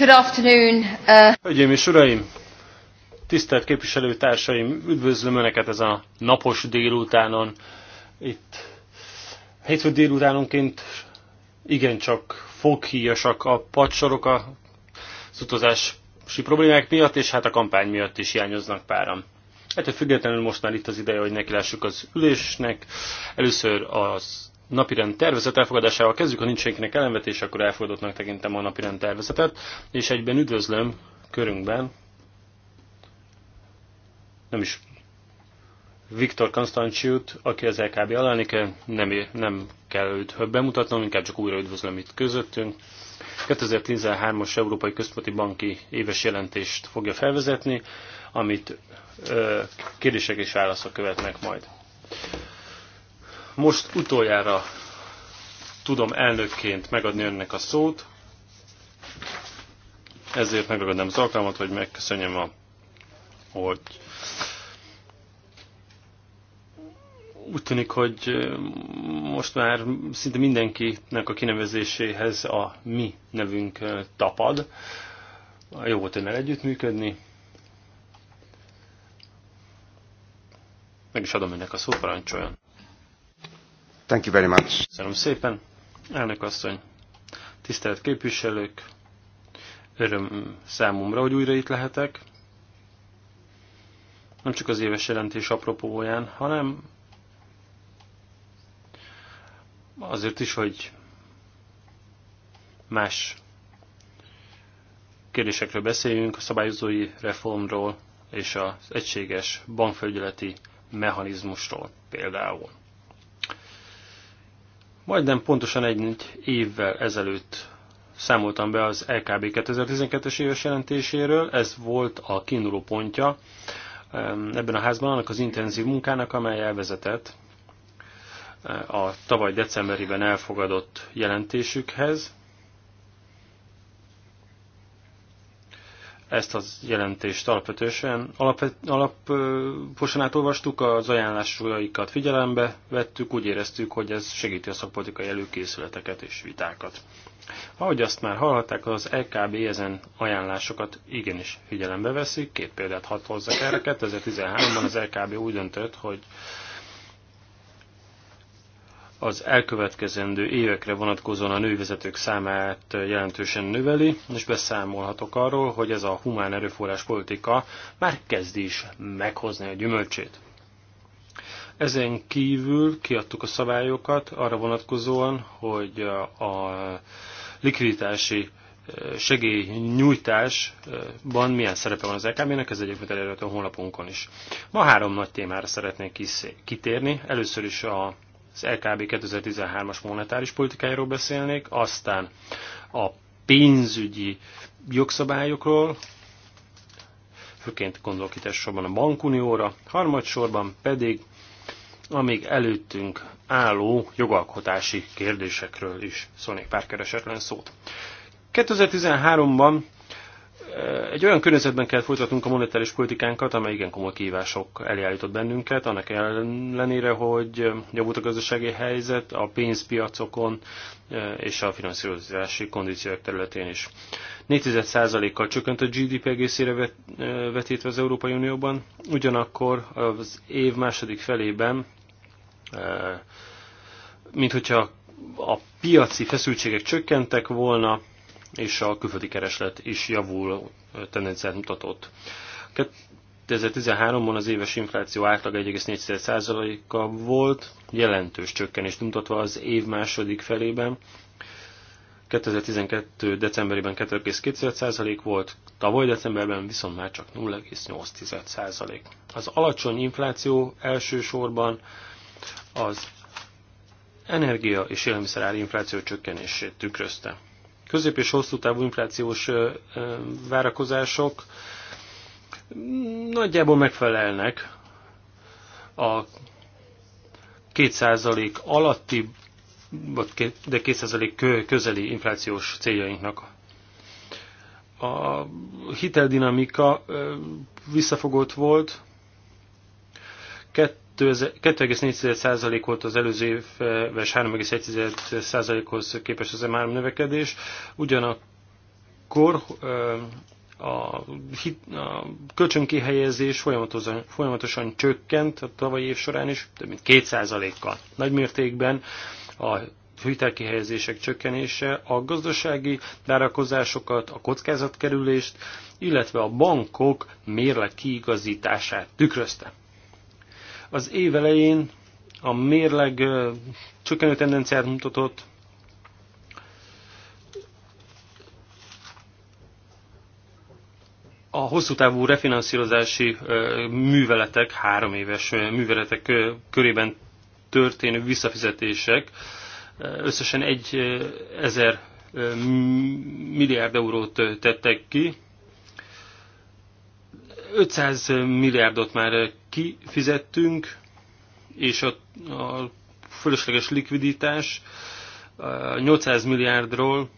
Good afternoon. Uh... Hölgyeim és uraim, tisztelt képviselőtársaim, üdvözlöm Önöket ez a napos délutánon. Itt hétfő délutánonként igencsak foghíjasak a padsorok az utazási problémák miatt, és hát a kampány miatt is hiányoznak páram. Ettől függetlenül most már itt az ideje, hogy nekilássuk az ülésnek. Először az napirend tervezet elfogadásával kezdjük, ha nincs senkinek ellenvetés, akkor elfogadottnak tekintem a napirend tervezetet, és egyben üdvözlöm körünkben, nem is Viktor Konstanciut, aki az LKB alelnöke, nem, nem kell őt bemutatnom, inkább csak újra üdvözlöm itt közöttünk. 2013-as Európai Központi Banki éves jelentést fogja felvezetni, amit ö, kérdések és válaszok követnek majd. Most utoljára tudom elnökként megadni önnek a szót, ezért megragadnám az alkalmat, hogy megköszönjem a, hogy úgy tűnik, hogy most már szinte mindenkinek a kinevezéséhez a mi nevünk tapad. Jó volt önnel együttműködni. Meg is adom önnek a szót, parancsoljon. Thank you very much. Köszönöm szépen. Elnök asszony, tisztelt képviselők, öröm számomra, hogy újra itt lehetek. Nem csak az éves jelentés apropóján, hanem azért is, hogy más kérdésekről beszéljünk, a szabályozói reformról és az egységes bankfelügyeleti mechanizmusról például. Majdnem pontosan egy évvel ezelőtt számoltam be az LKB 2012-es éves jelentéséről, ez volt a kiinduló pontja ebben a házban annak az intenzív munkának, amely elvezetett a tavaly decemberiben elfogadott jelentésükhez, ezt az jelentést alapvetősen alap, alaposan átolvastuk, az ajánlásaikat figyelembe vettük, úgy éreztük, hogy ez segíti a szakpolitikai előkészületeket és vitákat. Ahogy azt már hallhatták, az LKB e ezen ajánlásokat igenis figyelembe veszik. Két példát hadd hozzak erre. 2013-ban az LKB e úgy döntött, hogy az elkövetkezendő évekre vonatkozóan a nővezetők számát jelentősen növeli, és beszámolhatok arról, hogy ez a humán erőforrás politika már kezd is meghozni a gyümölcsét. Ezen kívül kiadtuk a szabályokat arra vonatkozóan, hogy a likviditási segélynyújtásban milyen szerepe van az LKB-nek, ez egyébként elérhető a honlapunkon is. Ma három nagy témára szeretnék kitérni. Először is a az LKB 2013-as monetáris politikájáról beszélnék, aztán a pénzügyi jogszabályokról, főként gondolok itt elsősorban a bankunióra, harmadsorban pedig a még előttünk álló jogalkotási kérdésekről is szólnék párkeresetlen szót. 2013-ban egy olyan környezetben kell folytatnunk a monetáris politikánkat, amely igen komoly kihívások elé állított bennünket, annak ellenére, hogy javult a gazdasági helyzet a pénzpiacokon e, és a finanszírozási kondíciók területén is. 4 kal csökkent a GDP egészére e, vetítve az Európai Unióban, ugyanakkor az év második felében, e, mint hogyha a piaci feszültségek csökkentek volna, és a külföldi kereslet is javul tendenciát mutatott. 2013-ban az éves infláció átlag 1,4%-a volt, jelentős csökkenést mutatva az év második felében. 2012. decemberében 2,2% volt, tavaly decemberben viszont már csak 0,8%. Az alacsony infláció elsősorban az energia és élelmiszerár infláció csökkenését tükrözte közép- és hosszú távú inflációs várakozások nagyjából megfelelnek a 2% alatti, vagy de 2% közeli inflációs céljainknak. A hiteldinamika visszafogott volt, 2,4% volt az előző éves 3,1%-hoz képest az M3 növekedés, ugyanakkor a, hit, a kölcsönkihelyezés folyamatosan, folyamatosan csökkent a tavalyi év során is, több mint 2%-kal. Nagy mértékben a hitelkihelyezések csökkenése a gazdasági várakozásokat, a kockázatkerülést, illetve a bankok mérleg kiigazítását tükrözte. Az év elején a mérleg csökkenő tendenciát mutatott, a hosszú távú refinanszírozási műveletek, három éves műveletek körében történő visszafizetések összesen 1000 milliárd eurót tettek ki, 500 milliárdot már kifizettünk, és a, a fölösleges likviditás 800 milliárdról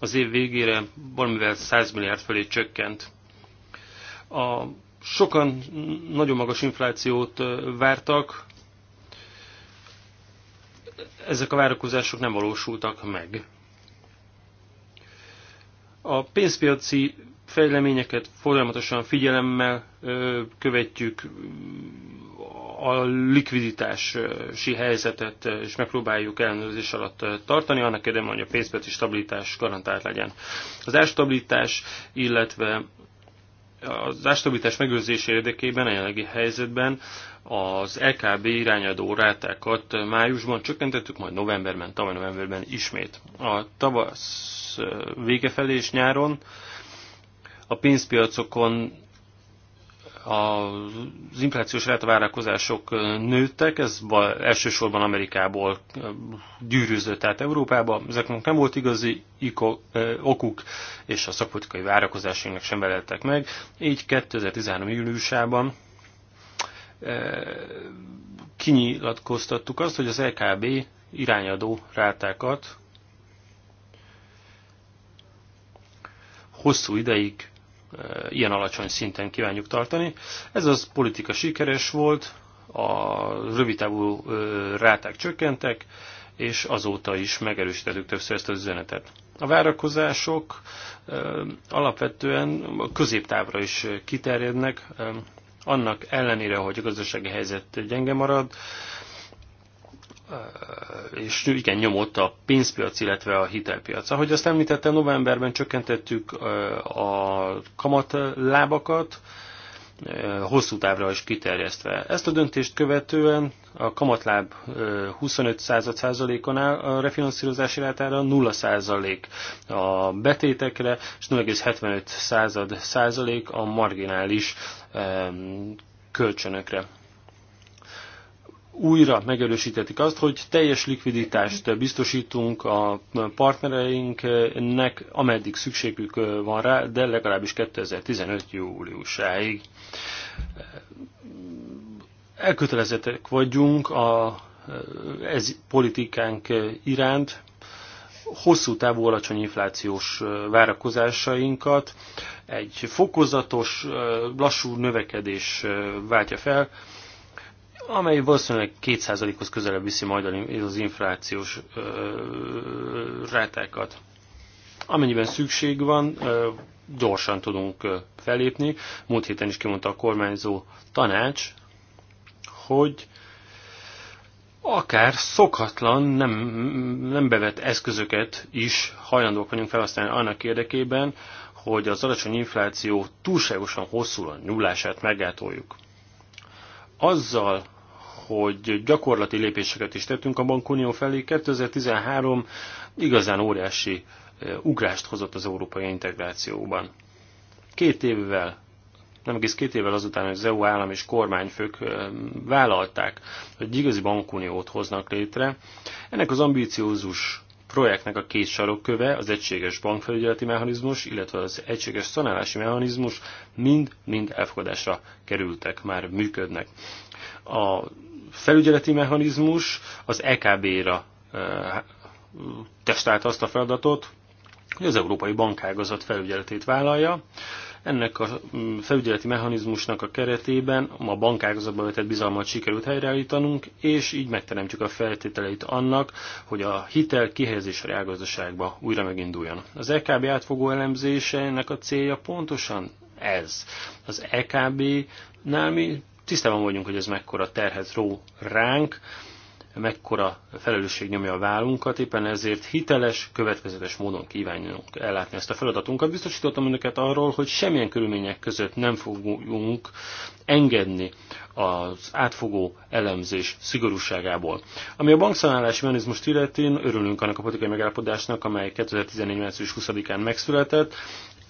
az év végére valamivel 100 milliárd felé csökkent. A sokan nagyon magas inflációt vártak, ezek a várakozások nem valósultak meg. A pénzpiaci fejleményeket folyamatosan figyelemmel követjük a likviditási helyzetet, és megpróbáljuk ellenőrzés alatt tartani, annak érdemben, hogy a pénzpiaci stabilitás garantált legyen. Az árstabilitás, illetve az árstabilitás megőrzése érdekében a jelenlegi helyzetben az LKB irányadó rátákat májusban csökkentettük, majd novemberben, tavaly novemberben ismét. A tavasz vége felé és nyáron a pénzpiacokon az inflációs rátvárakozások nőttek, ez elsősorban Amerikából gyűrűzött át Európába, ezeknek nem volt igazi okuk, és a szakpolitikai várakozásainknak sem veleltek meg. Így 2013. júliusában kinyilatkoztattuk azt, hogy az LKB irányadó rátákat hosszú ideig ilyen alacsony szinten kívánjuk tartani. Ez az politika sikeres volt, a rövidtávú ráták csökkentek, és azóta is megerősítettük többször ezt az üzenetet. A várakozások alapvetően középtávra is kiterjednek, annak ellenére, hogy a gazdasági helyzet gyenge marad, és igen nyomott a pénzpiac, illetve a hitelpiac. Ahogy azt említette, novemberben csökkentettük a kamatlábakat, hosszú távra is kiterjesztve. Ezt a döntést követően a kamatláb 25 on áll, a refinanszírozási rátára 0 a betétekre, és 0,75 százalék a marginális kölcsönökre újra megerősítetik azt, hogy teljes likviditást biztosítunk a partnereinknek, ameddig szükségük van rá, de legalábbis 2015. júliusáig. Elkötelezettek vagyunk a ez politikánk iránt, hosszú távú alacsony inflációs várakozásainkat egy fokozatos, lassú növekedés váltja fel, amely valószínűleg 2%-hoz közelebb viszi majd az inflációs rátákat. Amennyiben szükség van, gyorsan tudunk felépni. Múlt héten is kimondta a kormányzó tanács, hogy akár szokatlan, nem, nem bevett eszközöket is hajlandók vagyunk felhasználni annak érdekében, hogy az alacsony infláció túlságosan hosszúan nyúlását megátoljuk. Azzal hogy gyakorlati lépéseket is tettünk a bankunió felé. 2013 igazán óriási ugrást hozott az európai integrációban. Két évvel nem egész két évvel azután, hogy az EU állam és kormányfők vállalták, hogy igazi bankuniót hoznak létre. Ennek az ambíciózus projektnek a két sarokköve, az egységes bankfelügyeleti mechanizmus, illetve az egységes szanálási mechanizmus mind-mind elfogadásra kerültek, már működnek. A felügyeleti mechanizmus az EKB-ra eh, testálta azt a feladatot, hogy az Európai Bankágazat felügyeletét vállalja. Ennek a mm, felügyeleti mechanizmusnak a keretében a bankágazatba vetett bizalmat sikerült helyreállítanunk, és így megteremtjük a feltételeit annak, hogy a hitel kihelyezés a reálgazdaságba újra meginduljon. Az EKB átfogó elemzése ennek a célja pontosan ez. Az EKB-nál mi tisztában vagyunk, hogy ez mekkora terhet ró ránk, mekkora felelősség nyomja a vállunkat, éppen ezért hiteles, következetes módon kívánjunk ellátni ezt a feladatunkat. Biztosítottam önöket arról, hogy semmilyen körülmények között nem fogunk engedni az átfogó elemzés szigorúságából. Ami a bankszanálási mechanizmust illeti, örülünk annak a politikai megállapodásnak, amely 2014. március 20-án megszületett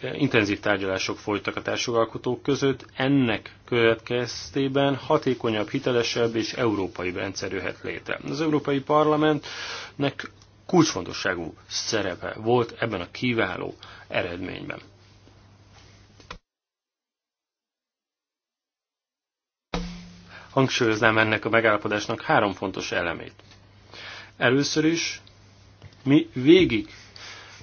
intenzív tárgyalások folytak a társjogalkotók között, ennek következtében hatékonyabb, hitelesebb és európai rendszer jöhet létre. Az Európai Parlamentnek kulcsfontosságú szerepe volt ebben a kiváló eredményben. Hangsúlyoznám ennek a megállapodásnak három fontos elemét. Először is mi végig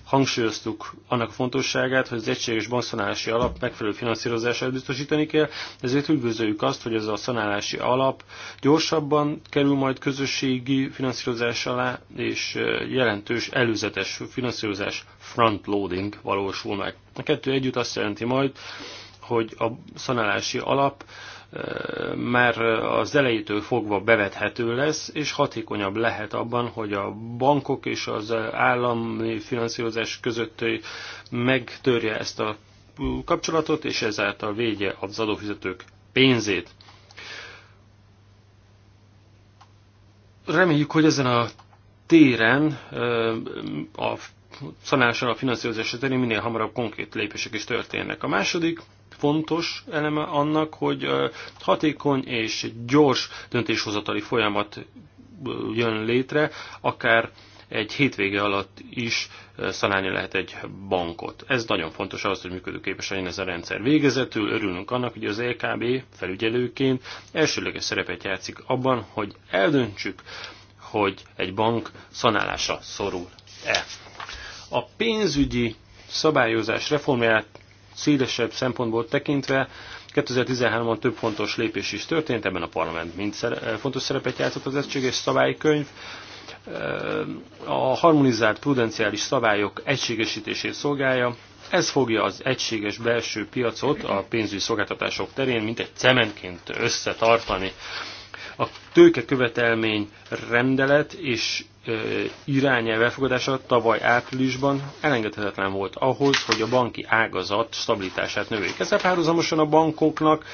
hangsúlyoztuk annak fontosságát, hogy az egységes bankszanálási alap megfelelő finanszírozását biztosítani kell, ezért üdvözöljük azt, hogy ez a szanálási alap gyorsabban kerül majd közösségi finanszírozás alá, és jelentős előzetes finanszírozás frontloading valósul meg. A kettő együtt azt jelenti majd, hogy a szanálási alap már az elejétől fogva bevethető lesz, és hatékonyabb lehet abban, hogy a bankok és az állami finanszírozás között megtörje ezt a kapcsolatot, és ezáltal védje az adófizetők pénzét. Reméljük, hogy ezen a téren a szanással a finanszírozásra terén minél hamarabb konkrét lépések is történnek. A második fontos eleme annak, hogy hatékony és gyors döntéshozatali folyamat jön létre, akár egy hétvége alatt is szanálni lehet egy bankot. Ez nagyon fontos ahhoz, hogy működőképes legyen ez a rendszer. Végezetül örülünk annak, hogy az LKB felügyelőként elsőleges szerepet játszik abban, hogy eldöntsük, hogy egy bank szanálása szorul-e. A pénzügyi szabályozás reformját szélesebb szempontból tekintve 2013-ban több fontos lépés is történt, ebben a parlament mind szere, eh, fontos szerepet játszott az egységes szabálykönyv. Eh, a harmonizált prudenciális szabályok egységesítését szolgálja, ez fogja az egységes belső piacot a pénzügyi szolgáltatások terén, mint egy cementként összetartani. A tőkekövetelmény rendelet és irányelv elfogadása tavaly áprilisban elengedhetetlen volt ahhoz, hogy a banki ágazat stabilitását növeljék. Ezzel párhuzamosan a bankoknak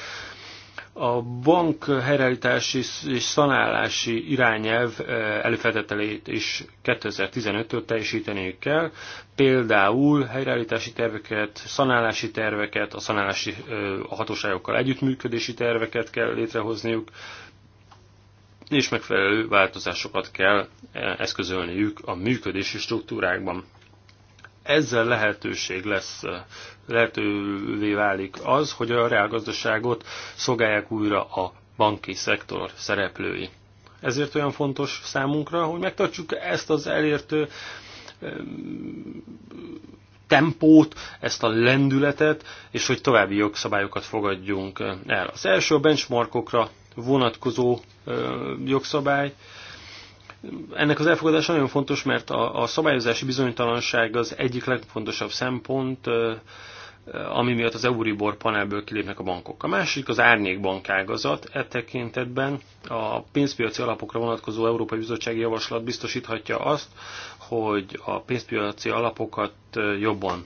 a bank helyreállítási és szanálási irányelv előfeltételét is 2015-től teljesíteniük kell, például helyreállítási terveket, szanálási terveket, a szanálási hatóságokkal együttműködési terveket kell létrehozniuk, és megfelelő változásokat kell e, eszközölniük a működési struktúrákban. Ezzel lehetőség lesz, e, lehetővé válik az, hogy a reálgazdaságot szolgálják újra a banki szektor szereplői. Ezért olyan fontos számunkra, hogy megtartsuk ezt az elértő e, tempót, ezt a lendületet, és hogy további jogszabályokat fogadjunk el. Az első a benchmarkokra vonatkozó jogszabály. Ennek az elfogadása nagyon fontos, mert a, a szabályozási bizonytalanság az egyik legfontosabb szempont, ami miatt az Euribor panelből kilépnek a bankok. A másik az árnyékbank ágazat. E tekintetben a pénzpiaci alapokra vonatkozó Európai Bizottsági Javaslat biztosíthatja azt, hogy a pénzpiaci alapokat jobban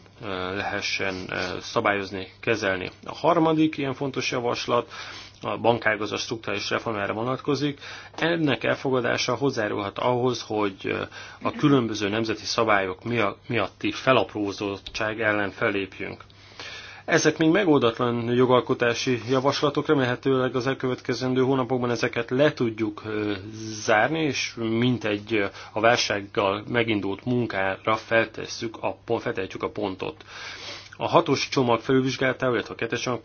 lehessen szabályozni, kezelni. A harmadik ilyen fontos javaslat a bankágazat struktúrális reformjára vonatkozik. Ennek elfogadása hozzárulhat ahhoz, hogy a különböző nemzeti szabályok miatti felaprózottság ellen felépjünk. Ezek még megoldatlan jogalkotási javaslatok, remélhetőleg az elkövetkezendő hónapokban ezeket le tudjuk zárni, és mint egy a válsággal megindult munkára feltesszük a, feltehetjük a pontot a hatos csomag felülvizsgálatával, illetve a kettes csomag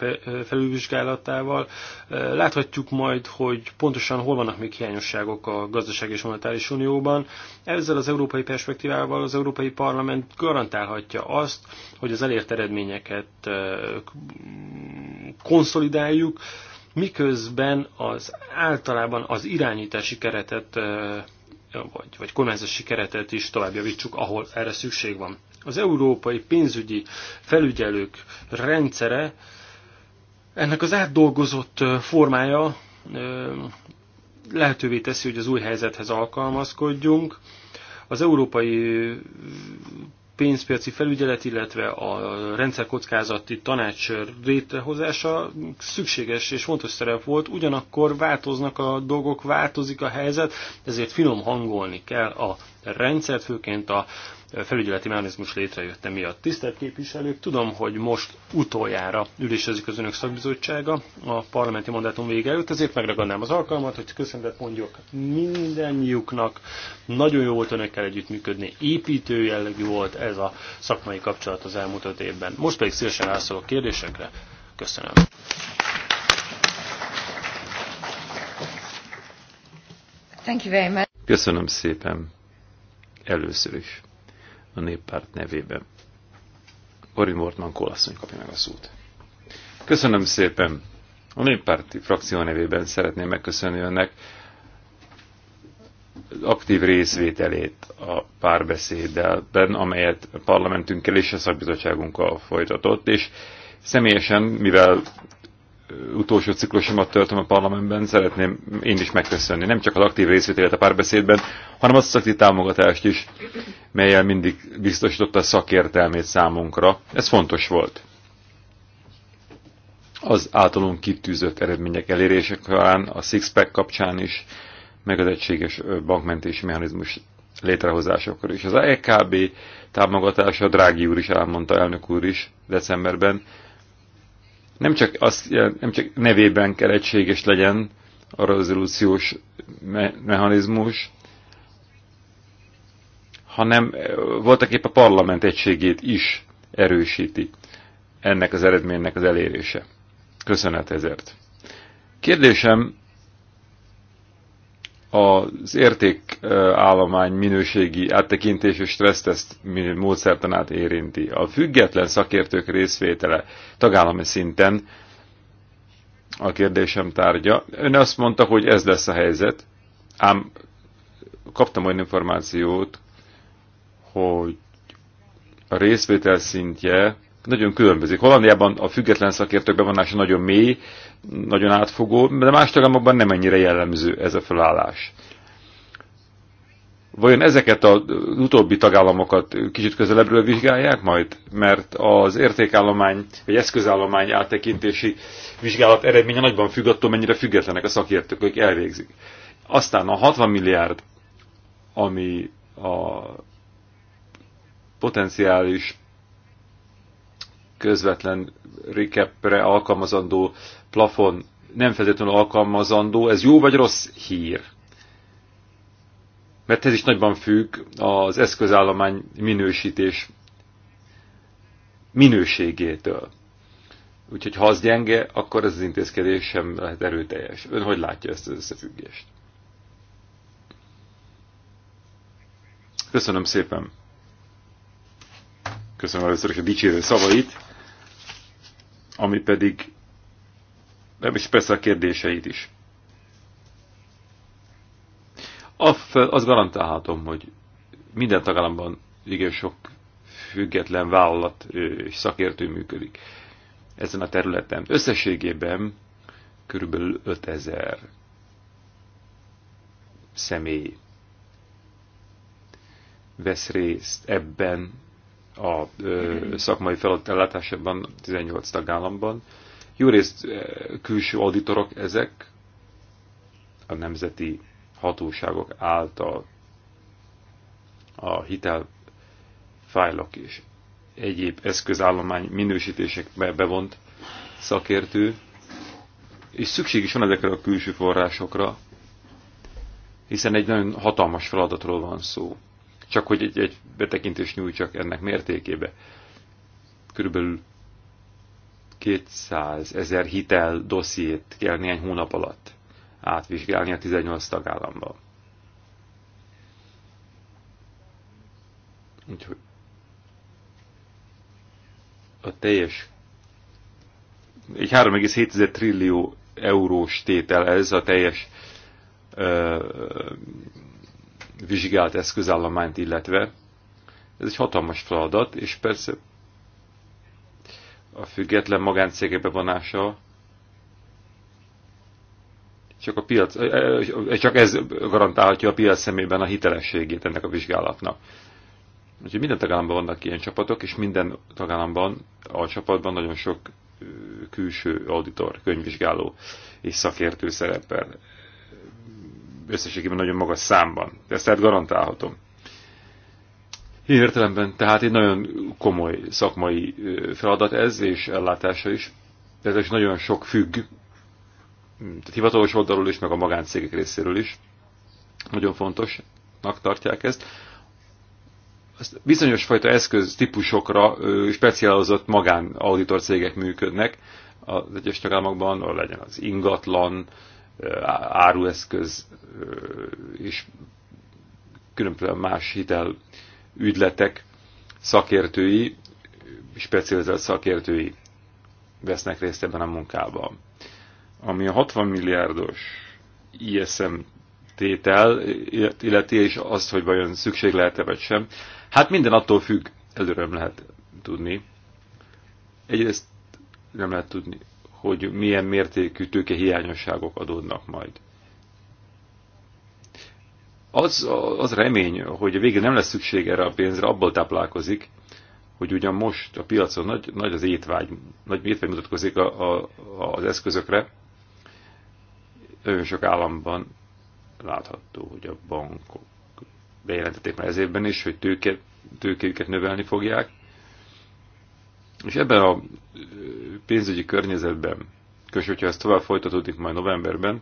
felülvizsgálatával láthatjuk majd, hogy pontosan hol vannak még hiányosságok a gazdaság és monetáris unióban. Ezzel az európai perspektívával az Európai Parlament garantálhatja azt, hogy az elért eredményeket konszolidáljuk, miközben az általában az irányítási keretet vagy, vagy kormányzási keretet is tovább javítsuk, ahol erre szükség van. Az európai pénzügyi felügyelők rendszere, ennek az átdolgozott formája lehetővé teszi, hogy az új helyzethez alkalmazkodjunk. Az európai pénzpiaci felügyelet, illetve a rendszerkockázati tanács létrehozása szükséges és fontos szerep volt, ugyanakkor változnak a dolgok, változik a helyzet, ezért finom hangolni kell a rendszert, főként a felügyeleti mechanizmus létrejött emiatt. Tisztelt képviselők, tudom, hogy most utoljára ülésezik az önök szakbizottsága a parlamenti mandátum vége előtt, ezért megragadnám az alkalmat, hogy köszönetet mondjuk mindannyiuknak. Nagyon jó volt önökkel együttműködni, építő jellegű volt ez a szakmai kapcsolat az elmúlt öt évben. Most pedig szívesen rászólok kérdésekre. Köszönöm. Thank you very much. Köszönöm szépen. Először is a néppárt nevében. Ori Mortman Kólasszony kapja meg a szót. Köszönöm szépen! A néppárti frakció nevében szeretném megköszönni önnek az aktív részvételét a párbeszéddelben, amelyet a parlamentünkkel és a szakbizottságunkkal folytatott, és személyesen, mivel utolsó ciklusomat töltöm a parlamentben, szeretném én is megköszönni nem csak az aktív részvételt a párbeszédben, hanem azt a szakti támogatást is, melyel mindig biztosította a szakértelmét számunkra. Ez fontos volt. Az általunk kitűzött eredmények elérések során, a Sixpack kapcsán is, meg az egységes bankmentési mechanizmus létrehozásakor is. Az EKB támogatása, Drági úr is elmondta, elnök úr is decemberben, nem csak, az, nem csak nevében kell egységes legyen a rezolúciós me mechanizmus, hanem eh, voltak épp a parlament egységét is erősíti ennek az eredménynek az elérése. Köszönet ezért. Kérdésem az értékállomány minőségi áttekintés és stresszteszt módszertanát érinti. A független szakértők részvétele tagállami szinten a kérdésem tárgya. Ön azt mondta, hogy ez lesz a helyzet, ám kaptam olyan információt, hogy a részvétel szintje nagyon különbözik. Hollandiában a független szakértők bevonása nagyon mély, nagyon átfogó, de más tagállamokban nem ennyire jellemző ez a felállás. Vajon ezeket az utóbbi tagállamokat kicsit közelebbről vizsgálják majd? Mert az értékállomány, vagy eszközállomány áttekintési vizsgálat eredménye nagyban függ attól, mennyire függetlenek a szakértők, akik elvégzik. Aztán a 60 milliárd, ami a potenciális közvetlen recapre alkalmazandó plafon nem feltétlenül alkalmazandó, ez jó vagy rossz hír? Mert ez is nagyban függ az eszközállomány minősítés minőségétől. Úgyhogy ha az gyenge, akkor ez az intézkedés sem lehet erőteljes. Ön hogy látja ezt az összefüggést? Köszönöm szépen. Köszönöm először is a dicsérő szavait ami pedig nem is persze a kérdéseit is. Azt garantálhatom, hogy minden tagállamban igen sok független vállalat és szakértő működik ezen a területen. Összességében körülbelül 5000 személy vesz részt ebben a szakmai feladat ellátásában 18 tagállamban. Jó részt külső auditorok ezek, a nemzeti hatóságok által a hitelfájlok és egyéb eszközállomány minősítésekbe bevont szakértő, és szükség is van ezekre a külső forrásokra, hiszen egy nagyon hatalmas feladatról van szó csak hogy egy, egy betekintést nyújtsak ennek mértékébe. Körülbelül 200 ezer hitel dossziét kell néhány hónap alatt átvizsgálni a 18 tagállamban. Úgyhogy a teljes egy 3,7 trillió eurós tétel ez a teljes ö, vizsgált eszközállományt illetve. Ez egy hatalmas feladat, és persze a független magáncégek bevonása csak, a piac, csak ez garantálhatja a piac szemében a hitelességét ennek a vizsgálatnak. Úgyhogy minden tagállamban vannak ilyen csapatok, és minden tagállamban a csapatban nagyon sok külső auditor, könyvvizsgáló és szakértő szerepel összességében nagyon magas számban. Ezt tehát garantálhatom. értelemben tehát egy nagyon komoly szakmai feladat ez, és ellátása is. Ez is nagyon sok függ, mm, tehát hivatalos oldalról is, meg a magáncégek részéről is. Nagyon fontosnak tartják ezt. Azt bizonyos fajta eszköz típusokra specializott magánauditor cégek működnek az egyes tagállamokban, legyen az ingatlan, árueszköz és különböző más hitel ügyletek szakértői, specializált szakértői vesznek részt ebben a munkában. Ami a 60 milliárdos ISM tétel illeti, és azt, hogy vajon szükség lehet-e vagy sem, hát minden attól függ, előre nem lehet tudni. Egyrészt nem lehet tudni, hogy milyen mértékű tőkehiányosságok adódnak majd. Az, az remény, hogy a végén nem lesz szükség erre a pénzre, abból táplálkozik, hogy ugyan most a piacon nagy, nagy az étvágy, nagy étvágy mutatkozik a, a, az eszközökre, nagyon sok államban látható, hogy a bankok bejelentették már ez évben is, hogy tőke, tőkéjüket növelni fogják, és ebben a pénzügyi környezetben, és hogyha ez tovább folytatódik majd novemberben,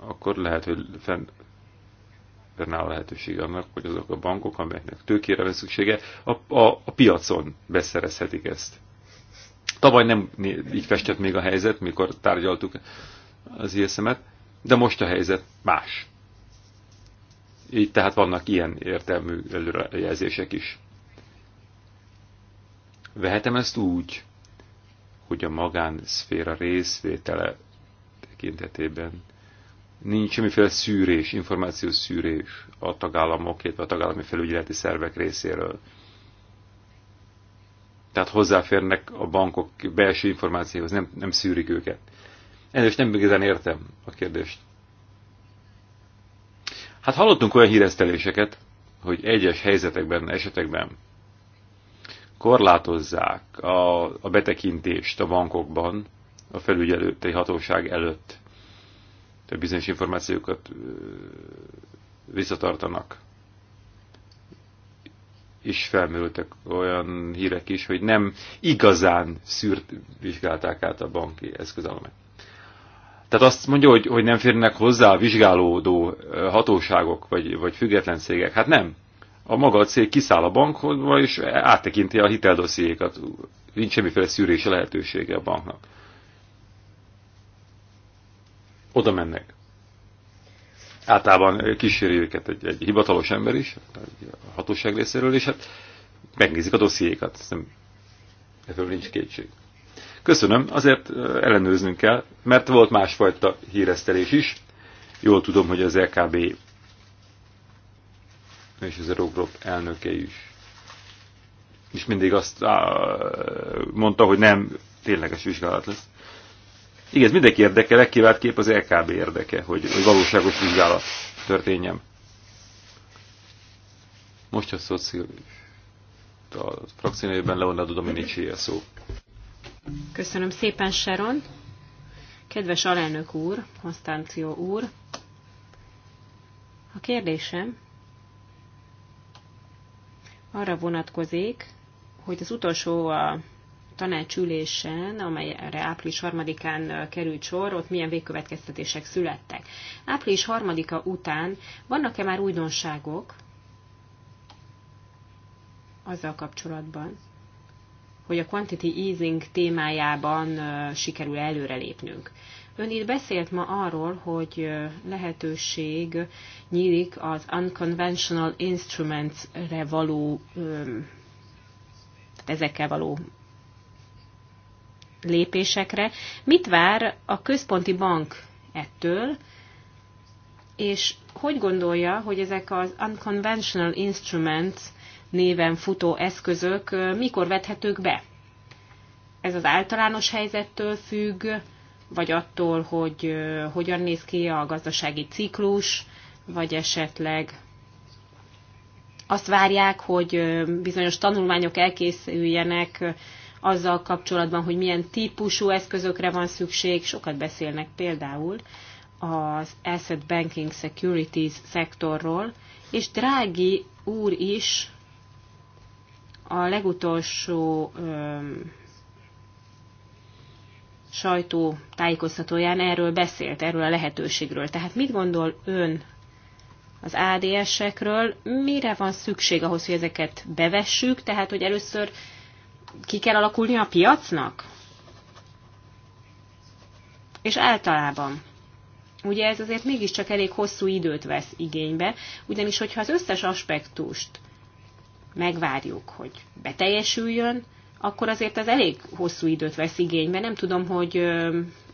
akkor lehet, hogy fenn fennáll a lehetőség annak, hogy azok a bankok, amelyeknek tőkére van szüksége, a, a, a piacon beszerezhetik ezt. Tavaly nem így festett még a helyzet, mikor tárgyaltuk az ISM-et, de most a helyzet más. Így tehát vannak ilyen értelmű előrejelzések is. Vehetem ezt úgy, hogy a magánszféra részvétele tekintetében nincs semmiféle szűrés, információs szűrés a tagállamok, illetve a tagállami felügyeleti szervek részéről. Tehát hozzáférnek a bankok belső információhoz, nem, nem szűrik őket. is nem igazán értem a kérdést. Hát hallottunk olyan híreszteléseket, hogy egyes helyzetekben, esetekben korlátozzák a, a betekintést a bankokban, a felügyelőtei hatóság előtt. Tehát bizonyos információkat visszatartanak. És felmerültek olyan hírek is, hogy nem igazán szűrt vizsgálták át a banki eszközállomány. Tehát azt mondja, hogy, hogy nem férnek hozzá a vizsgálódó hatóságok, vagy, vagy független cégek. Hát nem a maga a cég kiszáll a bankodba, és áttekinti a hiteldossziékat. Nincs semmiféle szűrési lehetősége a banknak. Oda mennek. Általában kíséri őket egy, egy hivatalos ember is, a hatóság részéről, és hát megnézik a dossziékat. Ebből nincs kétség. Köszönöm, azért ellenőrznünk kell, mert volt másfajta híresztelés is. Jól tudom, hogy az LKB és az Eurogroup elnöke is. És mindig azt á, mondta, hogy nem tényleges vizsgálat lesz. Igen, ez mindenki érdeke, legkivált kép az LKB érdeke, hogy, hogy valóságos vizsgálat történjen. Most a szociális a frakciójában Leonardo Dominici a szó. Köszönöm szépen, Sharon. Kedves alelnök úr, Konstanció úr, a kérdésem arra vonatkozik, hogy az utolsó a tanácsülésen, amelyre április 3-án került sor, ott milyen végkövetkeztetések születtek. Április 3-a után vannak-e már újdonságok azzal kapcsolatban, hogy a quantity easing témájában sikerül előrelépnünk? Ön itt beszélt ma arról, hogy lehetőség nyílik az unconventional instruments-re való, ezekkel való lépésekre. Mit vár a központi bank ettől, és hogy gondolja, hogy ezek az unconventional instruments néven futó eszközök mikor vethetők be? Ez az általános helyzettől függ, vagy attól, hogy hogyan néz ki a gazdasági ciklus, vagy esetleg azt várják, hogy bizonyos tanulmányok elkészüljenek azzal kapcsolatban, hogy milyen típusú eszközökre van szükség. Sokat beszélnek például az Asset Banking Securities szektorról, és Drági úr is a legutolsó öm, sajtó tájékoztatóján erről beszélt, erről a lehetőségről. Tehát mit gondol ön az ADS-ekről, mire van szükség ahhoz, hogy ezeket bevessük, tehát hogy először ki kell alakulni a piacnak? És általában. Ugye ez azért mégiscsak elég hosszú időt vesz igénybe, ugyanis hogyha az összes aspektust megvárjuk, hogy beteljesüljön, akkor azért ez elég hosszú időt vesz igénybe. Nem tudom, hogy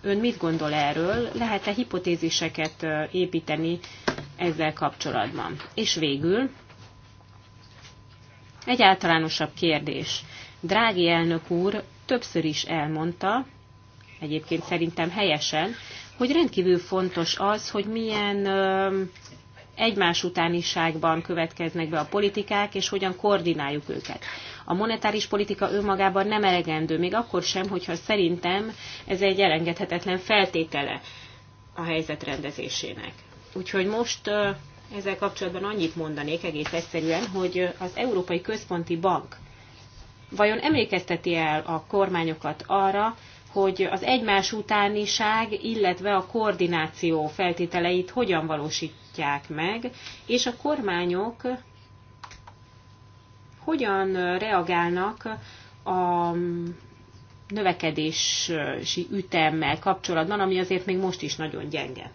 ön mit gondol erről, lehet-e hipotéziseket építeni ezzel kapcsolatban. És végül egy általánosabb kérdés. Drági elnök úr többször is elmondta, egyébként szerintem helyesen, hogy rendkívül fontos az, hogy milyen egymás utániságban következnek be a politikák, és hogyan koordináljuk őket. A monetáris politika önmagában nem elegendő, még akkor sem, hogyha szerintem ez egy elengedhetetlen feltétele a helyzet rendezésének. Úgyhogy most ezzel kapcsolatban annyit mondanék egész egyszerűen, hogy az Európai Központi Bank vajon emlékezteti el a kormányokat arra, hogy az egymás utániság, illetve a koordináció feltételeit hogyan valósítják meg, és a kormányok hogyan reagálnak a növekedési ütemmel kapcsolatban, ami azért még most is nagyon gyenge.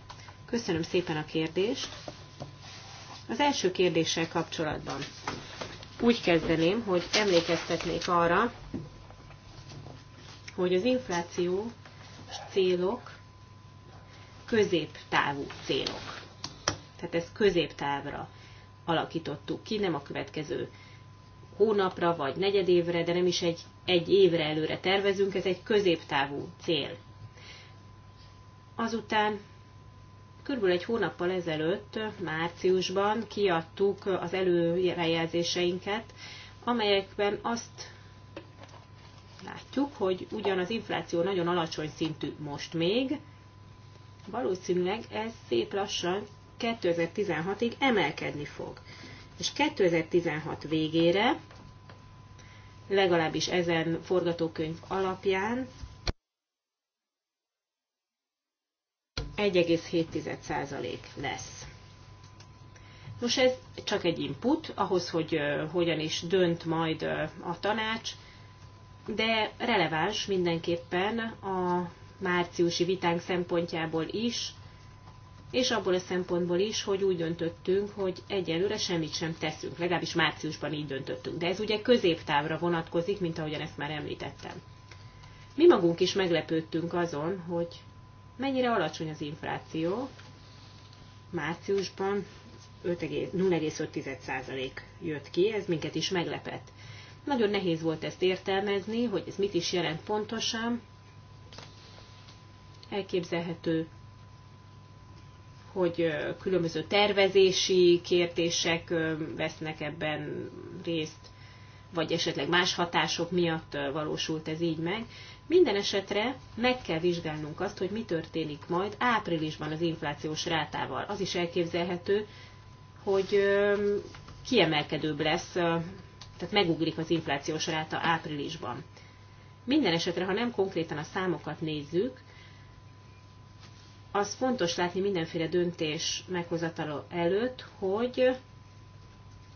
Köszönöm szépen a kérdést. Az első kérdéssel kapcsolatban úgy kezdeném, hogy emlékeztetnék arra, hogy az infláció célok középtávú célok. Tehát ezt középtávra alakítottuk ki, nem a következő hónapra vagy negyedévre, de nem is egy, egy évre előre tervezünk, ez egy középtávú cél. Azután körülbelül egy hónappal ezelőtt, márciusban kiadtuk az előrejelzéseinket, amelyekben azt látjuk, hogy ugyan az infláció nagyon alacsony szintű most még, valószínűleg ez szép lassan 2016-ig emelkedni fog és 2016 végére, legalábbis ezen forgatókönyv alapján 1,7% lesz. Nos, ez csak egy input ahhoz, hogy hogyan is dönt majd a tanács, de releváns mindenképpen a márciusi vitánk szempontjából is, és abból a szempontból is, hogy úgy döntöttünk, hogy egyelőre semmit sem teszünk, legalábbis márciusban így döntöttünk. De ez ugye középtávra vonatkozik, mint ahogyan ezt már említettem. Mi magunk is meglepődtünk azon, hogy mennyire alacsony az infláció. Márciusban 0,5% jött ki, ez minket is meglepett. Nagyon nehéz volt ezt értelmezni, hogy ez mit is jelent pontosan. Elképzelhető hogy különböző tervezési kérdések vesznek ebben részt, vagy esetleg más hatások miatt valósult ez így meg. Minden esetre meg kell vizsgálnunk azt, hogy mi történik majd áprilisban az inflációs rátával. Az is elképzelhető, hogy kiemelkedőbb lesz, tehát megugrik az inflációs ráta áprilisban. Minden esetre, ha nem konkrétan a számokat nézzük, az fontos látni mindenféle döntés meghozatala előtt, hogy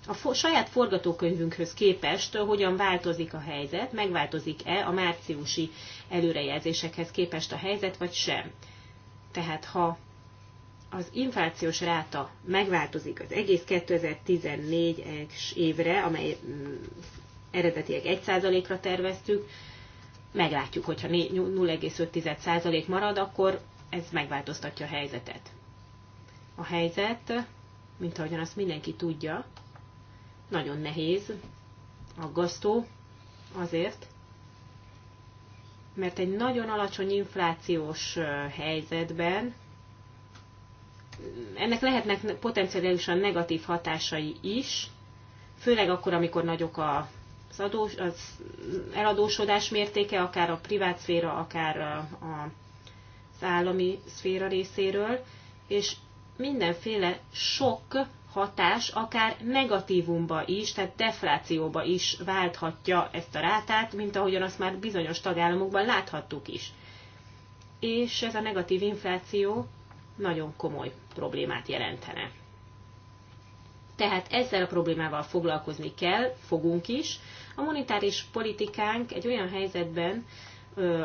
a fo- saját forgatókönyvünkhöz képest uh, hogyan változik a helyzet, megváltozik-e a márciusi előrejelzésekhez képest a helyzet, vagy sem. Tehát ha az inflációs ráta megváltozik az egész 2014-es évre, amely mm, eredetileg 1%-ra terveztük, meglátjuk, hogyha 0,5% marad, akkor ez megváltoztatja a helyzetet. A helyzet, mint ahogyan azt mindenki tudja, nagyon nehéz, aggasztó azért, mert egy nagyon alacsony inflációs helyzetben ennek lehetnek potenciálisan negatív hatásai is, főleg akkor, amikor nagyok a az, adós, az eladósodás mértéke, akár a privátszféra, akár a állami szféra részéről, és mindenféle sok hatás akár negatívumba is, tehát deflációba is válthatja ezt a rátát, mint ahogyan azt már bizonyos tagállamokban láthattuk is. És ez a negatív infláció nagyon komoly problémát jelentene. Tehát ezzel a problémával foglalkozni kell, fogunk is. A monetáris politikánk egy olyan helyzetben,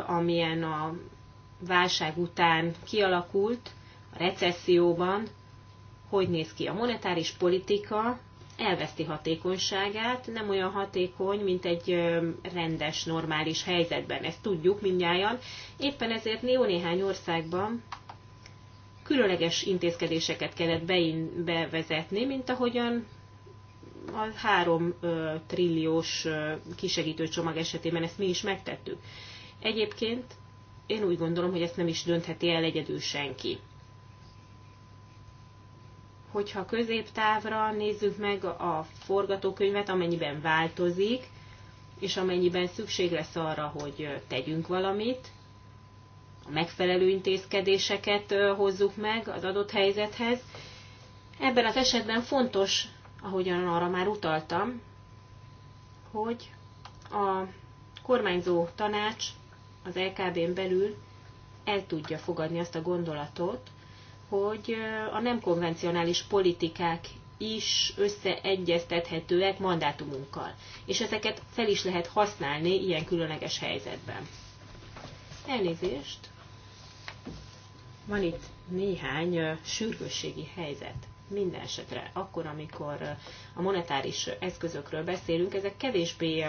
amilyen a válság után kialakult, a recesszióban, hogy néz ki a monetáris politika, elveszti hatékonyságát, nem olyan hatékony, mint egy rendes, normális helyzetben. Ezt tudjuk mindnyájan. Éppen ezért jó néhány országban különleges intézkedéseket kellett bevezetni, mint ahogyan a három trilliós kisegítő csomag esetében ezt mi is megtettük. Egyébként én úgy gondolom, hogy ezt nem is döntheti el egyedül senki. Hogyha középtávra nézzük meg a forgatókönyvet, amennyiben változik, és amennyiben szükség lesz arra, hogy tegyünk valamit, a megfelelő intézkedéseket hozzuk meg az adott helyzethez. Ebben az esetben fontos, ahogyan arra már utaltam, hogy a kormányzó tanács az LKB-n belül el tudja fogadni azt a gondolatot, hogy a nem konvencionális politikák is összeegyeztethetőek mandátumunkkal, és ezeket fel is lehet használni ilyen különleges helyzetben. Elnézést! Van itt néhány sürgősségi helyzet minden esetre akkor, amikor a monetáris eszközökről beszélünk, ezek kevésbé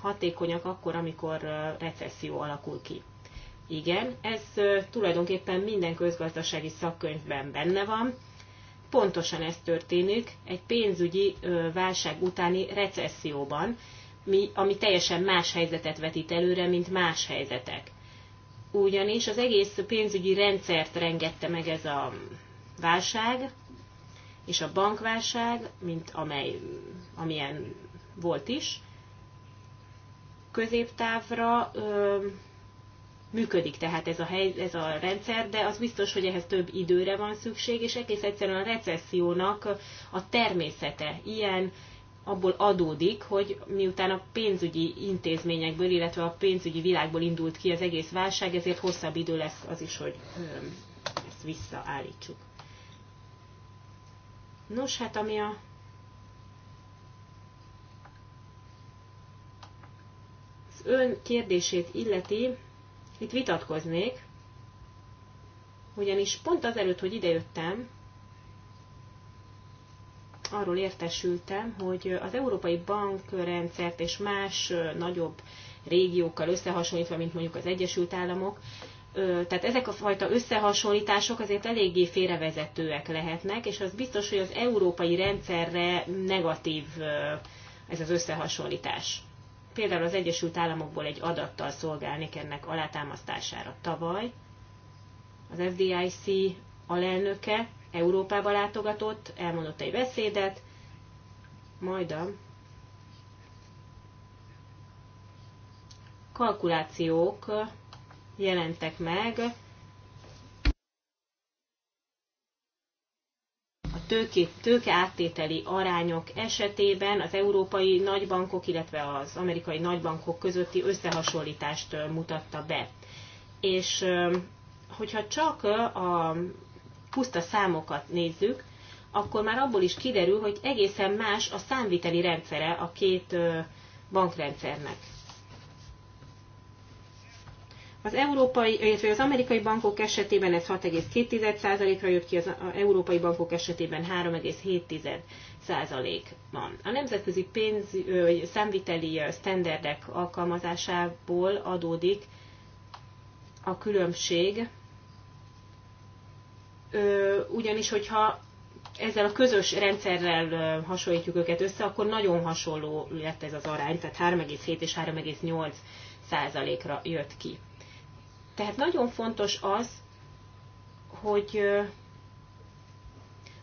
hatékonyak akkor, amikor recesszió alakul ki. Igen, ez tulajdonképpen minden közgazdasági szakkönyvben benne van. Pontosan ez történik egy pénzügyi válság utáni recesszióban, ami teljesen más helyzetet vetít előre, mint más helyzetek. Ugyanis az egész pénzügyi rendszert rengette meg ez a válság, és a bankválság, mint amely, amilyen volt is, középtávra ö, működik tehát ez a, hely, ez a rendszer, de az biztos, hogy ehhez több időre van szükség, és egész egyszerűen a recessziónak a természete ilyen, abból adódik, hogy miután a pénzügyi intézményekből, illetve a pénzügyi világból indult ki az egész válság, ezért hosszabb idő lesz az is, hogy ezt visszaállítsuk. Nos, hát ami a az ön kérdését illeti, itt vitatkoznék, ugyanis pont azelőtt, hogy idejöttem, arról értesültem, hogy az európai bankrendszert és más nagyobb régiókkal összehasonlítva, mint mondjuk az Egyesült Államok, tehát ezek a fajta összehasonlítások azért eléggé félrevezetőek lehetnek, és az biztos, hogy az európai rendszerre negatív ez az összehasonlítás. Például az Egyesült Államokból egy adattal szolgálnék ennek alátámasztására. Tavaly az FDIC alelnöke Európába látogatott, elmondott egy beszédet, a kalkulációk jelentek meg a tőké, tőke áttételi arányok esetében az európai nagybankok, illetve az amerikai nagybankok közötti összehasonlítást mutatta be. És hogyha csak a puszta számokat nézzük, akkor már abból is kiderül, hogy egészen más a számviteli rendszere a két bankrendszernek. Az európai, illetve az amerikai bankok esetében ez 6,2%-ra jött ki, az európai bankok esetében 3,7% van. A nemzetközi pénz számviteli sztenderdek alkalmazásából adódik a különbség, ugyanis hogyha ezzel a közös rendszerrel hasonlítjuk őket össze, akkor nagyon hasonló lett ez az arány, tehát 3,7 és 3,8 százalékra jött ki. Tehát nagyon fontos az, hogy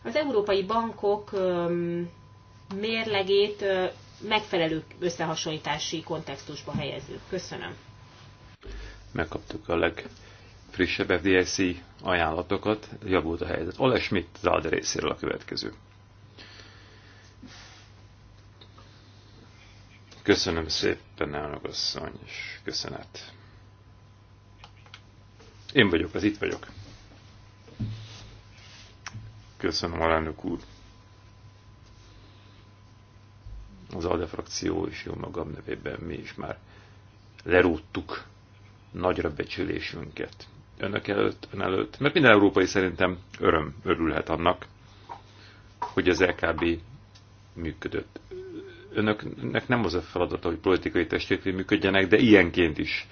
az európai bankok mérlegét megfelelő összehasonlítási kontextusba helyezzük. Köszönöm. Megkaptuk a legfrissebb FDIC ajánlatokat, javult a helyzet. Ole Schmidt Zalde részéről a következő. Köszönöm szépen, elnök asszony, és köszönet én vagyok, az itt vagyok. Köszönöm, alelnök úr. Az ALDE frakció és jó magam nevében mi is már lerúttuk nagyra becsülésünket önök előtt, ön előtt, mert minden európai szerintem öröm örülhet annak, hogy az LKB működött. Önöknek nem az a feladata, hogy politikai testvérként működjenek, de ilyenként is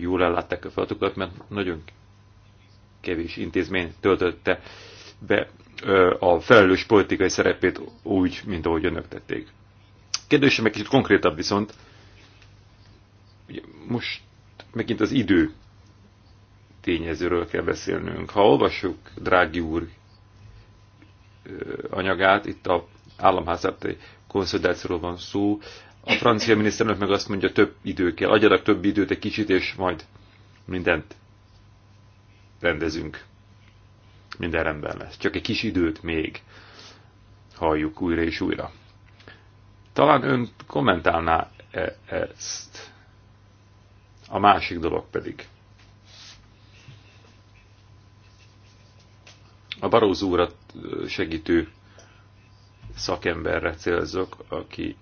jól ellátták a feladatokat, mert nagyon kevés intézmény töltötte be a felelős politikai szerepét úgy, mint ahogy önök tették. Kérdésem egy kicsit konkrétabb viszont, ugye most megint az idő tényezőről kell beszélnünk. Ha olvassuk Drági úr anyagát, itt a államháztartály konszolidációról van szó, a francia miniszterelnök meg azt mondja, több idő kell. Adjanak több időt egy kicsit, és majd mindent rendezünk. Minden rendben lesz. Csak egy kis időt még halljuk újra és újra. Talán ön kommentálná -e ezt. A másik dolog pedig. A Barózó urat segítő szakemberre célzok, aki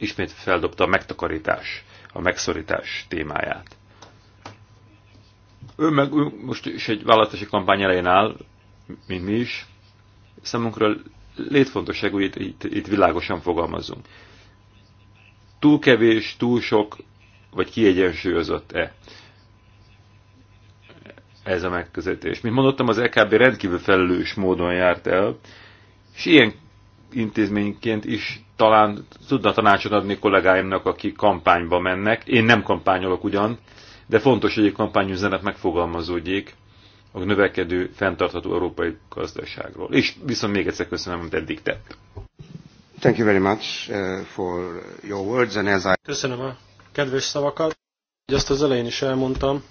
ismét feldobta a megtakarítás, a megszorítás témáját. Ő meg ő most is egy vállalatási kampány elején áll, mint mi is, számunkra létfontosságú, itt, itt, itt világosan fogalmazunk. Túl kevés, túl sok, vagy kiegyensúlyozott-e ez a megközelítés. Mint mondottam, az EKB rendkívül felelős módon járt el, és ilyen intézményként is talán tudna tanácsot adni kollégáimnak, akik kampányba mennek. Én nem kampányolok ugyan, de fontos, hogy egy kampányüzenet megfogalmazódjék a növekedő, fenntartható európai gazdaságról. És viszont még egyszer köszönöm, amit eddig tett. Thank you very much uh, for your words and as I... Köszönöm a kedves szavakat. Hogy azt az elején is elmondtam,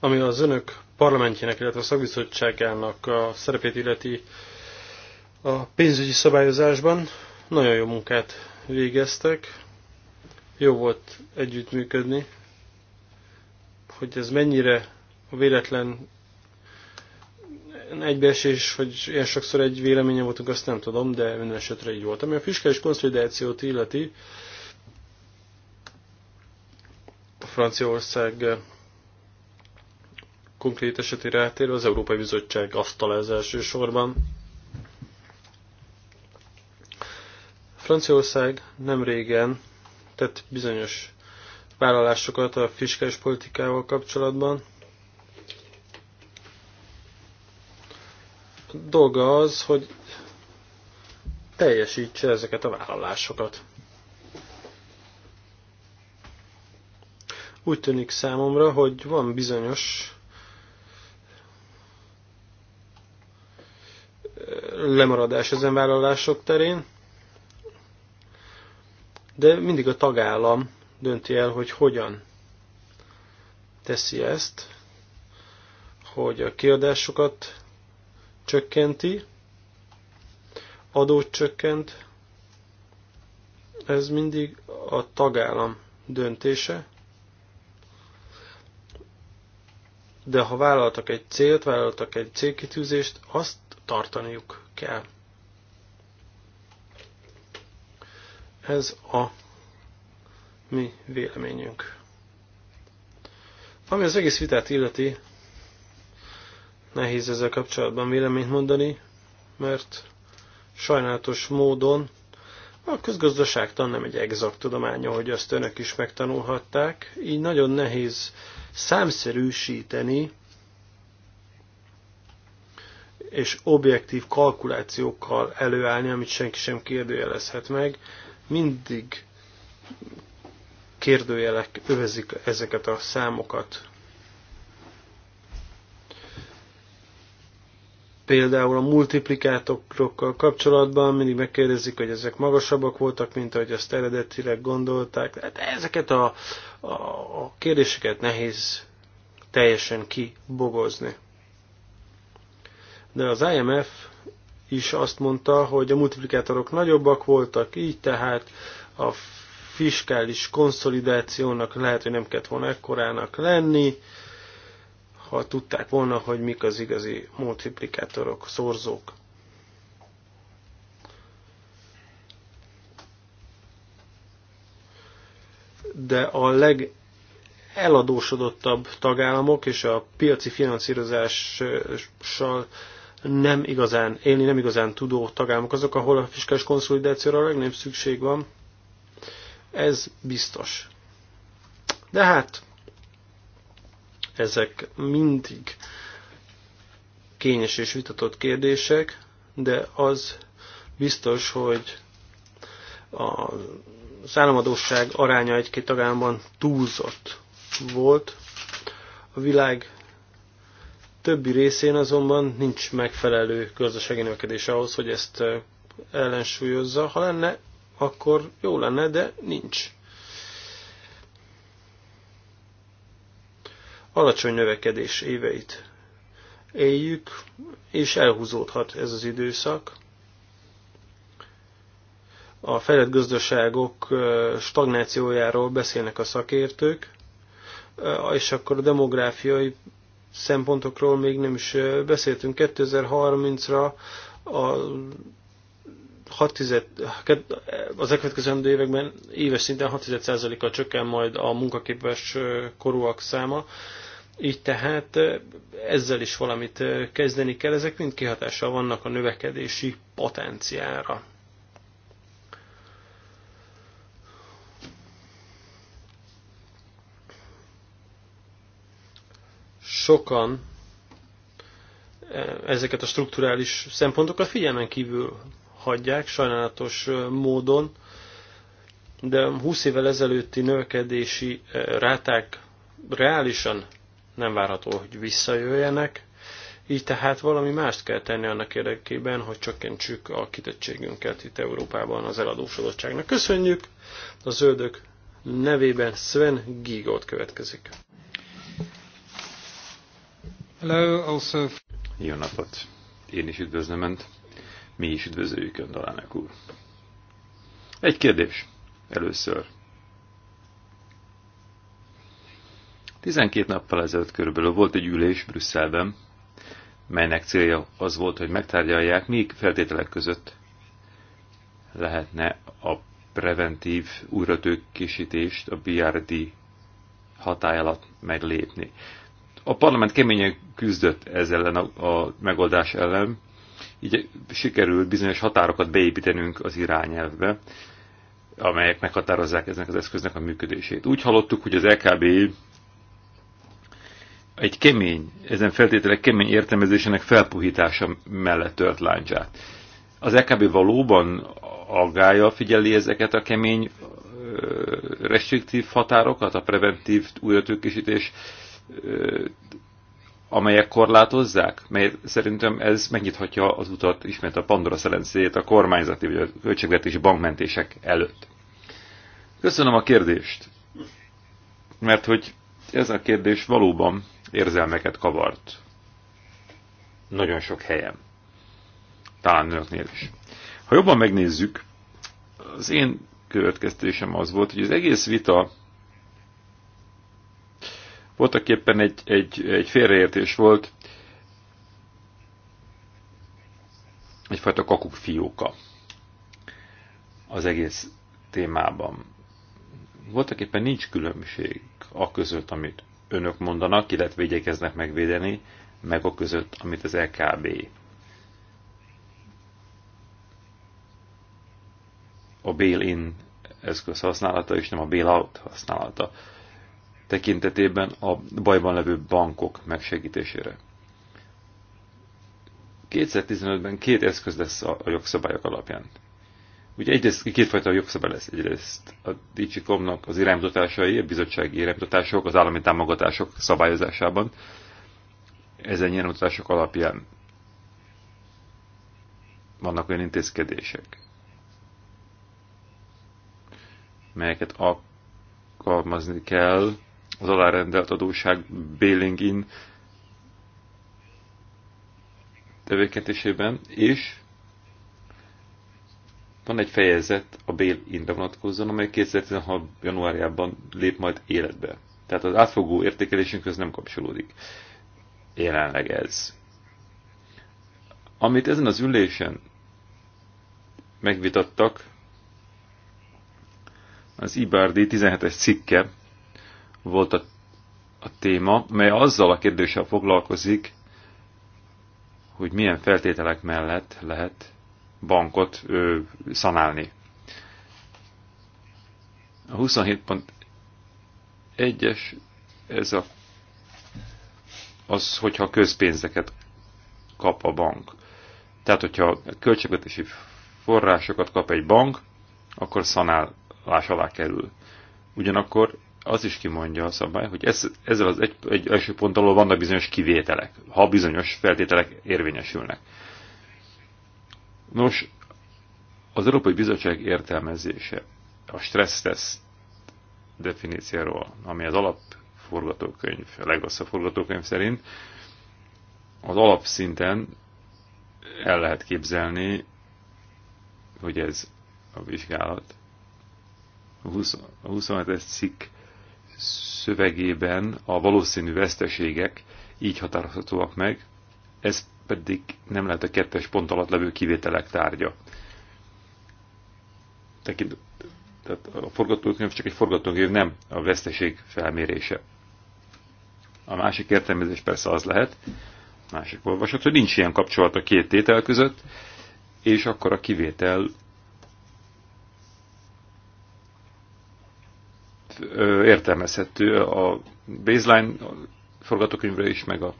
ami az önök parlamentjének, illetve a szakbizottságának a szerepét illeti, a pénzügyi szabályozásban. Nagyon jó munkát végeztek. Jó volt együttműködni. Hogy ez mennyire a véletlen egybeesés, hogy ilyen sokszor egy véleménye voltunk, azt nem tudom, de minden esetre így volt. Ami a fiskális konszolidációt illeti, a Franciaország konkrét esetére átérve az Európai Bizottság asztal ez elsősorban Franciaország nem régen tett bizonyos vállalásokat a fiskális politikával kapcsolatban. A dolga az, hogy teljesítse ezeket a vállalásokat. Úgy tűnik számomra, hogy van bizonyos lemaradás ezen vállalások terén, de mindig a tagállam dönti el, hogy hogyan teszi ezt, hogy a kiadásokat csökkenti, adót csökkent, ez mindig a tagállam döntése, de ha vállaltak egy célt, vállaltak egy célkitűzést, azt tartaniuk kell. Ez a mi véleményünk. Ami az egész vitát illeti, nehéz ezzel kapcsolatban véleményt mondani, mert sajnálatos módon a közgazdaságtan nem egy exakt tudomány, hogy azt önök is megtanulhatták, így nagyon nehéz számszerűsíteni és objektív kalkulációkkal előállni, amit senki sem kérdőjelezhet meg mindig kérdőjelek övezik ezeket a számokat. Például a multiplikátorokkal kapcsolatban mindig megkérdezik, hogy ezek magasabbak voltak, mint ahogy azt eredetileg gondolták. Tehát ezeket a, a, a kérdéseket nehéz teljesen kibogozni. De az IMF is azt mondta, hogy a multiplikátorok nagyobbak voltak, így tehát a fiskális konszolidációnak lehet, hogy nem kellett volna ekkorának lenni, ha tudták volna, hogy mik az igazi multiplikátorok, szorzók. De a legeladósodottabb tagállamok és a piaci finanszírozással nem igazán, élni nem igazán tudó tagállamok azok, ahol a fiskális konszolidációra a legnagyobb szükség van. Ez biztos. De hát, ezek mindig kényes és vitatott kérdések, de az biztos, hogy a számadóság aránya egy-két tagállamban túlzott volt. A világ többi részén azonban nincs megfelelő gazdasági növekedés ahhoz, hogy ezt ellensúlyozza. Ha lenne, akkor jó lenne, de nincs. Alacsony növekedés éveit éljük, és elhúzódhat ez az időszak. A fejlett gazdaságok stagnációjáról beszélnek a szakértők, és akkor a demográfiai szempontokról még nem is beszéltünk. 2030-ra a az elkövetkező években éves szinten 6%-kal csökken majd a munkaképes korúak száma, így tehát ezzel is valamit kezdeni kell. Ezek mind kihatással vannak a növekedési potenciára. sokan e, ezeket a strukturális szempontokat figyelmen kívül hagyják, sajnálatos e, módon, de 20 évvel ezelőtti növekedési e, ráták reálisan nem várható, hogy visszajöjjenek, így tehát valami mást kell tenni annak érdekében, hogy csökkentsük a kitettségünket itt Európában az eladósodottságnak. Köszönjük! A zöldök nevében Sven Gigot következik. Hello, also... Jó napot! Én is üdvözlöm Önt. Mi is üdvözöljük Önt, Alának úr. Egy kérdés. Először. 12 nappal ezelőtt körülbelül volt egy ülés Brüsszelben, melynek célja az volt, hogy megtárgyalják, még feltételek között lehetne a preventív újratőkésítést a BRD hatály alatt meglépni. A parlament keményen küzdött ez ellen a, a megoldás ellen, így sikerült bizonyos határokat beépítenünk az irányelvbe, amelyek meghatározzák ezeknek az eszköznek a működését. Úgy hallottuk, hogy az LKB egy kemény, ezen feltételek kemény értelmezésének felpuhítása mellett tört láncsát. Az LKB valóban aggája figyeli ezeket a kemény restriktív határokat, a preventív újratőkésítés amelyek korlátozzák, mert szerintem ez megnyithatja az utat ismét a Pandora szelencéjét a kormányzati vagy a költségvetési bankmentések előtt. Köszönöm a kérdést, mert hogy ez a kérdés valóban érzelmeket kavart. Nagyon sok helyen. Talán önöknél is. Ha jobban megnézzük, az én következtésem az volt, hogy az egész vita voltak éppen egy, egy, egy félreértés volt, egyfajta kakukfióka az egész témában. Voltak éppen nincs különbség a között, amit önök mondanak, illetve igyekeznek megvédeni, meg a között, amit az LKB a bail-in eszköz használata, és nem a bail-out használata tekintetében a bajban levő bankok megsegítésére. 2015-ben két eszköz lesz a jogszabályok alapján. Ugye egyrészt kétfajta jogszabály lesz. Egyrészt a DigiComnak az iránymutatásai, a bizottsági iránymutatások, az állami támogatások szabályozásában, ezen iránymutatások alapján vannak olyan intézkedések, melyeket alkalmazni kell az alárendelt adóság bailing in tevékenységében, és van egy fejezet a bail re vonatkozóan, amely 2016. januárjában lép majd életbe. Tehát az átfogó értékelésünk köz nem kapcsolódik jelenleg ez. Amit ezen az ülésen megvitattak, az IBRD 17-es cikke volt a, a téma, mely azzal a kérdéssel foglalkozik, hogy milyen feltételek mellett lehet bankot ö, szanálni. A 27.1-es ez a, az, hogyha közpénzeket kap a bank. Tehát, hogyha költségvetési forrásokat kap egy bank, akkor szanálás alá kerül. Ugyanakkor az is kimondja a szabály, hogy ez, ezzel az egy, egy első pont alól vannak bizonyos kivételek, ha bizonyos feltételek érvényesülnek. Nos, az Európai Bizottság értelmezése a stressztesz definíciáról, ami az alapforgatókönyv, a legrosszabb forgatókönyv szerint, az alapszinten el lehet képzelni, hogy ez a vizsgálat. A 27 cikk szövegében a valószínű veszteségek így határozhatóak meg, ez pedig nem lehet a kettes pont alatt levő kivételek tárgya. Tekint, tehát a forgatókönyv csak egy forgatókönyv, nem a veszteség felmérése. A másik értelmezés persze az lehet, másik olvasat, hogy nincs ilyen kapcsolat a két tétel között, és akkor a kivétel értelmezhető a baseline forgatókönyvre is, meg a,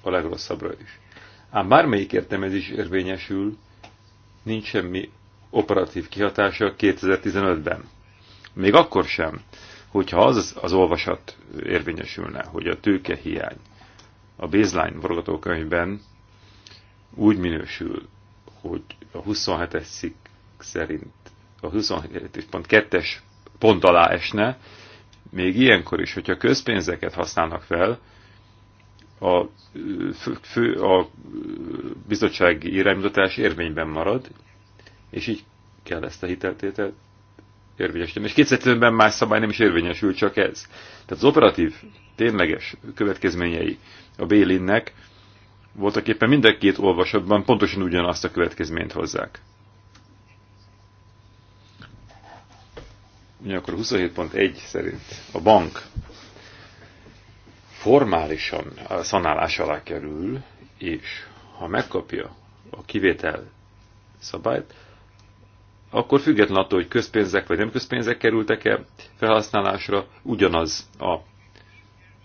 a legrosszabbra is. Ám bármelyik értelmezés érvényesül, nincs semmi operatív kihatása 2015-ben. Még akkor sem, hogyha az az olvasat érvényesülne, hogy a tőke hiány a baseline forgatókönyvben úgy minősül, hogy a 27-es szik szerint a 27.2-es pont alá esne, még ilyenkor is, hogyha közpénzeket használnak fel, a, fő, a bizottsági iránymutatás érvényben marad, és így kell ezt a hiteltételt érvényesíteni. És kétszerűen más szabály nem is érvényesül, csak ez. Tehát az operatív, tényleges következményei a Bélinnek voltak éppen mindkét olvasatban pontosan ugyanazt a következményt hozzák. akkor 27.1 szerint a bank formálisan a szanálás alá kerül, és ha megkapja a kivétel szabályt, akkor független attól, hogy közpénzek vagy nem közpénzek kerültek-e felhasználásra, ugyanaz a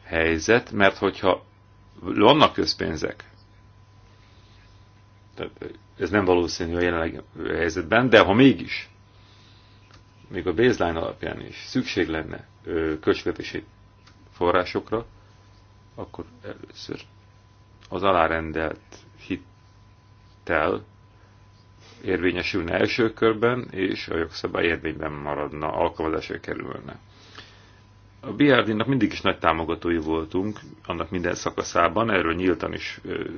helyzet, mert hogyha vannak közpénzek, tehát ez nem valószínű a jelenleg helyzetben, de ha mégis még a baseline alapján is szükség lenne költségvetési forrásokra, akkor először az alárendelt hittel érvényesülne első körben, és a jogszabály érvényben maradna, alkalmazásra kerülne. A BRD-nak mindig is nagy támogatói voltunk, annak minden szakaszában, erről nyíltan is ö,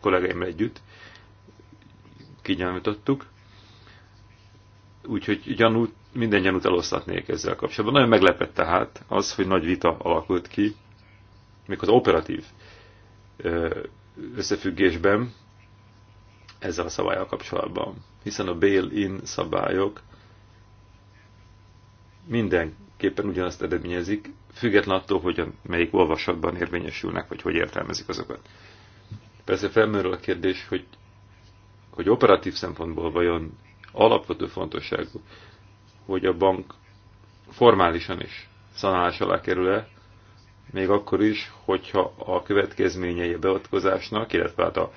kollégáimmal együtt kinyomítottuk. Úgyhogy gyanút, minden gyanút eloszlatnék ezzel kapcsolatban. Nagyon meglepett tehát az, hogy nagy vita alakult ki, még az operatív összefüggésben ezzel a szabályal kapcsolatban. Hiszen a bail-in szabályok mindenképpen ugyanazt eredményezik, független attól, hogy a, melyik olvasatban érvényesülnek, vagy hogy értelmezik azokat. Persze felmerül a kérdés, hogy, hogy operatív szempontból vajon alapvető fontosságú, hogy a bank formálisan is szanálás alá kerül-e, még akkor is, hogyha a következményei a beavatkozásnak, illetve hát a,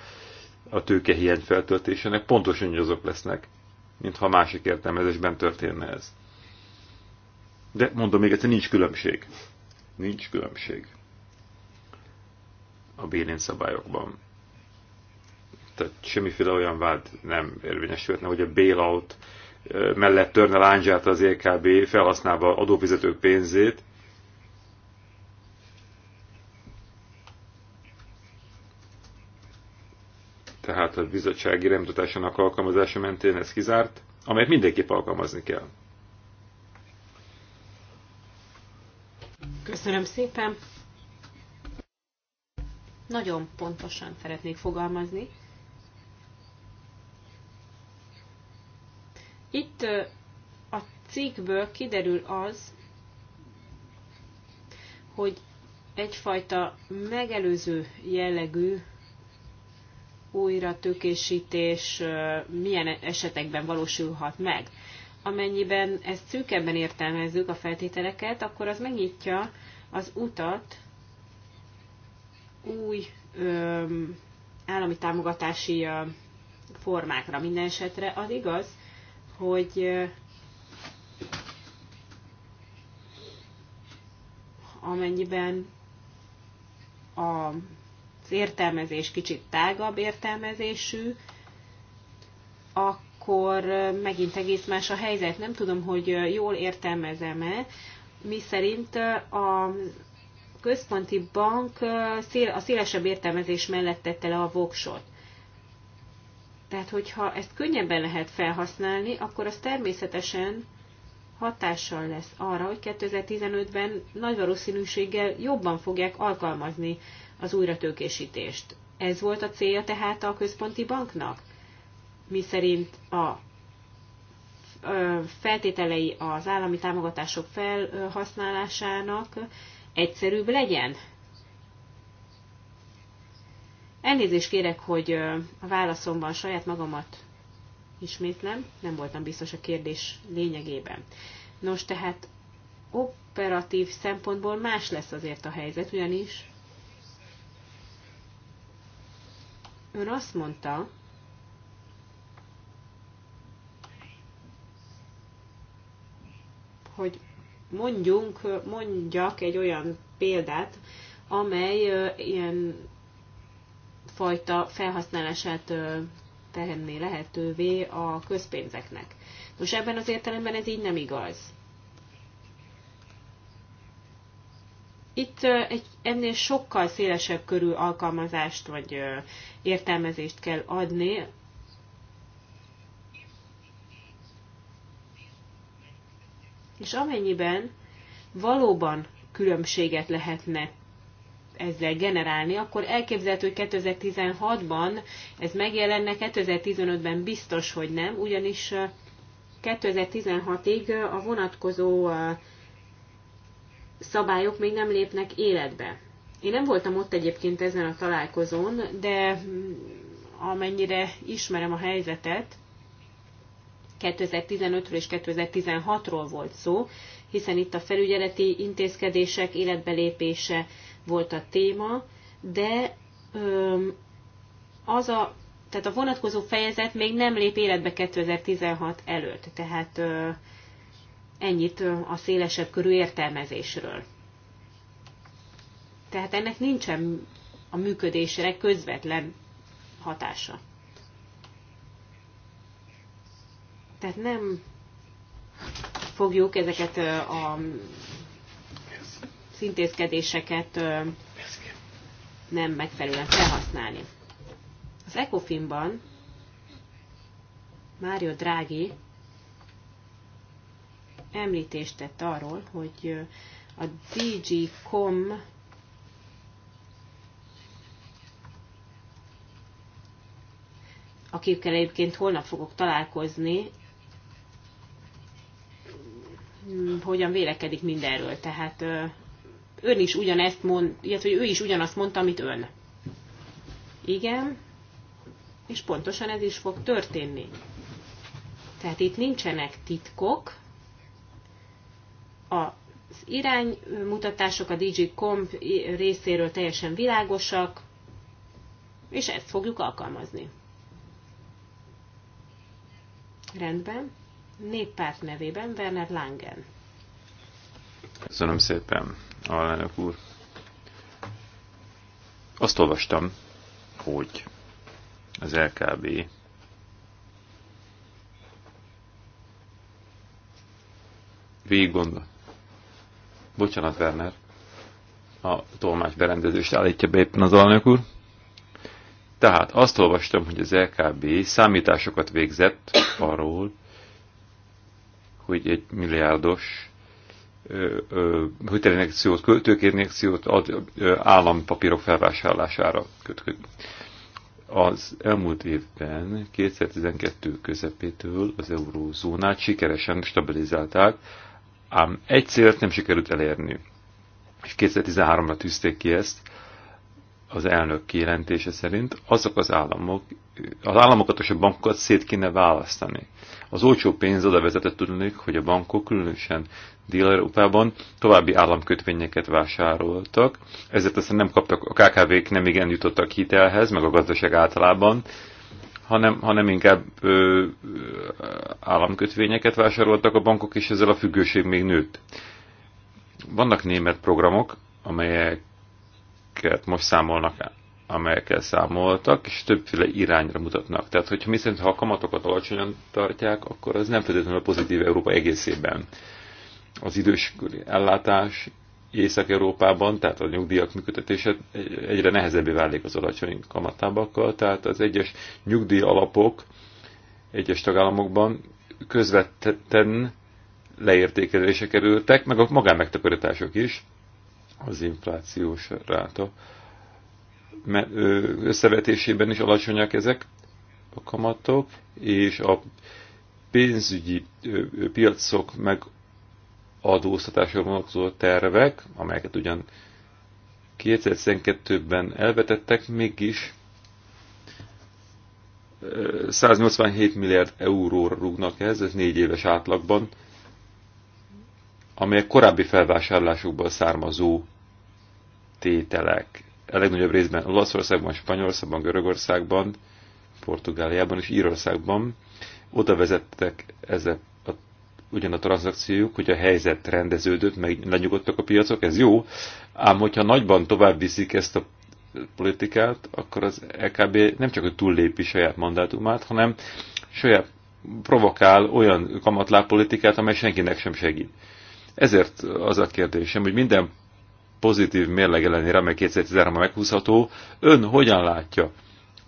a tőkehiány feltöltésének pontosan azok lesznek, mintha másik értelmezésben történne ez. De mondom még egyszer, nincs különbség. Nincs különbség a bélén szabályokban. Tehát semmiféle olyan vád nem érvényesülhetne, hogy a bailout mellett törne lányzsát az EKB felhasználva adófizetők pénzét. Tehát a bizottsági remutatásának alkalmazása mentén ez kizárt, amelyet mindenképp alkalmazni kell. Köszönöm szépen! Nagyon pontosan szeretnék fogalmazni, Itt a cikkből kiderül az, hogy egyfajta megelőző jellegű újra tökésítés milyen esetekben valósulhat meg. Amennyiben ezt szűkebben értelmezzük a feltételeket, akkor az megnyitja az utat új öm, állami támogatási formákra minden esetre. Az igaz, hogy amennyiben a az értelmezés kicsit tágabb értelmezésű, akkor megint egész más a helyzet. Nem tudom, hogy jól értelmezem-e, mi szerint a központi bank a szélesebb értelmezés mellett tette le a voksot. Tehát, hogyha ezt könnyebben lehet felhasználni, akkor az természetesen hatással lesz arra, hogy 2015-ben nagy valószínűséggel jobban fogják alkalmazni az újratőkésítést. Ez volt a célja tehát a központi banknak, mi szerint a feltételei az állami támogatások felhasználásának egyszerűbb legyen, Elnézést kérek, hogy a válaszomban saját magamat ismétlem, nem voltam biztos a kérdés lényegében. Nos, tehát operatív szempontból más lesz azért a helyzet, ugyanis ön azt mondta, hogy mondjunk, mondjak egy olyan példát, amely ilyen fajta felhasználását tenni lehetővé a közpénzeknek. Most ebben az értelemben ez így nem igaz. Itt egy ennél sokkal szélesebb körű alkalmazást vagy értelmezést kell adni. És amennyiben valóban különbséget lehetne ezzel generálni, akkor elképzelhető, hogy 2016-ban ez megjelenne, 2015-ben biztos, hogy nem, ugyanis 2016-ig a vonatkozó szabályok még nem lépnek életbe. Én nem voltam ott egyébként ezen a találkozón, de mm, amennyire ismerem a helyzetet, 2015-ről és 2016-ról volt szó, hiszen itt a felügyeleti intézkedések életbelépése volt a téma, de az a, tehát a vonatkozó fejezet még nem lép életbe 2016 előtt. Tehát ennyit a szélesebb körű értelmezésről. Tehát ennek nincsen a működésre közvetlen hatása. Tehát nem fogjuk ezeket a az intézkedéseket nem megfelelően felhasználni. Az ECOFIN-ban Mário Drági említést tett arról, hogy a DG.com akikkel egyébként holnap fogok találkozni, hogyan vélekedik mindenről. Tehát ön is ugyanezt mond, illetve ő is ugyanazt mondta, amit ön. Igen, és pontosan ez is fog történni. Tehát itt nincsenek titkok. Az iránymutatások a DigiComp részéről teljesen világosak, és ezt fogjuk alkalmazni. Rendben. Néppárt nevében Werner Langen. Köszönöm szépen alelnök úr. Azt olvastam, hogy az LKB végig gondol. Bocsánat, Werner. A tolmács berendezést állítja be éppen az alnök úr. Tehát azt olvastam, hogy az LKB számításokat végzett arról, hogy egy milliárdos hitelinjekciót, költőkérinjekciót ad állampapírok felvásárlására kötködik. Az elmúlt évben, 2012 közepétől az eurózónát sikeresen stabilizálták, ám egy célt nem sikerült elérni. És 2013-ra tűzték ki ezt, az elnök kijelentése szerint azok az államok az államokat és a bankokat szét kéne választani. Az olcsó pénz oda vezetett tudnék, hogy a bankok különösen Dél-Európában további államkötvényeket vásároltak, ezért aztán nem kaptak, a KKV-k nem igen jutottak hitelhez, meg a gazdaság általában, hanem, hanem inkább ö, államkötvényeket vásároltak a bankok, és ezzel a függőség még nőtt. Vannak német programok, amelyeket most számolnak amelyekkel számoltak, és többféle irányra mutatnak. Tehát, hogyha mi szerint, ha a kamatokat alacsonyan tartják, akkor az nem feltétlenül pozitív Európa egészében. Az idős ellátás Észak-Európában, tehát a nyugdíjak működtetése egyre nehezebbé válik az alacsony kamatábakkal, tehát az egyes nyugdíj alapok egyes tagállamokban közvetetten leértékelése kerültek, meg a magánmegtakarítások is, az inflációs ráta összevetésében is alacsonyak ezek a kamatok, és a pénzügyi piacok meg adóztatásra vonatkozó tervek, amelyeket ugyan 2012-ben elvetettek, mégis 187 milliárd euróra rúgnak ez, ez négy éves átlagban, amelyek korábbi felvásárlásokból származó tételek a legnagyobb részben Olaszországban, Spanyolországban, Görögországban, Portugáliában és Írországban. Oda vezettek ezek a, ugyan a tranzakciók, hogy a helyzet rendeződött, meg lenyugodtak a piacok, ez jó, ám hogyha nagyban tovább viszik ezt a politikát, akkor az EKB nem csak hogy túllépi saját mandátumát, hanem saját provokál olyan kamatlápolitikát, amely senkinek sem segít. Ezért az a kérdésem, hogy minden pozitív mérleg ellenére, amely 2013-ban meghúzható, ön hogyan látja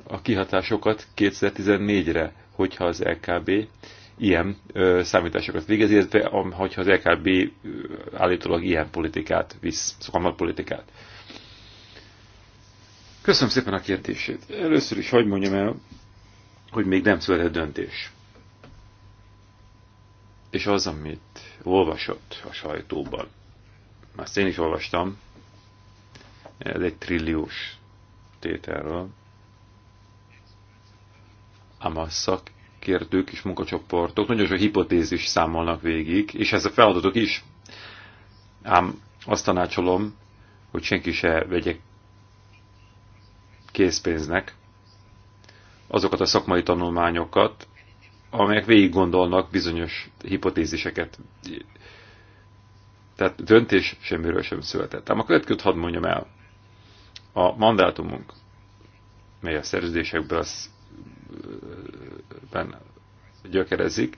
a kihatásokat 2014-re, hogyha az LKB ilyen ö, számításokat végez, illetve hogyha az LKB állítólag ilyen politikát visz, politikát. Köszönöm szépen a kérdését. Először is hogy mondjam el, hogy még nem született döntés. És az, amit olvasott a sajtóban, azt én is olvastam. Ez egy trilliós tételről. Ám a szakértők és munkacsoportok nagyon sok hipotézis számolnak végig, és ez a feladatok is. Ám azt tanácsolom, hogy senki se vegye készpénznek azokat a szakmai tanulmányokat, amelyek végig gondolnak bizonyos hipotéziseket, tehát döntés semmiről sem született. Ám a következőt hadd mondjam el. A mandátumunk, mely a szerződésekben az, ben gyökerezik,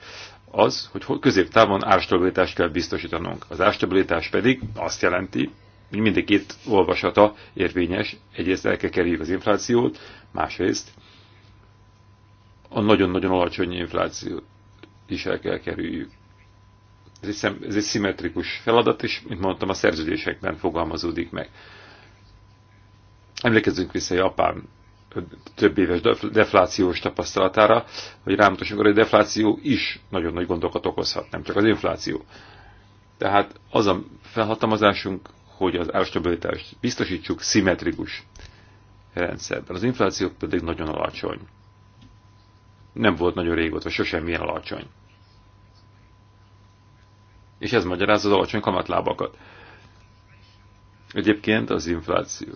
az, hogy középtávon árstabilitást kell biztosítanunk. Az árstabilitás pedig azt jelenti, hogy mindig két olvasata érvényes, egyrészt el kell kerüljük az inflációt, másrészt a nagyon-nagyon alacsony inflációt is el kell kerüljük ez egy szimmetrikus feladat, és, mint mondtam, a szerződésekben fogalmazódik meg. Emlékezzünk vissza Japán több éves deflációs tapasztalatára, hogy rámutassunk arra, hogy a defláció is nagyon nagy gondokat okozhat, nem csak az infláció. Tehát az a felhatalmazásunk, hogy az árstabilitást biztosítsuk szimmetrikus rendszerben. Az infláció pedig nagyon alacsony. Nem volt nagyon régóta, sosem ilyen alacsony és ez magyarázza az alacsony kamatlábakat. Egyébként az infláció.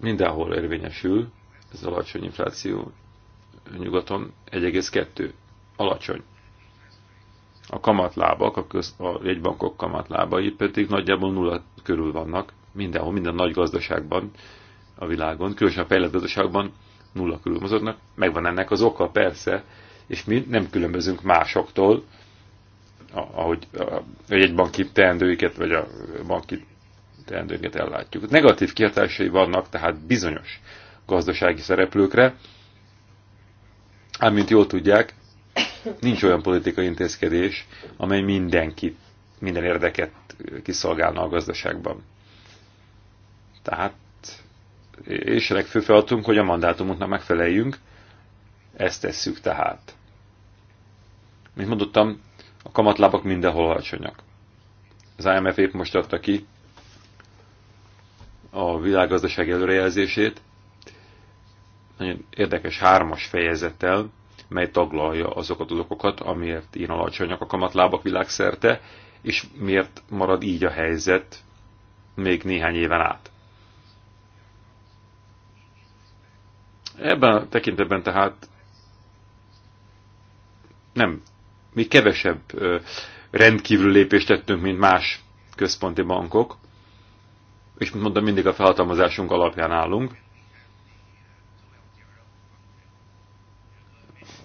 Mindenhol érvényesül ez alacsony infláció. Nyugaton 1,2. Alacsony. A kamatlábak, a, köz, a jegybankok kamatlábai pedig nagyjából nulla körül vannak. Mindenhol, minden nagy gazdaságban a világon, különösen a fejlett gazdaságban nulla körül mozognak. Megvan ennek az oka persze, és mi nem különbözünk másoktól, ahogy a jegybanki teendőiket, vagy a banki teendőket ellátjuk. Negatív kihatásai vannak tehát bizonyos gazdasági szereplőkre, ám mint jól tudják, nincs olyan politikai intézkedés, amely mindenkit, minden érdeket kiszolgálna a gazdaságban. Tehát, és legfő feladatunk, hogy a mandátumunknak megfeleljünk, ezt tesszük tehát. Mint mondottam, a kamatlábak mindenhol alacsonyak. Az IMF épp most adta ki a világgazdaság előrejelzését, nagyon érdekes hármas fejezettel, mely taglalja azokat az okokat, amiért ilyen alacsonyak a kamatlábak világszerte, és miért marad így a helyzet még néhány éven át. Ebben a tekintetben tehát nem mi kevesebb rendkívül lépést tettünk, mint más központi bankok, és mint mondtam mindig a felhatalmazásunk alapján állunk.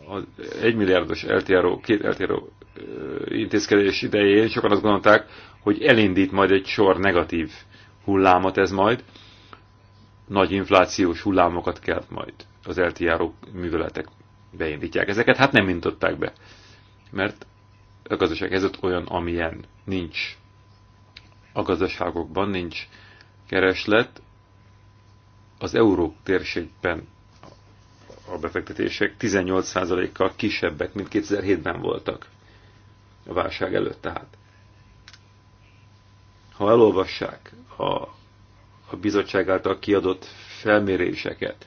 Az egymilliárdos LTRO, két LTRO intézkedés idején sokan azt gondolták, hogy elindít majd egy sor negatív hullámot ez majd, nagy inflációs hullámokat kell majd az LTRO műveletek beindítják. Ezeket hát nem mintották be mert a gazdaság helyzet olyan, amilyen nincs. A gazdaságokban nincs kereslet, az euró térségben a befektetések 18%-kal kisebbek, mint 2007-ben voltak a válság előtt tehát. Ha elolvassák a, a bizottság által kiadott felméréseket,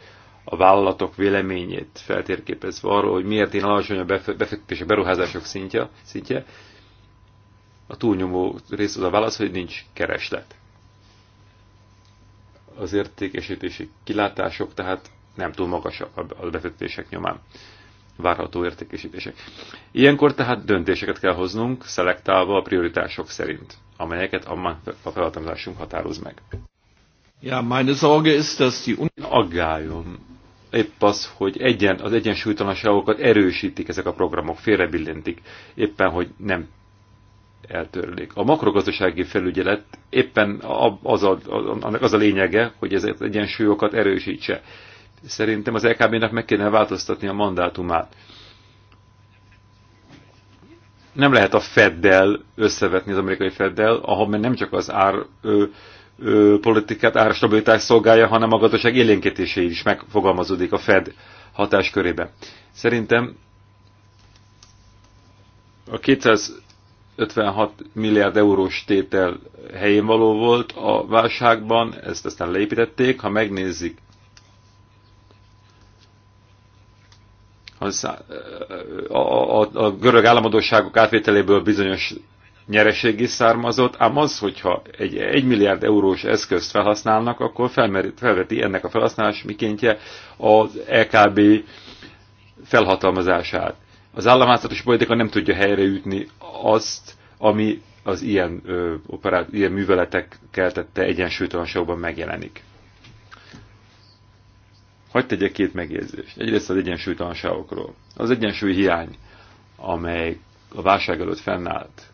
a vállalatok véleményét feltérképezve arról, hogy miért én alacsony a befektetési beruházások szintje, szintje, a túlnyomó rész az a válasz, hogy nincs kereslet. Az értékesítési kilátások tehát nem túl magasak a befektetések nyomán várható értékesítések. Ilyenkor tehát döntéseket kell hoznunk, szelektálva a prioritások szerint, amelyeket a feladatomzásunk határoz meg. Ja, meine Sorge ist, dass die Un Aggályom épp az, hogy egyen, az egyensúlytalanságokat erősítik ezek a programok, félrebillentik, éppen, hogy nem eltörlik. A makrogazdasági felügyelet éppen az a, a, az a lényege, hogy ez egyensúlyokat erősítse. Szerintem az lkb nek meg kéne változtatni a mandátumát. Nem lehet a Feddel összevetni az amerikai Feddel, ahol nem csak az ár ö, politikát, árstabilitás szolgálja, hanem a gazdaság élénkítésé is megfogalmazódik a Fed hatáskörébe. Szerintem a 256 milliárd eurós tétel helyén való volt a válságban, ezt aztán leépítették, ha megnézzük, a, a, a görög államadóságok átvételéből bizonyos nyereségi származott, ám az, hogyha egy 1 milliárd eurós eszközt felhasználnak, akkor felveti ennek a felhasználás mikéntje az LKB felhatalmazását. Az államháztartási politika nem tudja helyreütni azt, ami az ilyen, ö, operát, ilyen műveletek keltette egyensúlytalanságban megjelenik. Hagy tegyek két megjegyzést. Egyrészt az egyensúlytalanságokról. Az egyensúly hiány, amely a válság előtt fennállt,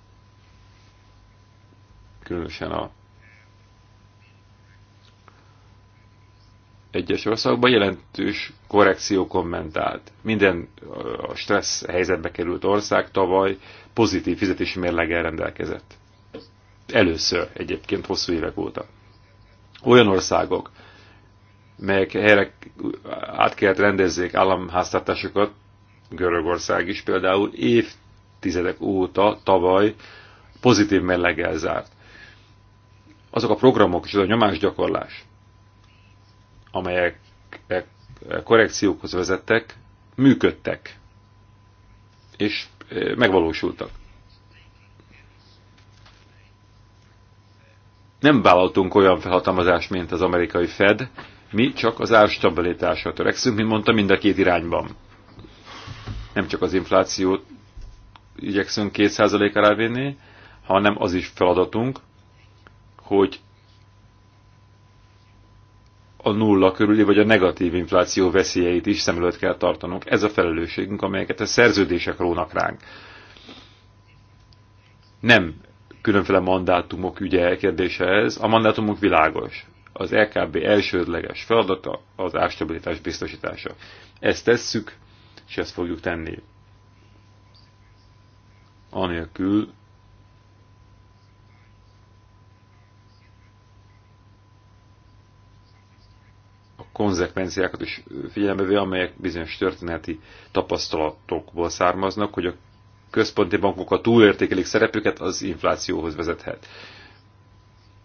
különösen a egyes országban jelentős korrekció kommentált. Minden a stressz helyzetbe került ország tavaly pozitív fizetési mérleggel rendelkezett. Először egyébként hosszú évek óta. Olyan országok, melyek helyre át kellett rendezzék államháztartásokat, Görögország is például évtizedek óta tavaly pozitív mérleggel zárt azok a programok és az a nyomásgyakorlás, amelyek e-, e-, korrekciókhoz vezettek, működtek, és e, megvalósultak. Nem vállaltunk olyan felhatalmazást, mint az amerikai Fed, mi csak az árstabilitásra törekszünk, mint mondta, mind a két irányban. Nem csak az inflációt igyekszünk 2%-ra vinni, hanem az is feladatunk, hogy a nulla körüli, vagy a negatív infláció veszélyeit is szem előtt kell tartanunk. Ez a felelősségünk, amelyeket a szerződések rónak ránk. Nem különféle mandátumok ügye kérdése ez, a mandátumok világos. Az LKB elsődleges feladata az árstabilitás biztosítása. Ezt tesszük, és ezt fogjuk tenni. Anélkül, konzekvenciákat is figyelembe véve, amelyek bizonyos történeti tapasztalatokból származnak, hogy a központi bankok a túlértékelik szerepüket, az inflációhoz vezethet.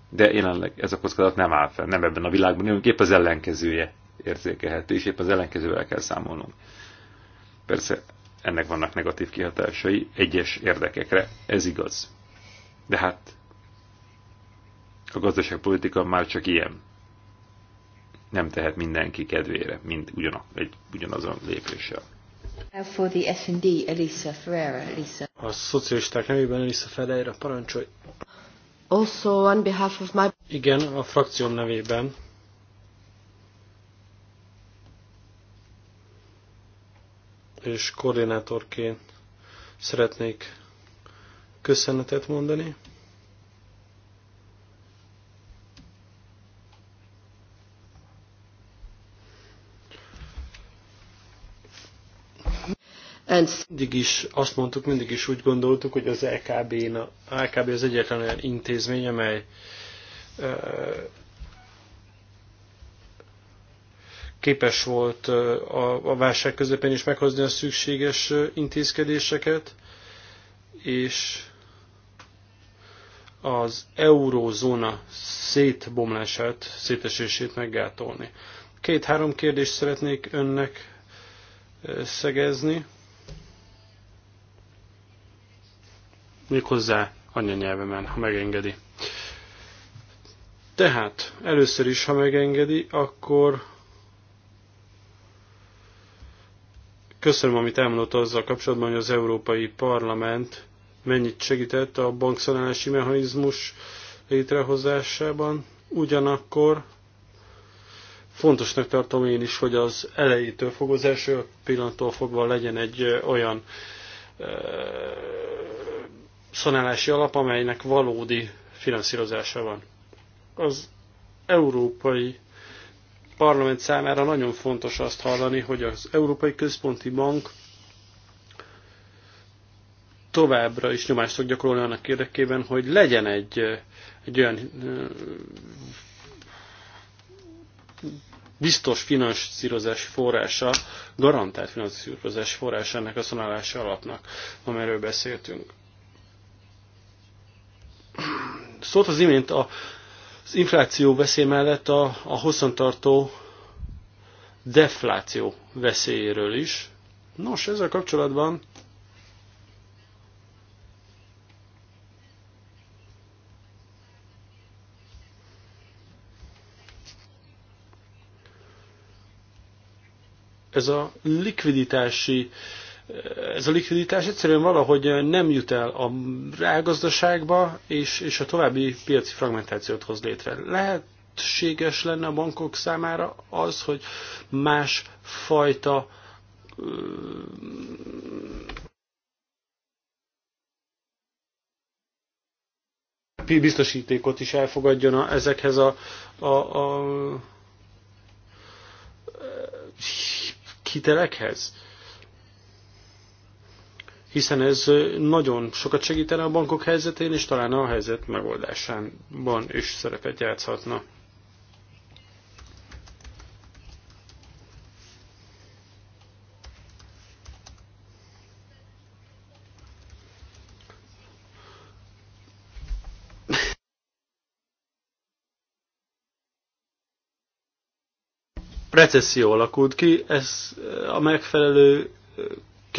De jelenleg ez a kockázat nem áll fel, nem ebben a világban, nem épp az ellenkezője érzékelhető, és épp az ellenkezővel kell számolnunk. Persze ennek vannak negatív kihatásai egyes érdekekre, ez igaz. De hát a gazdaságpolitika már csak ilyen nem tehet mindenki kedvére, mint ugyanaz egy, ugyanazon lépéssel. For the S&D, Elisa Ferreira, Elisa. A szocialisták nevében Elisa Ferreira parancsolj. Also on behalf of my... Igen, a frakcióm nevében. És koordinátorként szeretnék köszönetet mondani. Mindig is azt mondtuk, mindig is úgy gondoltuk, hogy az LKB, e LKB e az egyetlen olyan intézmény, amely képes volt a válság közepén is meghozni a szükséges intézkedéseket, és az eurózóna szétbomlását, szétesését meggátolni. Két-három kérdést szeretnék önnek szegezni. méghozzá anyanyelvemen, ha megengedi. Tehát, először is, ha megengedi, akkor köszönöm, amit elmondott azzal kapcsolatban, hogy az Európai Parlament mennyit segített a bankszanálási mechanizmus létrehozásában. Ugyanakkor fontosnak tartom én is, hogy az elejétől fogva, az első pillanattól fogva legyen egy olyan szanálási alap, amelynek valódi finanszírozása van. Az európai parlament számára nagyon fontos azt hallani, hogy az Európai Központi Bank továbbra is nyomást fog gyakorolni annak érdekében, hogy legyen egy, egy olyan biztos finanszírozás forrása, garantált finanszírozás forrása ennek a szonálási alapnak, amelyről beszéltünk. Szólt az imént a, az infláció veszély mellett a, a hosszantartó defláció veszélyéről is. Nos, ezzel kapcsolatban ez a likviditási ez a likviditás egyszerűen valahogy nem jut el a rágazdaságba, és, és a további piaci fragmentációt hoz létre. Lehetséges lenne a bankok számára az, hogy más fajta biztosítékot is elfogadjon a, ezekhez a, a, a hitelekhez hiszen ez nagyon sokat segítene a bankok helyzetén, és talán a helyzet megoldásában is szerepet játszhatna. recesszió alakult ki, ez a megfelelő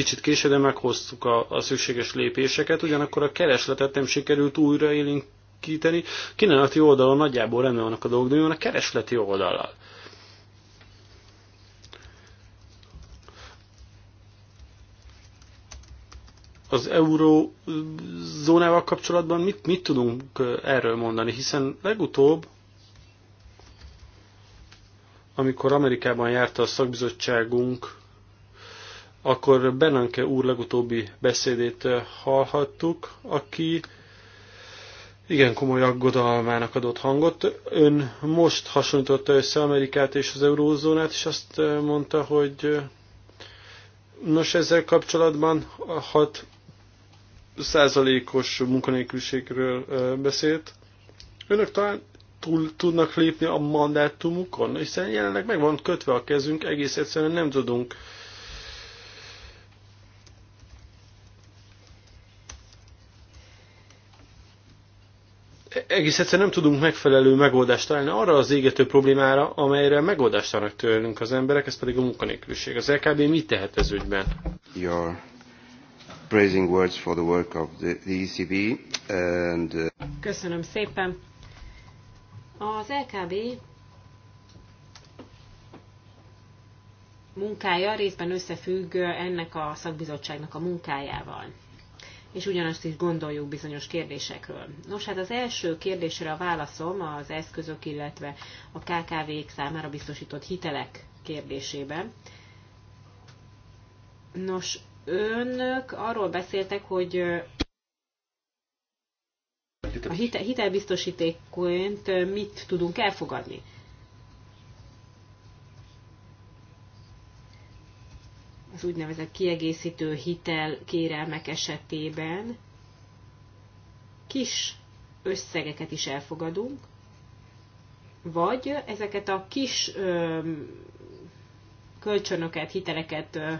Kicsit később meghoztuk a, a szükséges lépéseket, ugyanakkor a keresletet nem sikerült újraélinkíteni. Kínálati oldalon nagyjából rendben vannak a dolgok, de mi van a keresleti oldalal? az eurózónával kapcsolatban mit, mit tudunk eh, erről mondani? Hiszen legutóbb, amikor Amerikában járta a szakbizottságunk akkor Benanke úr legutóbbi beszédét eh, hallhattuk, aki igen komoly aggodalmának adott hangot. Ön most hasonlította össze Amerikát és az eurózónát, és azt eh, mondta, hogy eh, nos ezzel kapcsolatban 6 százalékos munkanélküliségről beszélt. Önök talán túl tudnak lépni a mandátumukon, hiszen jelenleg meg van kötve a kezünk, egész egyszerűen nem tudunk egész egyszerűen nem tudunk megfelelő megoldást találni arra az égető problémára, amelyre megoldást adnak tőlünk az emberek, ez pedig a munkanélküliség. Az LKB mit tehet ez ügyben? Your praising words for the work of the, the ECB and... Uh, Köszönöm szépen. Az LKB munkája részben összefügg ennek a szakbizottságnak a munkájával és ugyanazt is gondoljuk bizonyos kérdésekről. Nos, hát az első kérdésre a válaszom az eszközök, illetve a KKV-k számára biztosított hitelek kérdésében. Nos, önök arról beszéltek, hogy a hitel, hitelbiztosítékként mit tudunk elfogadni. az úgynevezett kiegészítő hitel kérelmek esetében kis összegeket is elfogadunk, vagy ezeket a kis ö, kölcsönöket, hiteleket ö,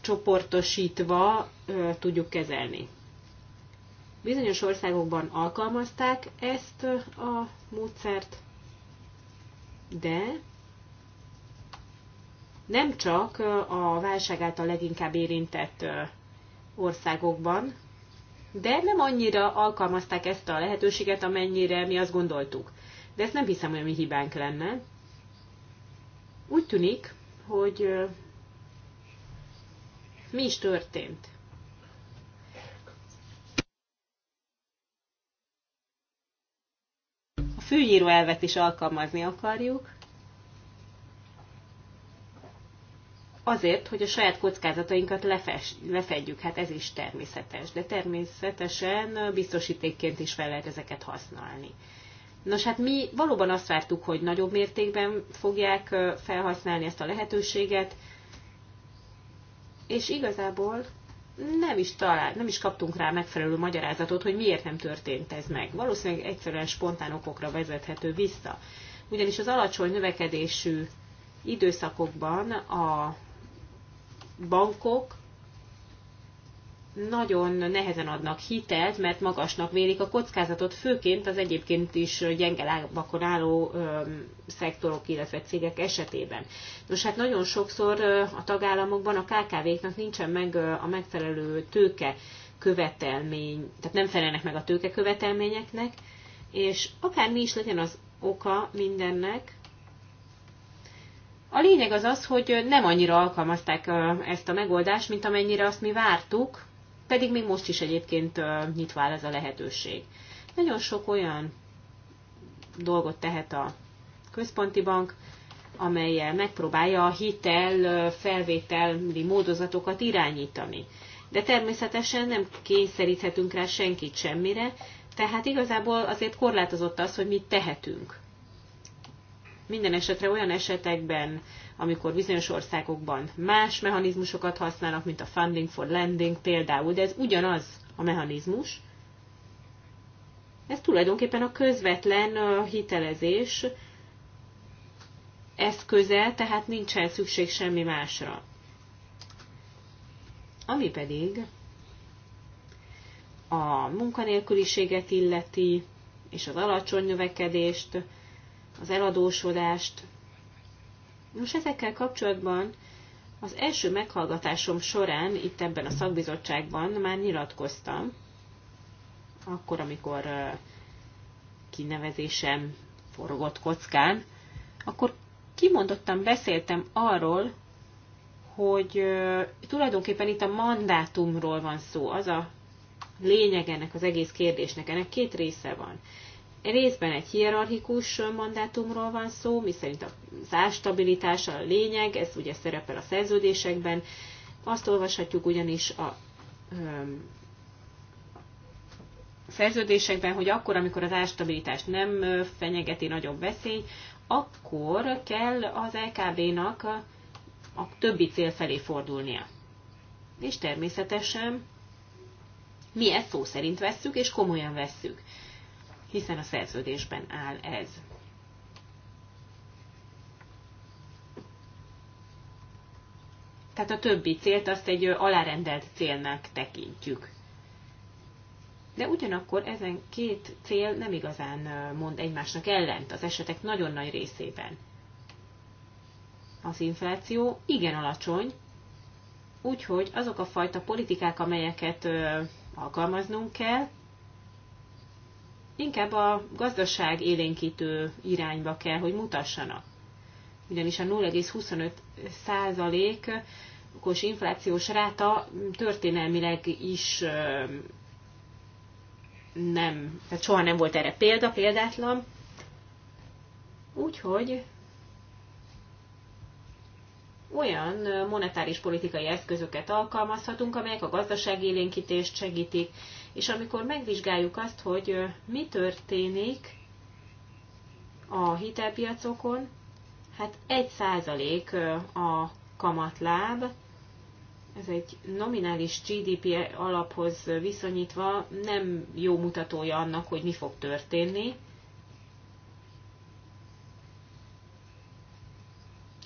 csoportosítva ö, tudjuk kezelni. Bizonyos országokban alkalmazták ezt a módszert, de nem csak a válság által leginkább érintett országokban, de nem annyira alkalmazták ezt a lehetőséget, amennyire mi azt gondoltuk. De ezt nem hiszem, hogy mi hibánk lenne. Úgy tűnik, hogy mi is történt. A fűnyíró elvet is alkalmazni akarjuk, azért, hogy a saját kockázatainkat lefes, lefedjük. Hát ez is természetes, de természetesen biztosítékként is fel lehet ezeket használni. Nos, hát mi valóban azt vártuk, hogy nagyobb mértékben fogják felhasználni ezt a lehetőséget, és igazából nem is, talál, nem is kaptunk rá megfelelő magyarázatot, hogy miért nem történt ez meg. Valószínűleg egyszerűen spontán okokra vezethető vissza. Ugyanis az alacsony növekedésű időszakokban a bankok nagyon nehezen adnak hitelt, mert magasnak vélik a kockázatot, főként az egyébként is gyenge lábakon álló ö, szektorok, illetve cégek esetében. Nos, hát nagyon sokszor a tagállamokban a KKV-knak nincsen meg a megfelelő tőke követelmény, tehát nem felelnek meg a tőke követelményeknek, és akár mi is legyen az oka mindennek, a lényeg az az, hogy nem annyira alkalmazták ezt a megoldást, mint amennyire azt mi vártuk, pedig még most is egyébként nyitva áll ez a lehetőség. Nagyon sok olyan dolgot tehet a központi bank, amelyel megpróbálja a hitel felvételi módozatokat irányítani. De természetesen nem kényszeríthetünk rá senkit semmire, tehát igazából azért korlátozott az, hogy mit tehetünk. Minden esetre olyan esetekben, amikor bizonyos országokban más mechanizmusokat használnak, mint a funding for lending például, de ez ugyanaz a mechanizmus, ez tulajdonképpen a közvetlen hitelezés eszköze, tehát nincsen szükség semmi másra. Ami pedig a munkanélküliséget illeti, és az alacsony növekedést, az eladósodást. Nos, ezekkel kapcsolatban az első meghallgatásom során itt ebben a szakbizottságban már nyilatkoztam, akkor, amikor kinevezésem forgott kockán, akkor kimondottan beszéltem arról, hogy tulajdonképpen itt a mandátumról van szó, az a lényeg ennek az egész kérdésnek. Ennek két része van részben egy hierarchikus mandátumról van szó, miszerint a zárstabilitás a lényeg, ez ugye szerepel a szerződésekben. Azt olvashatjuk ugyanis a szerződésekben, hogy akkor, amikor az árstabilitást nem fenyegeti nagyobb veszély, akkor kell az LKB-nak a többi cél felé fordulnia. És természetesen mi ezt szó szerint vesszük, és komolyan vesszük hiszen a szerződésben áll ez. Tehát a többi célt azt egy alárendelt célnak tekintjük. De ugyanakkor ezen két cél nem igazán mond egymásnak ellent az esetek nagyon nagy részében. Az infláció igen alacsony, úgyhogy azok a fajta politikák, amelyeket alkalmaznunk kell, inkább a gazdaság élénkítő irányba kell, hogy mutassanak. Ugyanis a 0,25 százalékos inflációs ráta történelmileg is nem, tehát soha nem volt erre példa, példátlan. Úgyhogy olyan monetáris politikai eszközöket alkalmazhatunk, amelyek a gazdaság élénkítést segítik, és amikor megvizsgáljuk azt, hogy mi történik a hitelpiacokon, hát 1% a kamatláb, ez egy nominális GDP alaphoz viszonyítva nem jó mutatója annak, hogy mi fog történni.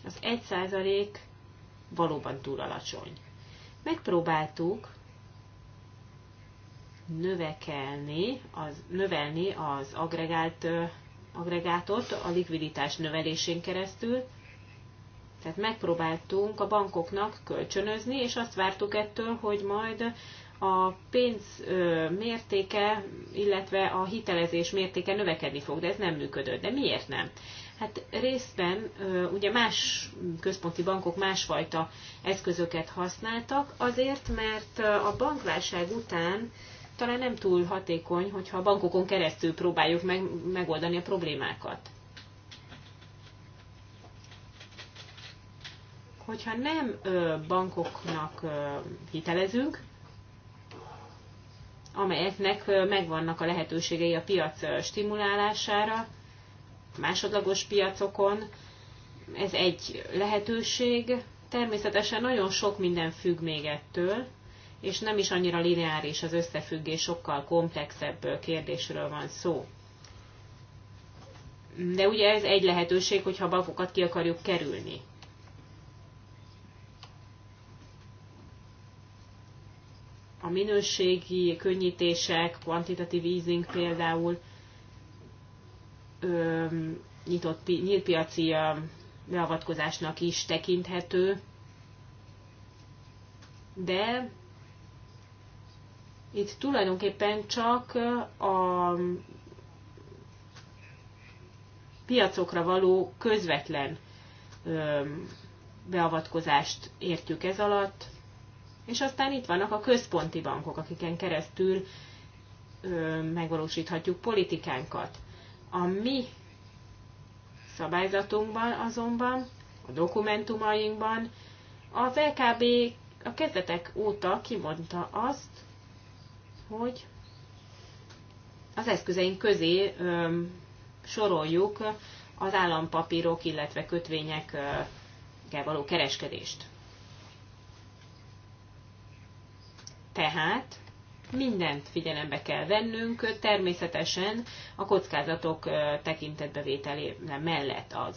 Az 1% valóban túl alacsony. Megpróbáltuk növekelni, az, növelni az agregált, agregátot a likviditás növelésén keresztül. Tehát megpróbáltunk a bankoknak kölcsönözni, és azt vártuk ettől, hogy majd a pénz mértéke, illetve a hitelezés mértéke növekedni fog, de ez nem működött. De miért nem? Hát részben ugye más központi bankok másfajta eszközöket használtak, azért, mert a bankválság után talán nem túl hatékony, hogyha a bankokon keresztül próbáljuk meg, megoldani a problémákat. Hogyha nem ö, bankoknak ö, hitelezünk, amelyeknek ö, megvannak a lehetőségei a piac ö, stimulálására, másodlagos piacokon, ez egy lehetőség. Természetesen nagyon sok minden függ még ettől, és nem is annyira lineáris az összefüggés, sokkal komplexebb kérdésről van szó. De ugye ez egy lehetőség, hogyha a bafokat ki akarjuk kerülni. A minőségi könnyítések, quantitative easing például, nyitott pi, nyílt piaci beavatkozásnak is tekinthető, de itt tulajdonképpen csak a piacokra való közvetlen beavatkozást értjük ez alatt, és aztán itt vannak a központi bankok, akiken keresztül megvalósíthatjuk politikánkat. A mi szabályzatunkban azonban, a dokumentumainkban a VKB a kezdetek óta kimondta azt, hogy az eszközeink közé soroljuk az állampapírok, illetve kötvényekkel való kereskedést. Tehát mindent figyelembe kell vennünk, természetesen a kockázatok tekintetbevétele mellett az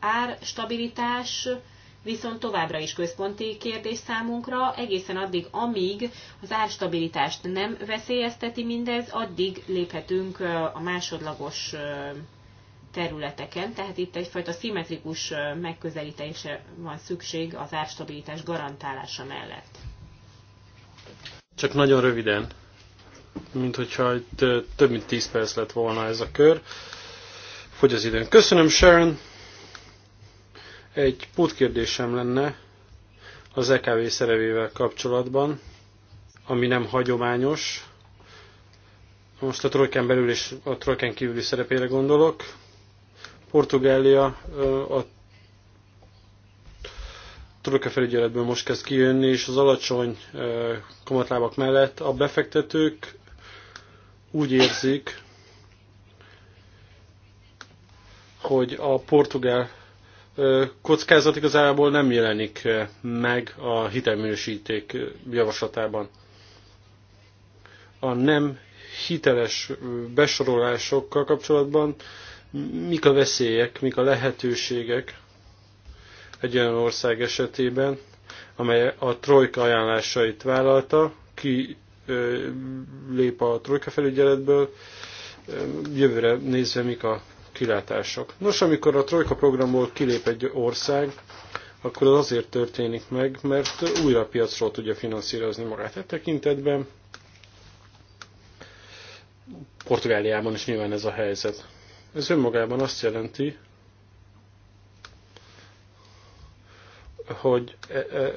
árstabilitás, stabilitás, viszont továbbra is központi kérdés számunkra, egészen addig, amíg az árstabilitást nem veszélyezteti mindez, addig léphetünk a másodlagos területeken, tehát itt egyfajta szimmetrikus megközelítése van szükség az árstabilitás garantálása mellett. Csak nagyon röviden, mint hogyha itt több mint 10 perc lett volna ez a kör. Fogy az időn. Köszönöm Sharon! Egy pótkérdésem lenne az EKV szerevével kapcsolatban, ami nem hagyományos. Most a trojken belül és a trojken kívüli szerepére gondolok. Portugália a trojka felügyeletből most kezd kijönni, és az alacsony kamatlábak mellett a befektetők úgy érzik, hogy a portugál kockázat igazából nem jelenik meg a hitelminősíték javaslatában. A nem hiteles besorolásokkal kapcsolatban mik a veszélyek, mik a lehetőségek egy olyan ország esetében, amely a trojka ajánlásait vállalta, ki lép a trojka felügyeletből, jövőre nézve mik a kilátások. Nos, amikor a Trojka programból kilép egy ország, akkor az azért történik meg, mert újra a piacról tudja finanszírozni magát. E tekintetben Portugáliában is nyilván ez a helyzet. Ez önmagában azt jelenti, hogy e, e,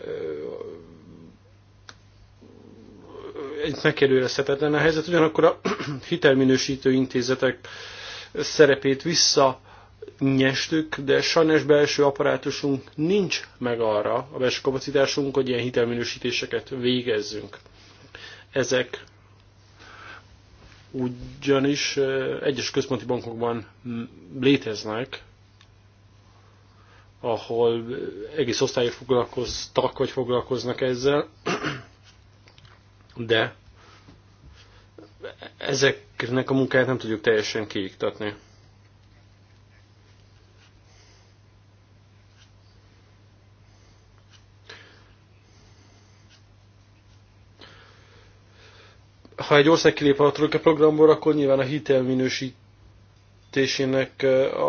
egy megkérdőjelezhetetlen a helyzet, ugyanakkor a hitelminősítő intézetek szerepét vissza nyestük, de sajnos belső apparátusunk nincs meg arra, a belső kapacitásunk, hogy ilyen hitelminősítéseket végezzünk. Ezek ugyanis egyes központi bankokban léteznek, ahol egész osztályok foglalkoztak, vagy foglalkoznak ezzel, de ezeknek a munkáját nem tudjuk teljesen kiiktatni. Ha egy ország kilép a trojka programból, akkor nyilván a hitelminősítésének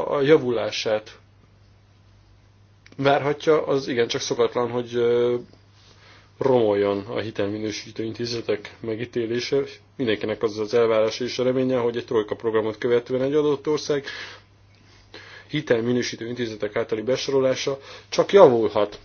a javulását várhatja, az igencsak szokatlan, hogy romoljon a hitelminősítő intézetek megítélése. Mindenkinek az az elvárása és a reménye, hogy egy trojka programot követően egy adott ország hitelminősítő intézetek általi besorolása csak javulhat.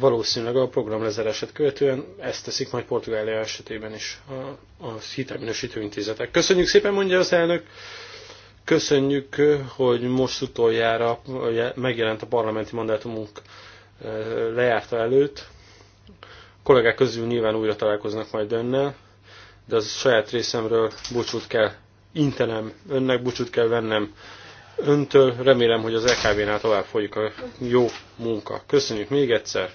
valószínűleg a program lezárását követően ezt teszik majd Portugália esetében is a, a hitelminősítő intézetek. Köszönjük szépen, mondja az elnök. Köszönjük, hogy most utoljára megjelent a parlamenti mandátumunk eh, lejárta előtt. A kollégák közül nyilván újra találkoznak majd önnel, de az saját részemről búcsút kell intenem, önnek búcsút kell vennem öntől. Remélem, hogy az EKB-nál tovább folyik a jó munka. Köszönjük még egyszer!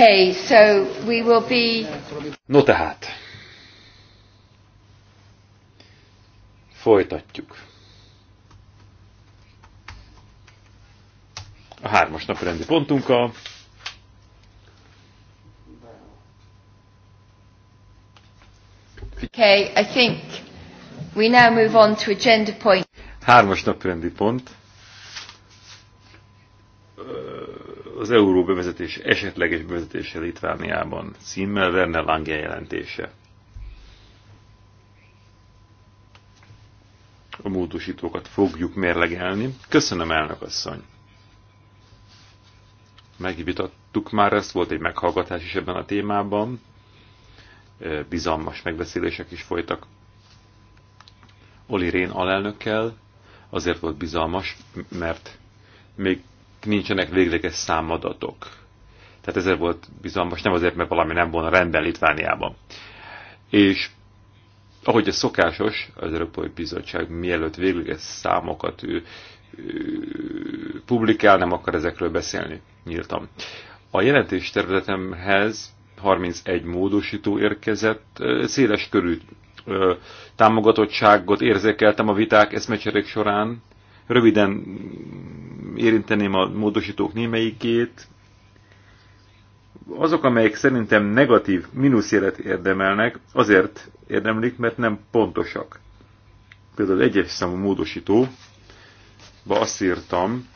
Okay, so we will be... No tehát. Folytatjuk. A hármas naprendi rendi pontunkkal. Okay, I think we now move on to agenda point. Hármas naprendi rendi pont. az euró bevezetés, esetleges bevezetése Litvániában címmel Werner Lange jelentése. A módosítókat fogjuk mérlegelni. Köszönöm, elnök asszony! Megvitattuk már ezt, volt egy meghallgatás is ebben a témában. E, bizalmas megbeszélések is folytak Oli Rén alelnökkel. Azért volt bizalmas, mert még nincsenek végleges számadatok. Tehát ezért volt bizalmas, nem azért, mert valami nem volna rendben Litvániában. És ahogy a szokásos, az Európai Bizottság mielőtt végleges számokat ő, ő, publikál, nem akar ezekről beszélni nyíltan. A jelentés tervezetemhez 31 módosító érkezett, széles körű támogatottságot érzékeltem a viták eszmecserék során. Röviden érinteném a módosítók némelyikét. Azok, amelyek szerintem negatív mínuszjelet érdemelnek, azért érdemlik, mert nem pontosak. Például az egyes számú módosító, ba azt írtam,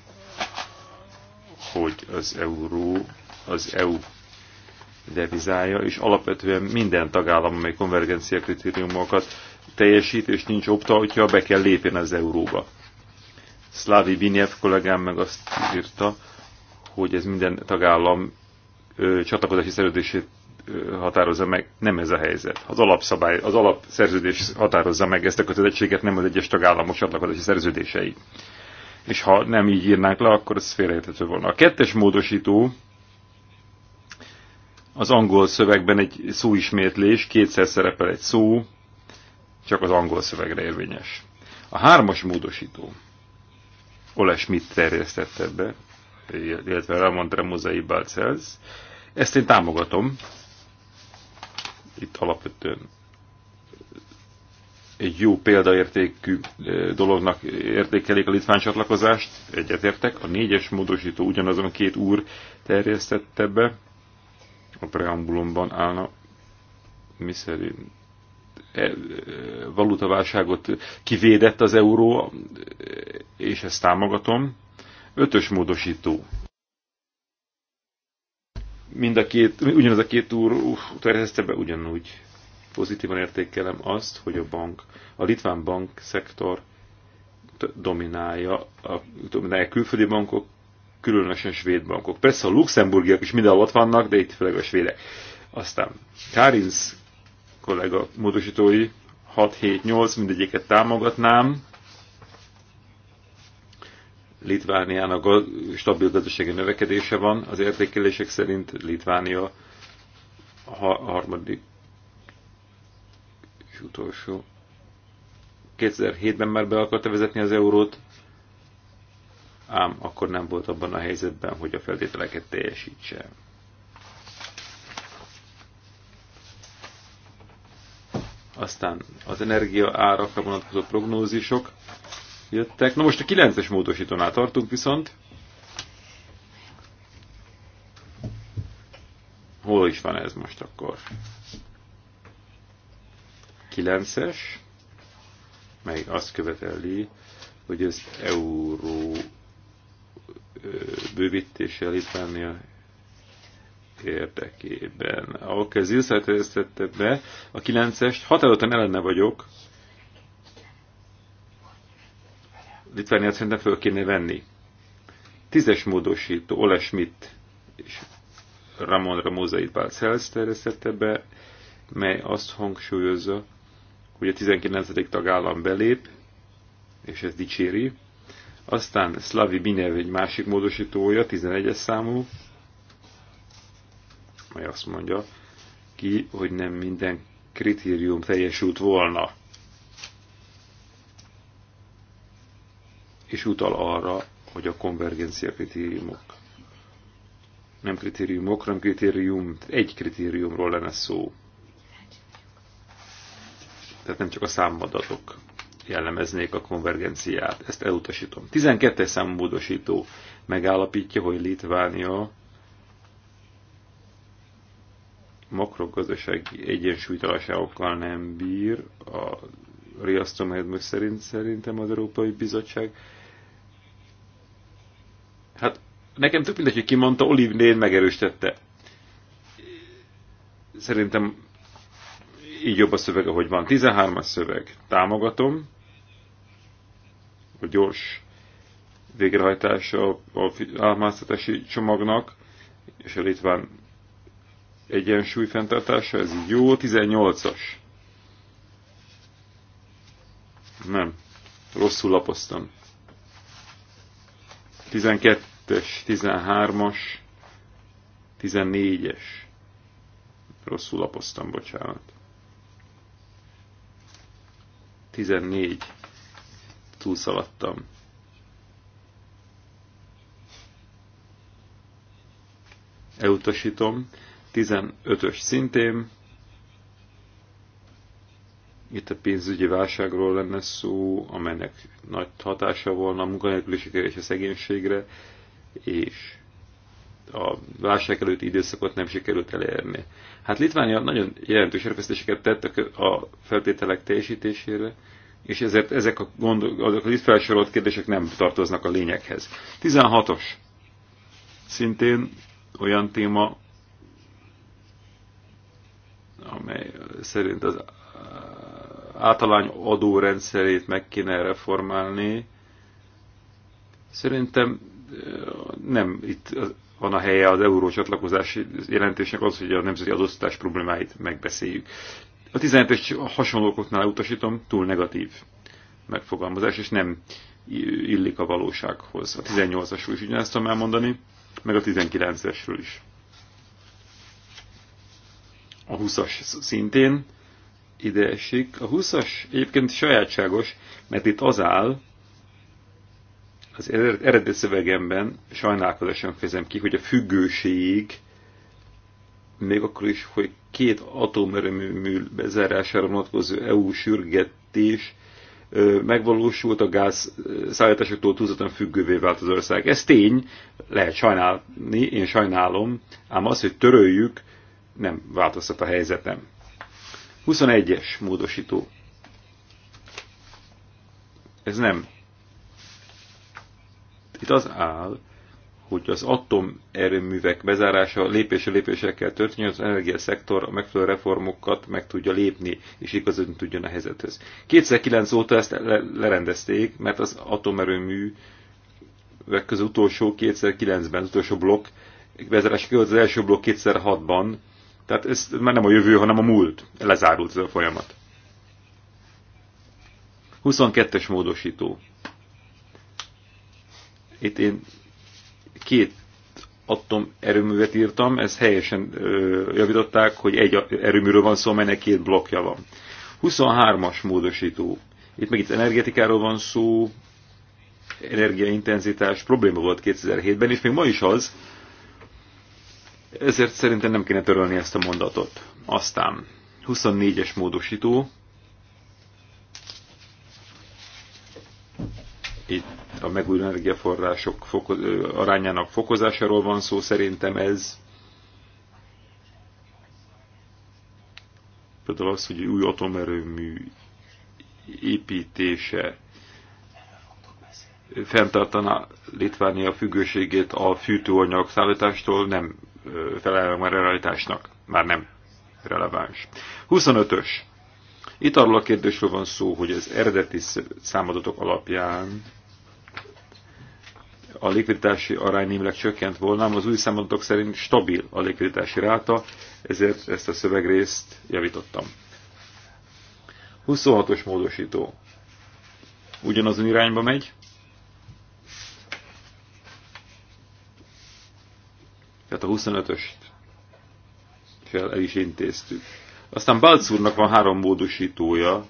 hogy az euró az EU devizája, és alapvetően minden tagállam, amely konvergencia kritériumokat teljesít, és nincs opta, hogyha be kell lépni az euróba. Szlávi Binev kollégám meg azt írta, hogy ez minden tagállam ö, csatlakozási szerződését ö, határozza meg. Nem ez a helyzet. Az alapszabály, az alapszerződés határozza meg ezt a kötelezettséget, nem az egyes tagállamok csatlakozási szerződései. És ha nem így írnánk le, akkor ez félreérthető volna. A kettes módosító az angol szövegben egy szóismétlés, kétszer szerepel egy szó, csak az angol szövegre érvényes. A hármas módosító Ole Schmidt terjesztette be, illetve Ramon Tremozai Balcells. Ezt én támogatom. Itt alapvetően egy jó példaértékű eh, dolognak értékelik a litván csatlakozást, egyetértek. A négyes módosító ugyanazon két úr terjesztette be, a preambulumban állna, e, valutaválságot kivédett az euró és ezt támogatom. Ötös módosító. Mind a két, ugyanaz a két úr terhezte be, ugyanúgy pozitívan értékelem azt, hogy a bank, a litván bank szektor dominálja, a, dominálja külföldi bankok, különösen svéd bankok. Persze a luxemburgiak is mindenhol ott vannak, de itt főleg a svédek. Aztán Kárinsz kollega módosítói 6-7-8, mindegyiket támogatnám. Litvániának stabil gazdasági növekedése van. Az értékelések szerint Litvánia a harmadik és utolsó. 2007-ben már be akarta vezetni az eurót, ám akkor nem volt abban a helyzetben, hogy a feltételeket teljesítse. Aztán az energia árakra vonatkozó prognózisok jöttek. Na most a 9-es módosítónál tartunk viszont. Hol is van ez most akkor? 9-es, mely azt követeli, hogy ez euró bővítéssel itt lenni a érdekében. Ahol Kezil szerteztette be a 9-est, határozottan ellene vagyok, Litvániát szerintem föl kéne venni. Tízes módosító, Ole Schmidt és Ramon Ramózait Bálcelsz terjesztette be, mely azt hangsúlyozza, hogy a 19. tagállam belép, és ez dicséri. Aztán Slavi Binev egy másik módosítója, 11-es számú, mely azt mondja ki, hogy nem minden kritérium teljesült volna. és utal arra, hogy a konvergencia kritériumok nem kritériumok, hanem kritérium, egy kritériumról lenne szó. Tehát nem csak a számadatok jellemeznék a konvergenciát. Ezt elutasítom. 12-es számú megállapítja, hogy Litvánia makrogazdasági egyensúlytalanságokkal nem bír. A riasztom szerint szerintem az Európai Bizottság Hát nekem tök mindegy, hogy kimondta, Olive Lane megerősítette. Szerintem így jobb a szöveg, ahogy van. 13-as szöveg. Támogatom a gyors végrehajtása a álmáztatási csomagnak, és a litván egyensúly fenntartása, ez jó, 18-as. Nem, rosszul lapoztam. 12 12-es, 13-as, 14-es. Rosszul lapoztam, bocsánat. 14. Túlszaladtam. Elutasítom. 15-ös szintén. Itt a pénzügyi válságról lenne szó, amelynek nagy hatása volna a munkanélküliségre és a szegénységre és a válság előtti időszakot nem sikerült elérni. Hát Litvánia nagyon jelentős erőfeszítéseket tett a feltételek teljesítésére, és ezért ezek a, gondok, azok a itt felsorolt kérdések nem tartoznak a lényeghez. 16-os. Szintén olyan téma, amely szerint az általány adórendszerét meg kéne reformálni. Szerintem nem itt van a helye az euró csatlakozás jelentésnek az, hogy a nemzeti adóztatás problémáit megbeszéljük. A 17-es hasonlókoknál utasítom, túl negatív megfogalmazás, és nem illik a valósághoz. A 18-asról is ugyanezt tudom elmondani, meg a 19-esről is. A 20-as szintén ide esik. A 20-as egyébként sajátságos, mert itt az áll, az eredeti szövegemben sajnálkozáson fejezem ki, hogy a függőség még akkor is, hogy két atomerőmű bezárására vonatkozó EU sürgetés megvalósult, a gáz szállításoktól túlzottan függővé vált az ország. Ez tény, lehet sajnálni, én sajnálom, ám az, hogy töröljük, nem változtat a helyzetem. 21-es módosító. Ez nem itt az áll, hogy az atomerőművek bezárása lépésre lépésekkel történjen, az energiaszektor a megfelelő reformokat meg tudja lépni, és igazodni tudjon a helyzethez. 2009 óta ezt le- lerendezték, mert az atomerőmű az utolsó 2009-ben, az utolsó blokk, bezárás az első blokk 2006-ban, tehát ez már nem a jövő, hanem a múlt. Lezárult ez a folyamat. 22-es módosító. Itt én két erőművet írtam, ezt helyesen ö, javították, hogy egy erőműről van szó, amelynek két blokja van. 23-as módosító. Itt meg itt energetikáról van szó, energiaintenzitás probléma volt 2007-ben, és még ma is az, ezért szerintem nem kéne törölni ezt a mondatot. Aztán 24-es módosító, itt a megújuló energiaforrások foko arányának fokozásáról van szó, szerintem ez például az, hogy új atomerőmű építése fenntartaná Litvánia függőségét a fűtőanyag szállítástól, nem felelve a realitásnak, már nem releváns. 25-ös itt arról a kérdésről van szó, hogy az eredeti számadatok alapján a likviditási arány némileg csökkent volna, az új számadatok szerint stabil a likviditási ráta, ezért ezt a szövegrészt javítottam. 26-os módosító. Ugyanazon irányba megy. Tehát a 25-öst el is intéztük. Aztán Balcúrnak van három módosítója,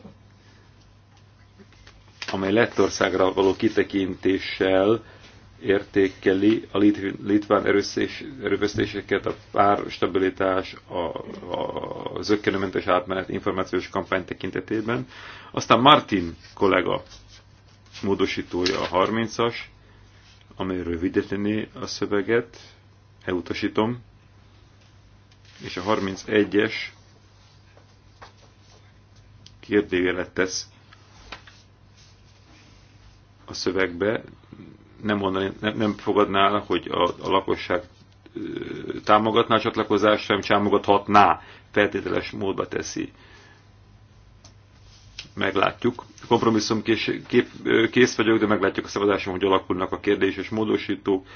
amely Lettországra való kitekintéssel értékeli a litván erőfesztéseket, a pár stabilitás, a, a zöggenőmentes átmenet információs kampány tekintetében. Aztán Martin kollega módosítója a 30-as, amely rövidíteni a szöveget, elutasítom, és a 31-es kérdőjelet tesz a szövegbe, nem, mondani, nem, nem fogadná, hogy a, a lakosság támogatná a csatlakozást, sem támogathatná, feltételes módba teszi. Meglátjuk. Kompromisszum kés, kép, kész vagyok, de meglátjuk a szavazáson, hogy alakulnak a kérdés és módosítók,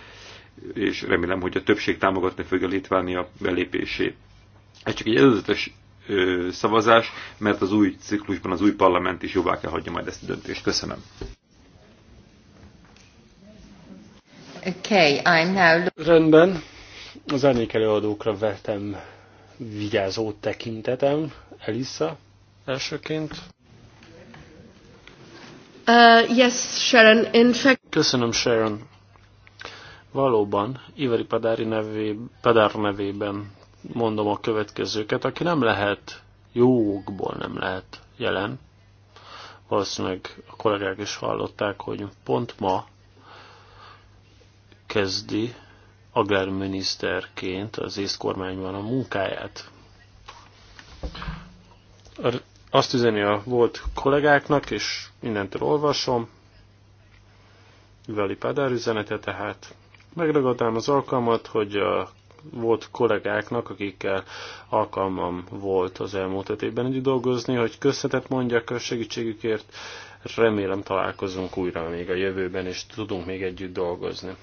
és remélem, hogy a többség támogatni fogja Litvánia belépését. Ez csak egy előzetes ö, szavazás, mert az új ciklusban az új parlament is jóvá kell hagyja majd ezt a döntést. Köszönöm. Okay, I'm now... Rendben. Az előadókra vettem vigyázó tekintetem. Elissa elsőként. Uh, yes, Sharon. In fact... Köszönöm, Sharon. Valóban, Ivari Padári nevé, Padár nevében mondom a következőket. Aki nem lehet, jókból nem lehet jelen, valószínűleg a kollégák is hallották, hogy pont ma kezdi agrárminiszterként az észkormányban a munkáját. Azt üzeni a volt kollégáknak, és mindentől olvasom, Veli Padár üzenete tehát. Megragadtam az alkalmat, hogy a volt kollégáknak, akikkel alkalmam volt az elmúlt öt évben együtt dolgozni, hogy köszönetet mondjak a segítségükért. Remélem találkozunk újra még a jövőben, és tudunk még együtt dolgozni.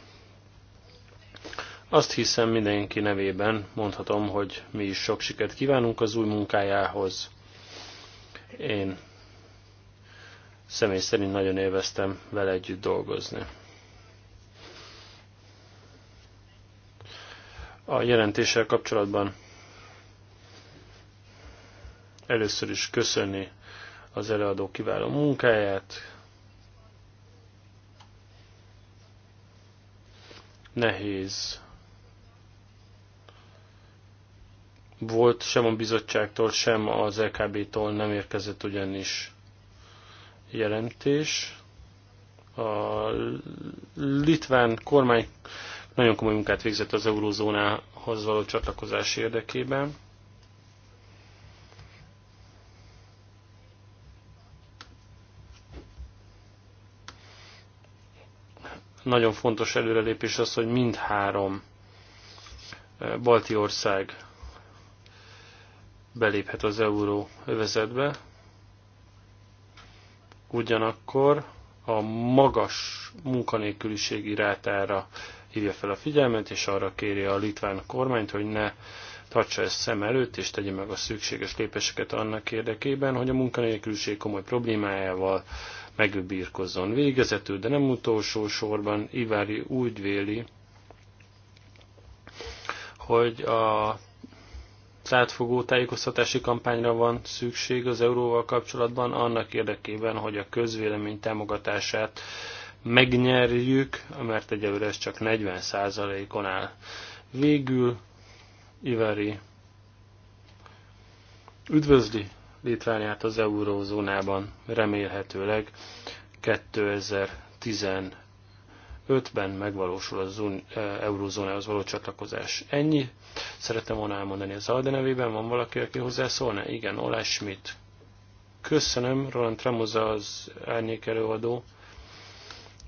Azt hiszem mindenki nevében mondhatom, hogy mi is sok sikert kívánunk az új munkájához. Én személy szerint nagyon élveztem vele együtt dolgozni. a jelentéssel kapcsolatban először is köszönni az előadó kiváló munkáját. Nehéz volt, sem a bizottságtól, sem az LKB-tól nem érkezett ugyanis jelentés. A litván kormány nagyon komoly munkát végzett az eurózónához való csatlakozás érdekében. Nagyon fontos előrelépés az, hogy mindhárom eh, balti ország beléphet az euró övezetbe. Ugyanakkor a magas munkanélküliségi rátára hívja fel a figyelmet, és arra kéri a litván kormányt, hogy ne tartsa ezt szem előtt, és tegye meg a szükséges lépéseket annak érdekében, hogy a munkanélküliség komoly problémájával megbírkozzon. Végezetül, de nem utolsó sorban Ivári úgy véli, hogy a átfogó tájékoztatási kampányra van szükség az euróval kapcsolatban, annak érdekében, hogy a közvélemény támogatását megnyerjük, mert egyelőre ez csak 40%-on áll. Végül Ivari üdvözli Litvániát az eurózónában remélhetőleg 2015-ben megvalósul az e, eurózónához való csatlakozás. Ennyi. Szeretem volna elmondani az Alde nevében. Van valaki, aki hozzászólna? Igen, Olás Schmidt. Köszönöm, Roland Tremoza az árnyékelőadó.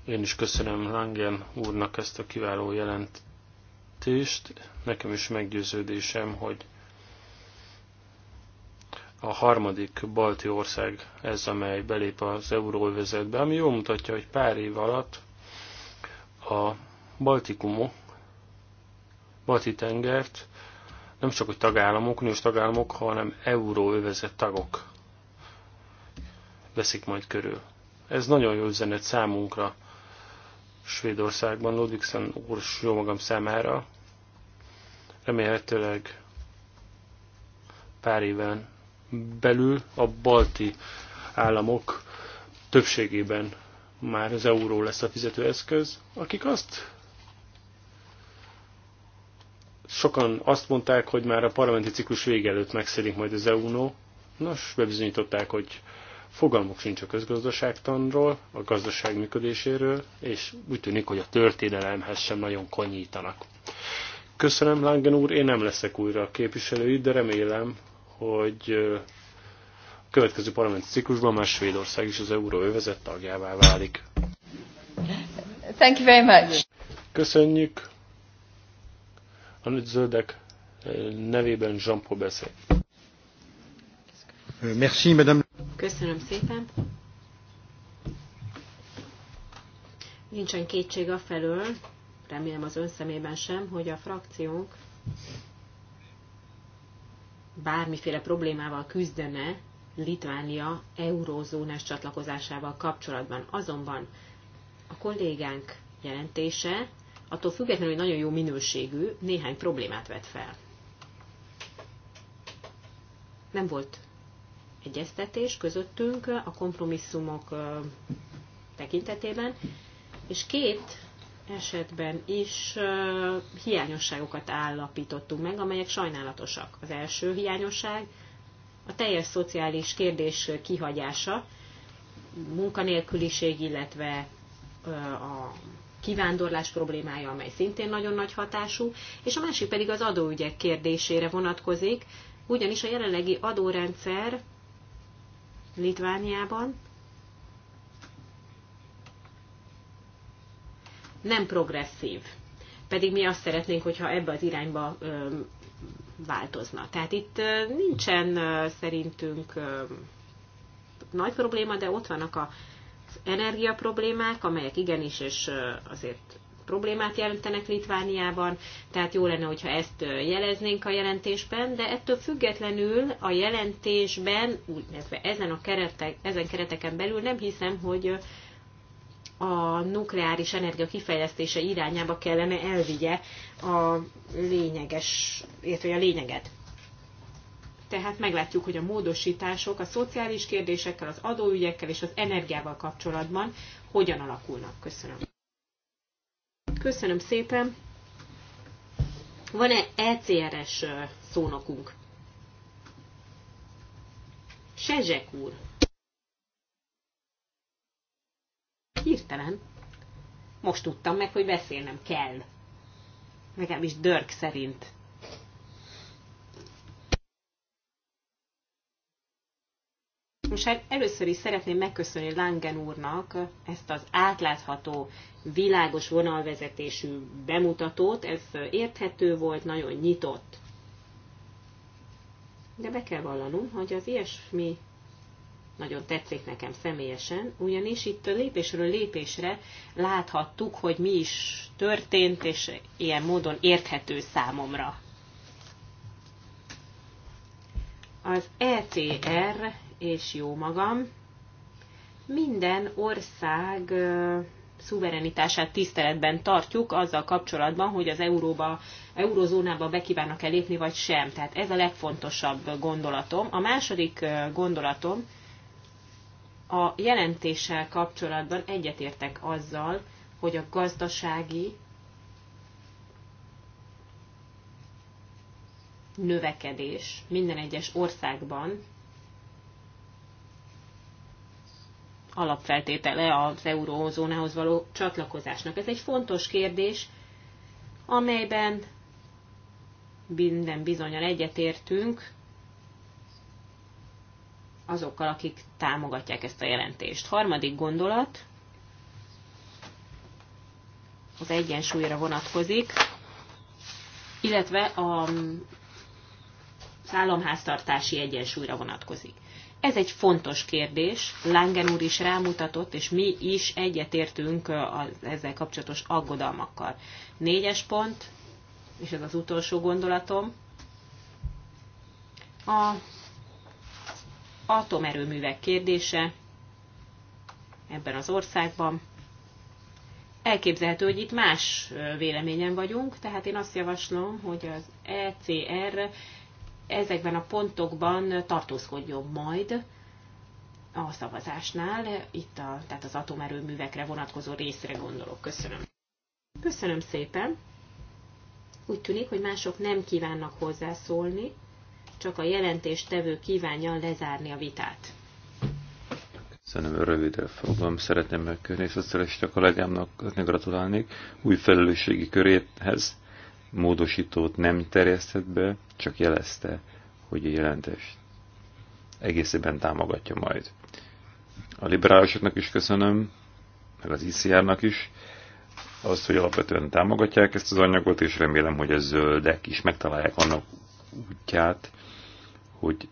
Én is köszönöm Langen úrnak ezt a kiváló jelentést. Nekem is meggyőződésem, hogy a harmadik balti ország ez, amely belép az euróvezetbe, ami jól mutatja, hogy pár év alatt a Baltikumú, Balti tengert nem csak hogy tagállamok, uniós tagállamok, hanem euróövezet tagok veszik majd körül. Ez nagyon jó üzenet számunkra, Svédországban, Ludvigsen úr jó magam számára. Remélhetőleg pár éven belül a balti államok többségében már az euró lesz a fizetőeszköz, akik azt sokan azt mondták, hogy már a parlamenti ciklus vége előtt megszerint majd az euró. Nos, bebizonyították, hogy fogalmuk sincs a közgazdaságtanról, a gazdaság működéséről, és úgy tűnik, hogy a történelemhez sem nagyon konyítanak. Köszönöm, Langen úr, én nem leszek újra a képviselői, de remélem, hogy a következő parlamenti ciklusban már Svédország is az euróövezet tagjává válik. Thank you very much. Köszönjük. A zöldek nevében Jean-Paul beszél. Merci, madame. Köszönöm szépen. Nincsen kétség felől, remélem az ön szemében sem, hogy a frakciónk bármiféle problémával küzdene Litvánia eurózónás csatlakozásával kapcsolatban. Azonban a kollégánk jelentése attól függetlenül, hogy nagyon jó minőségű, néhány problémát vet fel. Nem volt egyeztetés közöttünk a kompromisszumok tekintetében, és két esetben is hiányosságokat állapítottunk meg, amelyek sajnálatosak. Az első hiányosság a teljes szociális kérdés kihagyása, munkanélküliség, illetve a kivándorlás problémája, amely szintén nagyon nagy hatású, és a másik pedig az adóügyek kérdésére vonatkozik, ugyanis a jelenlegi adórendszer Litvániában nem progresszív. Pedig mi azt szeretnénk, hogyha ebbe az irányba ö, változna. Tehát itt ö, nincsen ö, szerintünk ö, nagy probléma, de ott vannak a, energiaproblémák, amelyek igenis és ö, azért problémát jelentenek Litvániában, tehát jó lenne, hogyha ezt jeleznénk a jelentésben, de ettől függetlenül a jelentésben, úgynevezve ezen a keretek, ezen kereteken belül nem hiszem, hogy a nukleáris energia kifejlesztése irányába kellene elvigye a lényeges, illetve a lényeget. Tehát meglátjuk, hogy a módosítások a szociális kérdésekkel, az adóügyekkel és az energiával kapcsolatban hogyan alakulnak. Köszönöm. Köszönöm szépen. Van-e ECRS szónokunk? Sezsek úr. Hirtelen. Most tudtam meg, hogy beszélnem kell. Legalábbis Dörk szerint. Most hát először is szeretném megköszönni Langen úrnak ezt az átlátható, világos vonalvezetésű bemutatót. Ez érthető volt, nagyon nyitott. De be kell vallanom, hogy az ilyesmi nagyon tetszik nekem személyesen, ugyanis itt lépésről lépésre láthattuk, hogy mi is történt, és ilyen módon érthető számomra. Az ECR és jó magam, minden ország szuverenitását tiszteletben tartjuk azzal kapcsolatban, hogy az euróba, eurozónába bekívánnak-e lépni, vagy sem. Tehát ez a legfontosabb gondolatom. A második gondolatom a jelentéssel kapcsolatban egyetértek azzal, hogy a gazdasági növekedés minden egyes országban alapfeltétele az eurózónához való csatlakozásnak. Ez egy fontos kérdés, amelyben minden bizonyal egyetértünk azokkal, akik támogatják ezt a jelentést. Harmadik gondolat az egyensúlyra vonatkozik, illetve a az államháztartási egyensúlyra vonatkozik. Ez egy fontos kérdés, Langen úr is rámutatott, és mi is egyetértünk az ezzel kapcsolatos aggodalmakkal. Négyes pont, és ez az utolsó gondolatom, a atomerőművek kérdése ebben az országban. Elképzelhető, hogy itt más véleményen vagyunk, tehát én azt javaslom, hogy az ECR ezekben a pontokban tartózkodjon majd a szavazásnál, itt a, tehát az atomerőművekre vonatkozó részre gondolok. Köszönöm. Köszönöm szépen. Úgy tűnik, hogy mások nem kívánnak hozzászólni, csak a jelentéstevő kívánja lezárni a vitát. Köszönöm rövidre fogom. Szeretném megkérni szocialista kollégámnak gratulálni új felelősségi köréhez módosítót nem terjesztett be, csak jelezte, hogy a jelentés egészében támogatja majd. A liberálisoknak is köszönöm, meg az ICR-nak is, azt, hogy alapvetően támogatják ezt az anyagot, és remélem, hogy a zöldek is megtalálják annak útját, hogy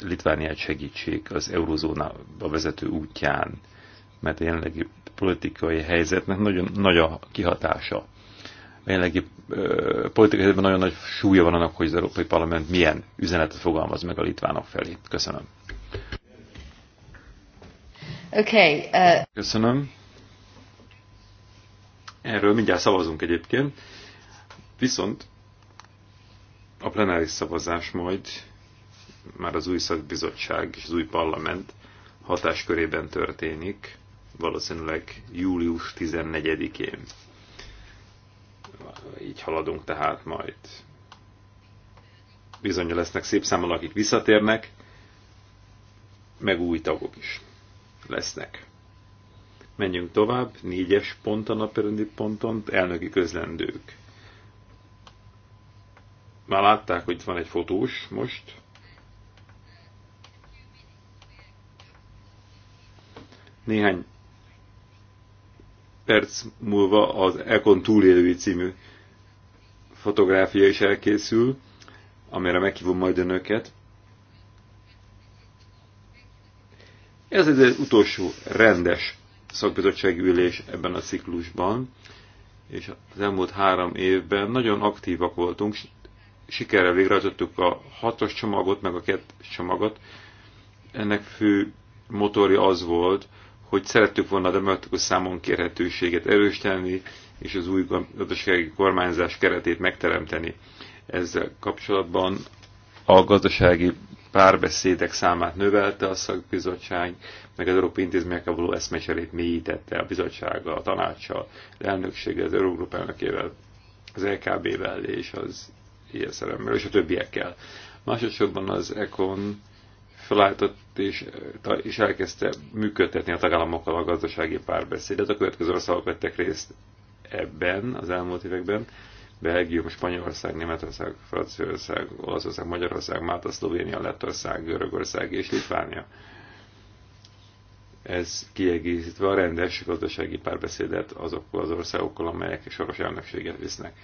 Litvániát segítsék az eurozónába vezető útján, mert a jelenlegi politikai helyzetnek nagyon nagy a kihatása a jelenlegi politikai nagyon nagy súlya van annak, hogy az Európai Parlament milyen üzenetet fogalmaz meg a litvánok felé. Köszönöm. Okay, uh... Köszönöm. Erről mindjárt szavazunk egyébként. Viszont a plenáris szavazás majd már az új szakbizottság és az új parlament hatáskörében történik, valószínűleg július 14-én így haladunk tehát majd. bizonyja lesznek szép számmal, akik visszatérnek, meg új tagok is lesznek. Menjünk tovább, négyes pont a naperendi ponton, elnöki közlendők. Már látták, hogy itt van egy fotós most. Néhány perc múlva az Econ túlélői című fotográfia is elkészül, amire meghívom majd önöket. Ez az utolsó rendes szakbizottsági ülés ebben a ciklusban, és az elmúlt három évben nagyon aktívak voltunk, sikerrel végrehajtottuk a hatos csomagot, meg a kettes csomagot. Ennek fő motorja az volt, hogy szerettük volna a demokratikus számon kérhetőséget erősíteni, és az új gazdasági kormányzás keretét megteremteni. Ezzel kapcsolatban a gazdasági párbeszédek számát növelte a szakbizottság, meg az európai intézményekkel való eszmecserét mélyítette a bizottsággal, a tanácssal, az elnökséggel, az Európa elnökével, az LKB-vel e és az ISRM-mel, és a többiekkel. Másodszorban az ECON felállított és, és elkezdte működtetni a tagállamokkal a gazdasági párbeszédet. A következő országok vettek részt ebben az elmúlt években. Belgium, Spanyolország, Németország, Franciaország, Olaszország, Magyarország, Málta, Szlovénia, Lettország, Görögország és Litvánia. Ez kiegészítve a rendes gazdasági párbeszédet azokkal az országokkal, amelyek soros elnökséget visznek.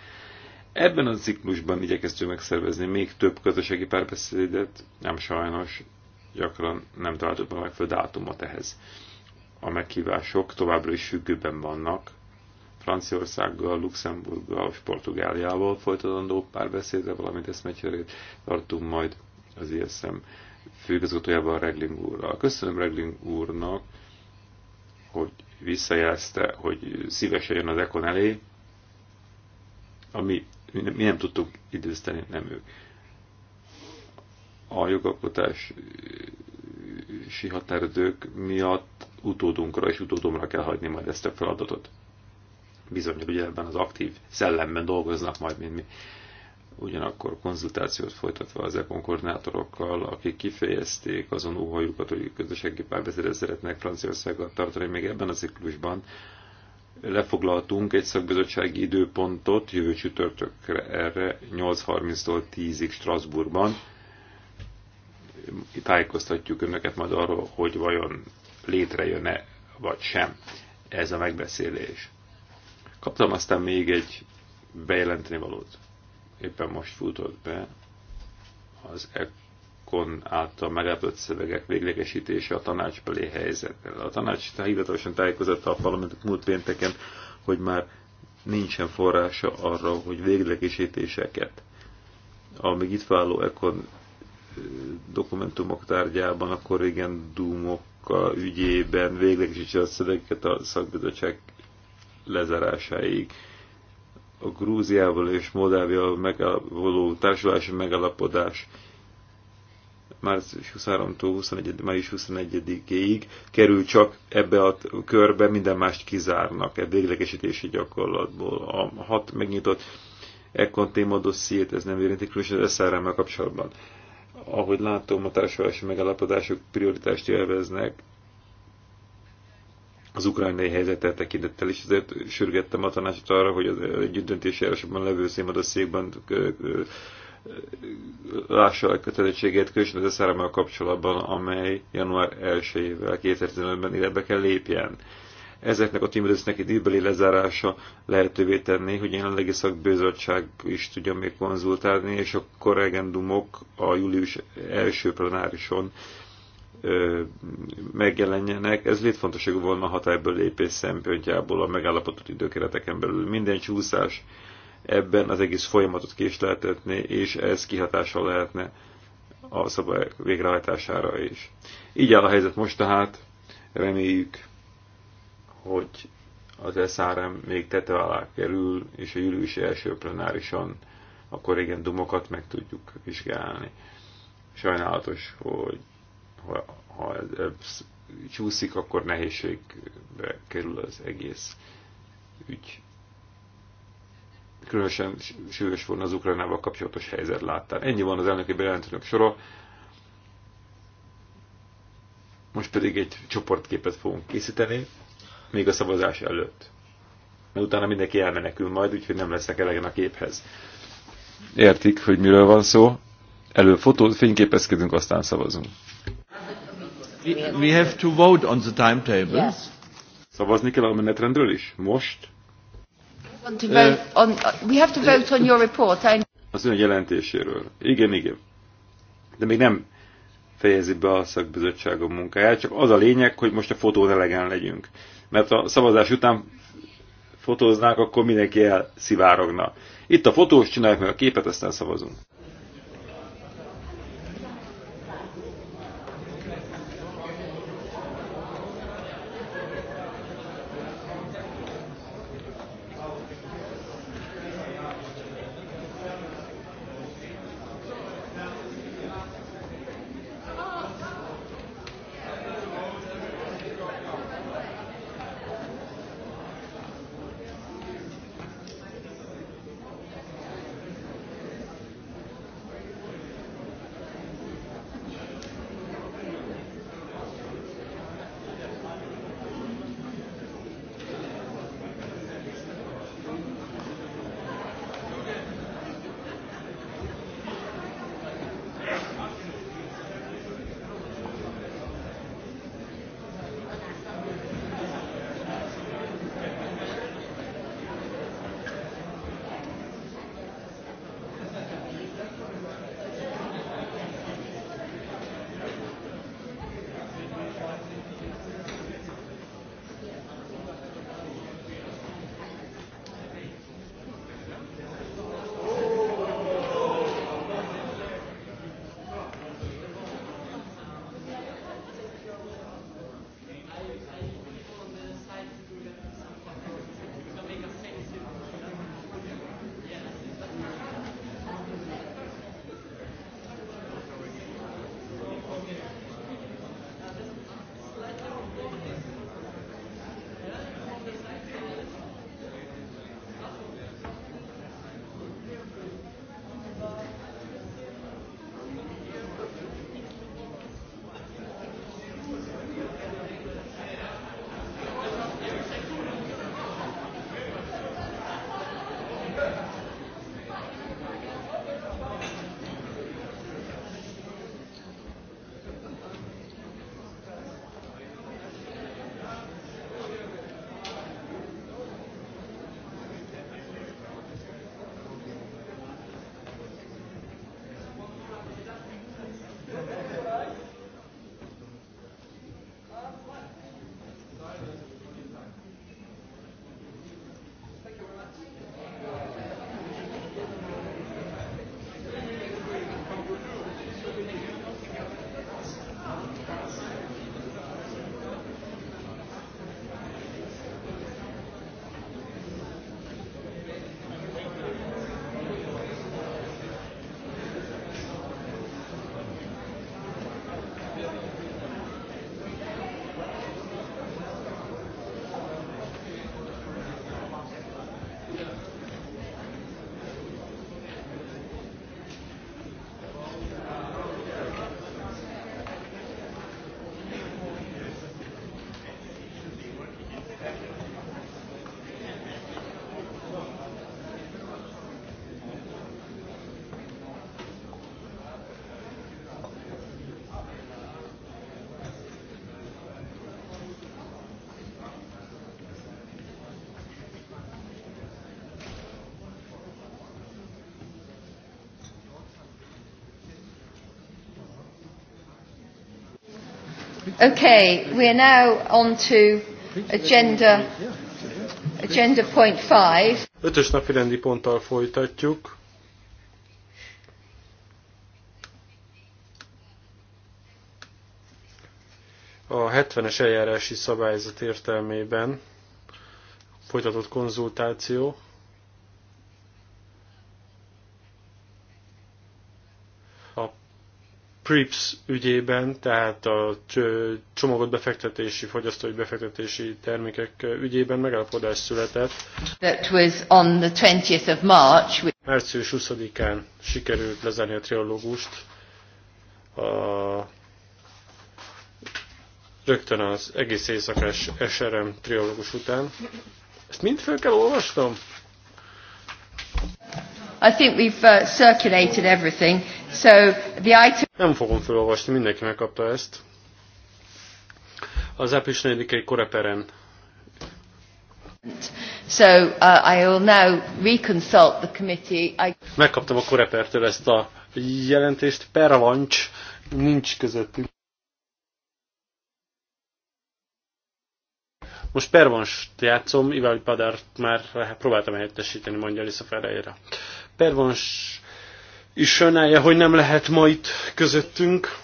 Ebben a ciklusban igyekeztünk megszervezni még több gazdasági párbeszédet, nem sajnos gyakran nem találtuk meg megfelelő dátumot ehhez. A meghívások továbbra is függőben vannak. Franciaországgal, Luxemburggal és Portugáliával folytatandó párbeszédre, valamint eszmecserét tartunk majd az ISM főigazgatójával Regling úrral. Köszönöm Regling úrnak, hogy visszajelzte, hogy szívesen jön az Ekon elé, ami mi nem tudtuk időzteni, nem ők a jogalkotási határozók miatt utódunkra és utódomra kell hagyni majd ezt a feladatot. Bizony, ugye ebben az aktív szellemben dolgoznak majd, mint mi. Ugyanakkor konzultációt folytatva az EKON koordinátorokkal, akik kifejezték azon óhajukat, hogy közösségi párbeszédet szeretnek Franciaországgal tartani még ebben a ciklusban, lefoglaltunk egy szakbizottsági időpontot jövő csütörtökre erre 8.30-tól 10-ig Strasbourgban tájékoztatjuk önöket majd arról, hogy vajon létrejön-e vagy sem ez a megbeszélés. Kaptam aztán még egy bejelenteni valót. Éppen most futott be az ECON által megállapodott szövegek véglegesítése a tanácsbeli helyzetnél. A tanács hivatalosan tájékozott a parlamentet múlt pénteken, hogy már nincsen forrása arra, hogy véglegesítéseket, amíg itt váló ECON dokumentumok tárgyában, akkor igen, Dumok ügyében is a szövegeket a szakbizottság lezárásáig. A Grúziával és Moldáviával való társulási megalapodás március 23-tól 21, május 21-ig kerül csak ebbe a körbe, minden mást kizárnak egy véglegesítési gyakorlatból. A hat megnyitott Ekkon téma dossziét, ez nem érinti, különösen az SRM-mel kapcsolatban ahogy látom, a társadalmi megállapodások prioritást élveznek az ukrajnai helyzetet tekintettel is, ezért sürgettem a tanácsot arra, hogy az együttdöntési járásokban levő székben lássa a kötelezettségét különösen az eszárammal kapcsolatban, amely január 1-ével 2015-ben életbe kell lépjen ezeknek a tímedősznek egy időbeli lezárása lehetővé tenni, hogy jelenlegi szakbizottság is tudjon még konzultálni, és a korregendumok a július első plenárison megjelenjenek. Ez létfontosságú volna a hatályből lépés szempontjából a megállapodott időkereteken belül. Minden csúszás ebben az egész folyamatot késleltetné, és ez kihatása lehetne a szabályok végrehajtására is. Így áll a helyzet most tehát, reméljük hogy az SRM még tete alá kerül, és a július első plenárison igen dumokat meg tudjuk vizsgálni. Sajnálatos, hogy ha, ha ez csúszik, akkor nehézségbe kerül az egész ügy. Különösen sűrűs volna az Ukrajnával kapcsolatos helyzet láttál. Ennyi van az elnöki bejelentőnök sora. Most pedig egy csoportképet fogunk készíteni még a szavazás előtt. Mert utána mindenki elmenekül majd, úgyhogy nem lesznek elegen a képhez. Értik, hogy miről van szó. Előbb fotót, fényképezkedünk, aztán szavazunk. We, have to vote on the timetable. Yes. Szavazni kell a menetrendről is? Most? Az ön jelentéséről. Igen, igen. De még nem fejezi be a szakbizottságom munkáját, csak az a lényeg, hogy most a fotón elegen legyünk mert a szavazás után fotóznák, akkor mindenki elszivárogna. Itt a fotós, csináljuk meg a képet, aztán szavazunk. Okay, we are now on to agenda, agenda point five. Ötös napi rendi ponttal folytatjuk. A 70-es eljárási szabályzat értelmében folytatott konzultáció PRIPS ügyében, tehát a csomagot befektetési, fogyasztói befektetési termékek ügyében megállapodás született. That was on the 20th of March. Március 20-án sikerült lezárni a triológust. A, rögtön az egész éjszakás SRM er triológus után. Ezt mind fel kell olvastam? I think we've uh, circulated everything. So the item... Nem fogom felolvasni, mindenki megkapta ezt. Az április 4-i koreperen. So uh, I will now reconsult the committee. I... Megkaptam a korepertől ezt a jelentést, pervancs, nincs közöttük. Most pervonst játszom, Ivali Padárt már próbáltam helyettesíteni, mondja Lisa Ferreira. Pervonst is sajnálja, hogy nem lehet ma itt közöttünk.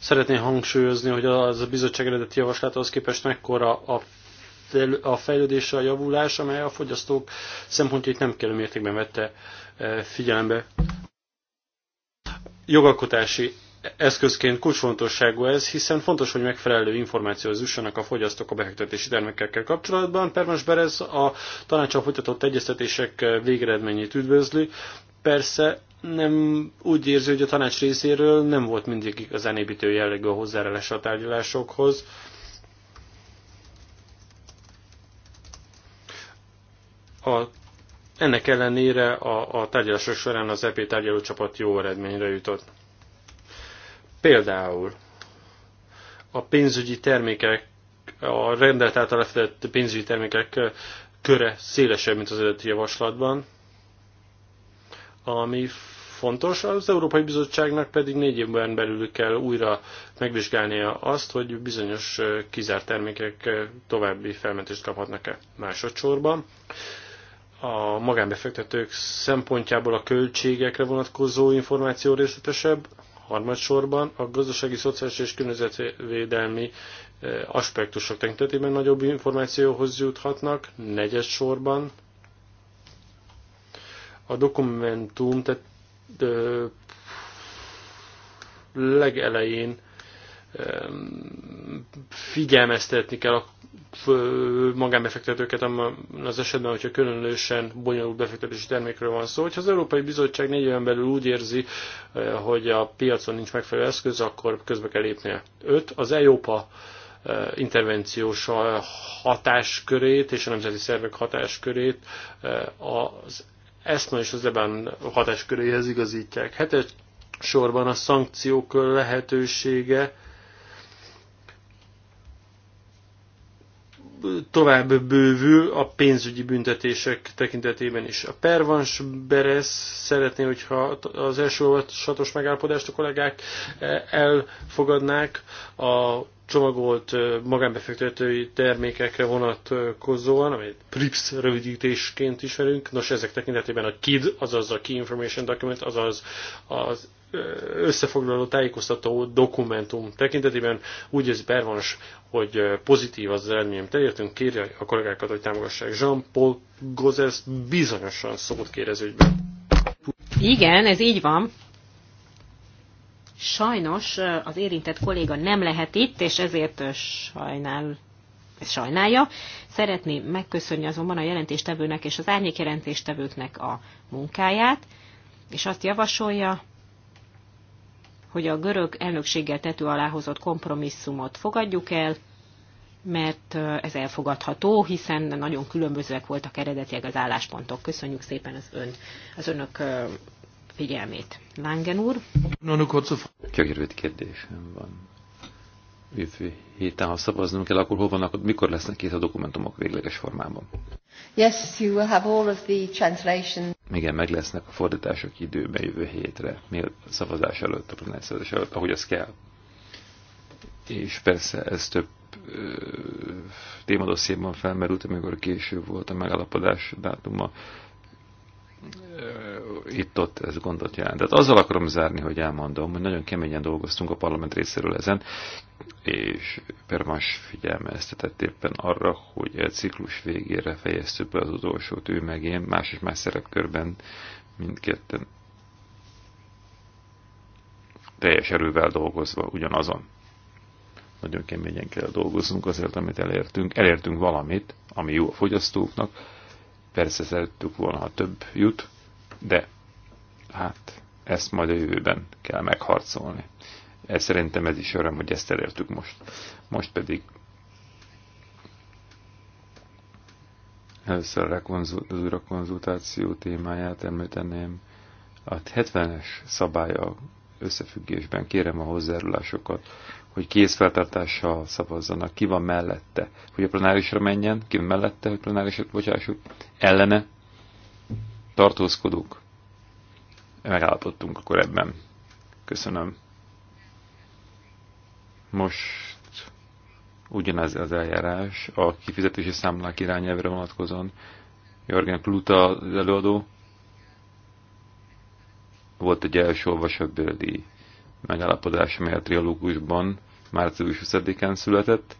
Szeretném hangsúlyozni, hogy az a bizottság eredeti javaslatához képest mekkora a a fejlődése, a javulás, amely a fogyasztók szempontjait nem kellő mértékben vette eh, figyelembe. Jogalkotási eszközként kulcsfontosságú ez, hiszen fontos, hogy megfelelő információhoz jussanak a fogyasztók a befektetési termékekkel kapcsolatban. Permes Berez a tanácsal folytatott egyeztetések végeredményét üdvözli. Persze nem úgy érzi, hogy a tanács részéről nem volt mindig az enébítő jellegű a hozzárálás a tárgyalásokhoz. A ennek ellenére a, a tárgyalások során az EP tárgyalócsapat jó eredményre jutott. Például a pénzügyi termékek, a rendelt által lefedett pénzügyi termékek köre szélesebb, mint az eredeti javaslatban, ami fontos, az Európai Bizottságnak pedig négy évben belül kell újra megvizsgálnia azt, hogy bizonyos kizárt termékek további felmentést kaphatnak-e másodszorban. A magánbefektetők szempontjából a költségekre vonatkozó információ részletesebb, Harmadsorban a gazdasági, szociális és környezetvédelmi eh, aspektusok tekintetében nagyobb információhoz juthatnak. Negyed sorban a dokumentum tehát, ö, eh, legelején figyelmeztetni kell a magánbefektetőket az esetben, hogyha különösen bonyolult befektetési termékről van szó. Hogyha az Európai Bizottság négy éven belül úgy érzi, eh, hogy a piacon nincs megfelelő eszköz, akkor közbe kell lépnie. Öt, az EIOPA eh, intervenciós hatáskörét és a nemzeti szervek hatáskörét eh, az ESMA és az EBAN hatásköréhez igazítják. Hetes sorban a szankciók lehetősége tovább bővül a pénzügyi büntetések tekintetében is. A pervans Beres szeretné, hogyha az első olvasatos megállapodást a kollégák e, elfogadnák a csomagolt e, magánbefektetői termékekre vonatkozóan, amit PRIPS rövidítésként ismerünk. Nos, ezek tekintetében a KID, azaz a Key Information Document, azaz az összefoglaló tájékoztató dokumentum tekintetében úgy ez Bervans, hogy pozitív az eredményem elértünk, kérje a kollégákat, hogy támogassák. Jean-Paul Gozes bizonyosan szót kér ez ügyben. Igen, ez így van. Sajnos az érintett kolléga nem lehet itt, és ezért sajnál, sajnálja. Szeretném megköszönni azonban a jelentéstevőnek és az árnyék jelentéstevőknek a munkáját, és azt javasolja, hogy a görög elnökséggel tető alá hozott kompromisszumot fogadjuk el, mert ez elfogadható, hiszen nagyon különbözőek voltak eredetileg az álláspontok. Köszönjük szépen az, ön, az önök figyelmét. Lángen úr? Csak rövid kérdésem van jövő héten, ha szavaznunk kell, akkor hol vannak, mikor lesznek itt a dokumentumok végleges formában? Yes, you will have all of the translation. Igen, meg lesznek a fordítások időben jövő hétre, mi a szavazás előtt, a szavazás előtt, ahogy az kell. És persze ez több témadosszéban felmerült, amikor később volt a megállapodás dátuma itt-ott ez gondot jelent. Tehát azzal akarom zárni, hogy elmondom, hogy nagyon keményen dolgoztunk a parlament részéről ezen, és Permas figyelmeztetett éppen arra, hogy a ciklus végére fejeztük be az utolsót, ő meg én, más és más szerepkörben mindketten teljes erővel dolgozva ugyanazon. Nagyon keményen kell dolgoznunk azért, amit elértünk. Elértünk valamit, ami jó a fogyasztóknak, Persze szerettük volna, ha több jut, de hát ezt majd a jövőben kell megharcolni. Ez szerintem ez is öröm, hogy ezt elértük most. Most pedig először a konzult, az témáját említeném. A 70-es szabálya összefüggésben kérem a hozzájárulásokat hogy kézfeltartással szavazzanak, ki van mellette, hogy a plenárisra menjen, ki van mellette, hogy plenárisra bocsássuk, ellene tartózkodók. Megállapodtunk akkor ebben. Köszönöm. Most ugyanez az eljárás a kifizetési számlák irányelvre vonatkozóan. Jörgen Kluta az előadó. Volt egy első olvasatbőli megállapodás, amely a trialógusban március 20-án született.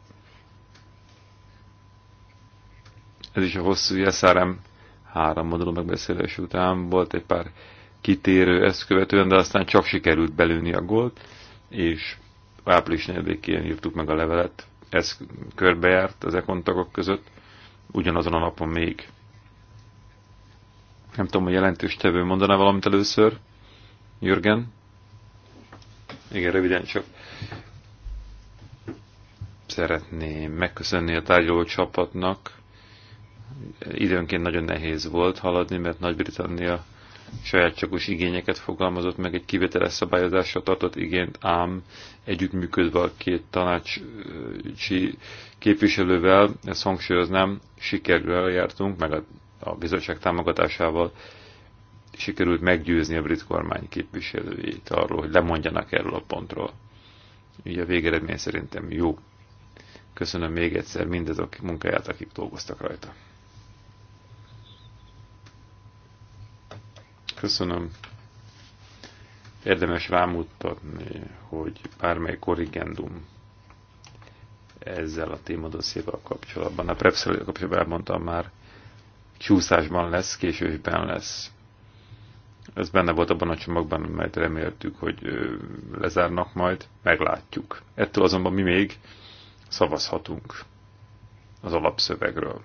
Ez is a hosszú jeszárem három oldalú megbeszélés után volt egy pár kitérő ezt követően, de aztán csak sikerült belőni a gólt, és április 4-én írtuk meg a levelet, ez körbejárt az ekon tagok között, ugyanazon a napon még. Nem tudom, a jelentős tevő mondaná valamit először, Jürgen? Igen, röviden csak szeretném megköszönni a tárgyaló csapatnak. Időnként nagyon nehéz volt haladni, mert Nagy-Britannia saját csakos igényeket fogalmazott meg, egy kivételes szabályozásra tartott igényt, ám együttműködve a két tanácsi képviselővel, ezt hangsúlyoznám, sikerrel jártunk, meg a, a bizottság támogatásával sikerült meggyőzni a brit kormány képviselőjét arról, hogy lemondjanak erről a pontról. Ugye a végeredmény szerintem jó. Köszönöm még egyszer mindazok munkáját, akik dolgoztak rajta. Köszönöm. Érdemes rámutatni, hogy bármely korrigendum ezzel a témadosszéval kapcsolatban, a prepszelő kapcsolatban elmondtam már, csúszásban lesz, későbben lesz ez benne volt abban a csomagban, mert reméltük, hogy lezárnak majd, meglátjuk. Ettől azonban mi még szavazhatunk az alapszövegről.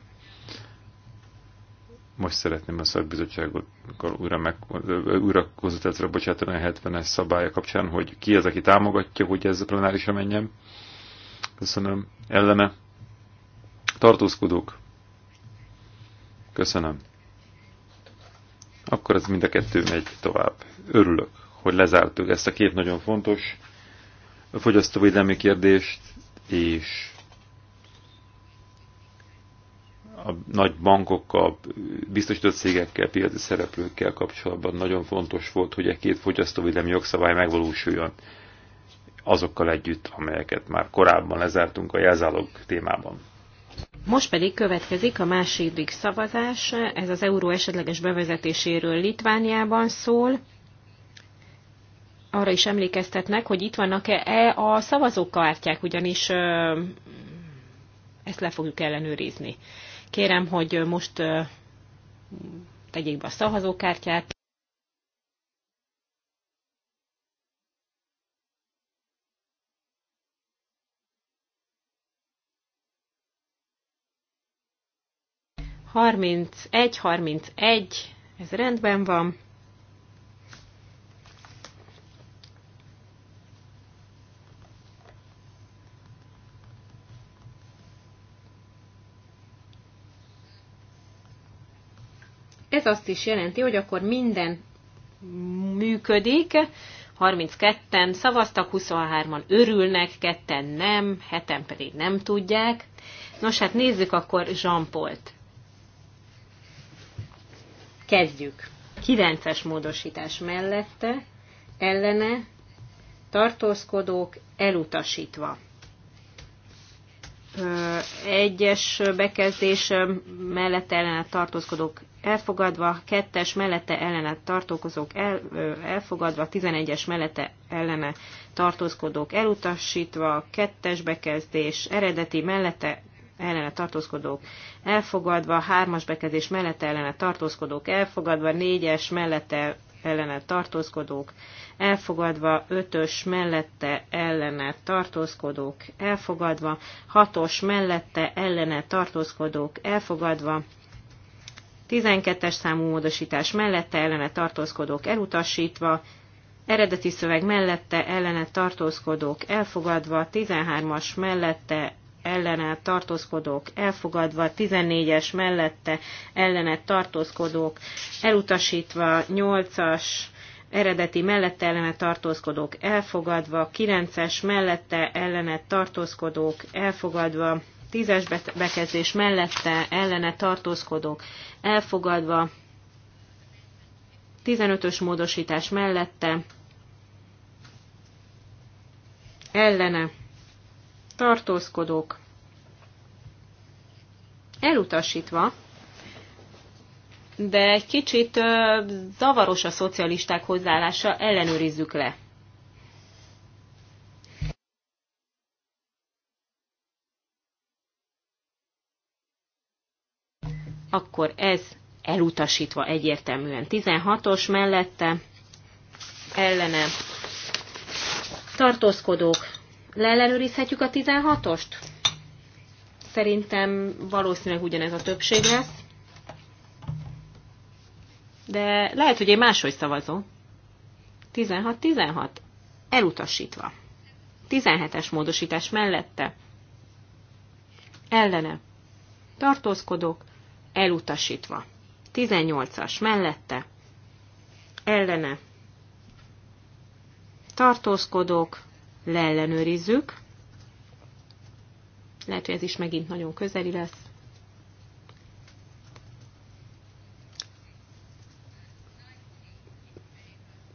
Most szeretném a szakbizottságot újra, meg, újra konzultációra bocsátani a 70-es szabálya kapcsán, hogy ki az, aki támogatja, hogy ez a plenárisra menjen. Köszönöm. Ellene. Tartózkodók. Köszönöm akkor ez mind a kettő megy tovább. Örülök, hogy lezártuk ezt a két nagyon fontos fogyasztóvédelmi kérdést, és a nagy bankokkal, biztosított cégekkel, piaci szereplőkkel kapcsolatban nagyon fontos volt, hogy a két fogyasztóvédelmi jogszabály megvalósuljon azokkal együtt, amelyeket már korábban lezártunk a jelzálog témában. Most pedig következik a második szavazás, ez az euró esetleges bevezetéséről Litvániában szól. Arra is emlékeztetnek, hogy itt vannak-e e a szavazókártyák, ugyanis ezt le fogjuk ellenőrizni. Kérem, hogy most tegyék be a szavazókártyát. 31, 31, ez rendben van. Ez azt is jelenti, hogy akkor minden működik, 32-en szavaztak, 23-an örülnek, ketten nem, heten pedig nem tudják. Nos, hát nézzük akkor Zsampolt. Kezdjük. 9-es módosítás mellette, ellene, tartózkodók elutasítva. Egyes bekezdés mellette ellene tartózkodók elfogadva, kettes mellette ellene tartózkodók el, elfogadva, 11-es mellette ellene tartózkodók elutasítva, kettes bekezdés eredeti mellette ellene tartózkodók elfogadva, hármas bekezdés mellette ellene tartózkodók elfogadva, négyes mellette ellene tartózkodók elfogadva, ötös mellette ellene tartózkodók elfogadva, hatos mellette ellene tartózkodók elfogadva, 12-es számú módosítás mellette ellene tartózkodók elutasítva, eredeti szöveg mellette ellene tartózkodók elfogadva, 13-as mellette ellene tartózkodók elfogadva, 14-es mellette ellene tartózkodók elutasítva, 8-as eredeti mellette ellene tartózkodók elfogadva, 9-es mellette ellene tartózkodók elfogadva, 10-es bekezdés mellette ellene tartózkodók elfogadva, 15-ös módosítás mellette ellene tartózkodók elutasítva, de egy kicsit zavaros a szocialisták hozzáállása, ellenőrizzük le. Akkor ez elutasítva egyértelműen. 16-os mellette ellene tartózkodók Leellenőrizhetjük a 16-ost? Szerintem valószínűleg ugyanez a többség lesz. De lehet, hogy én máshogy szavazom. 16-16. Elutasítva. 17-es módosítás mellette. Ellene. Tartózkodok. Elutasítva. 18-as mellette. Ellene. Tartózkodok leellenőrizzük. Lehet, hogy ez is megint nagyon közeli lesz.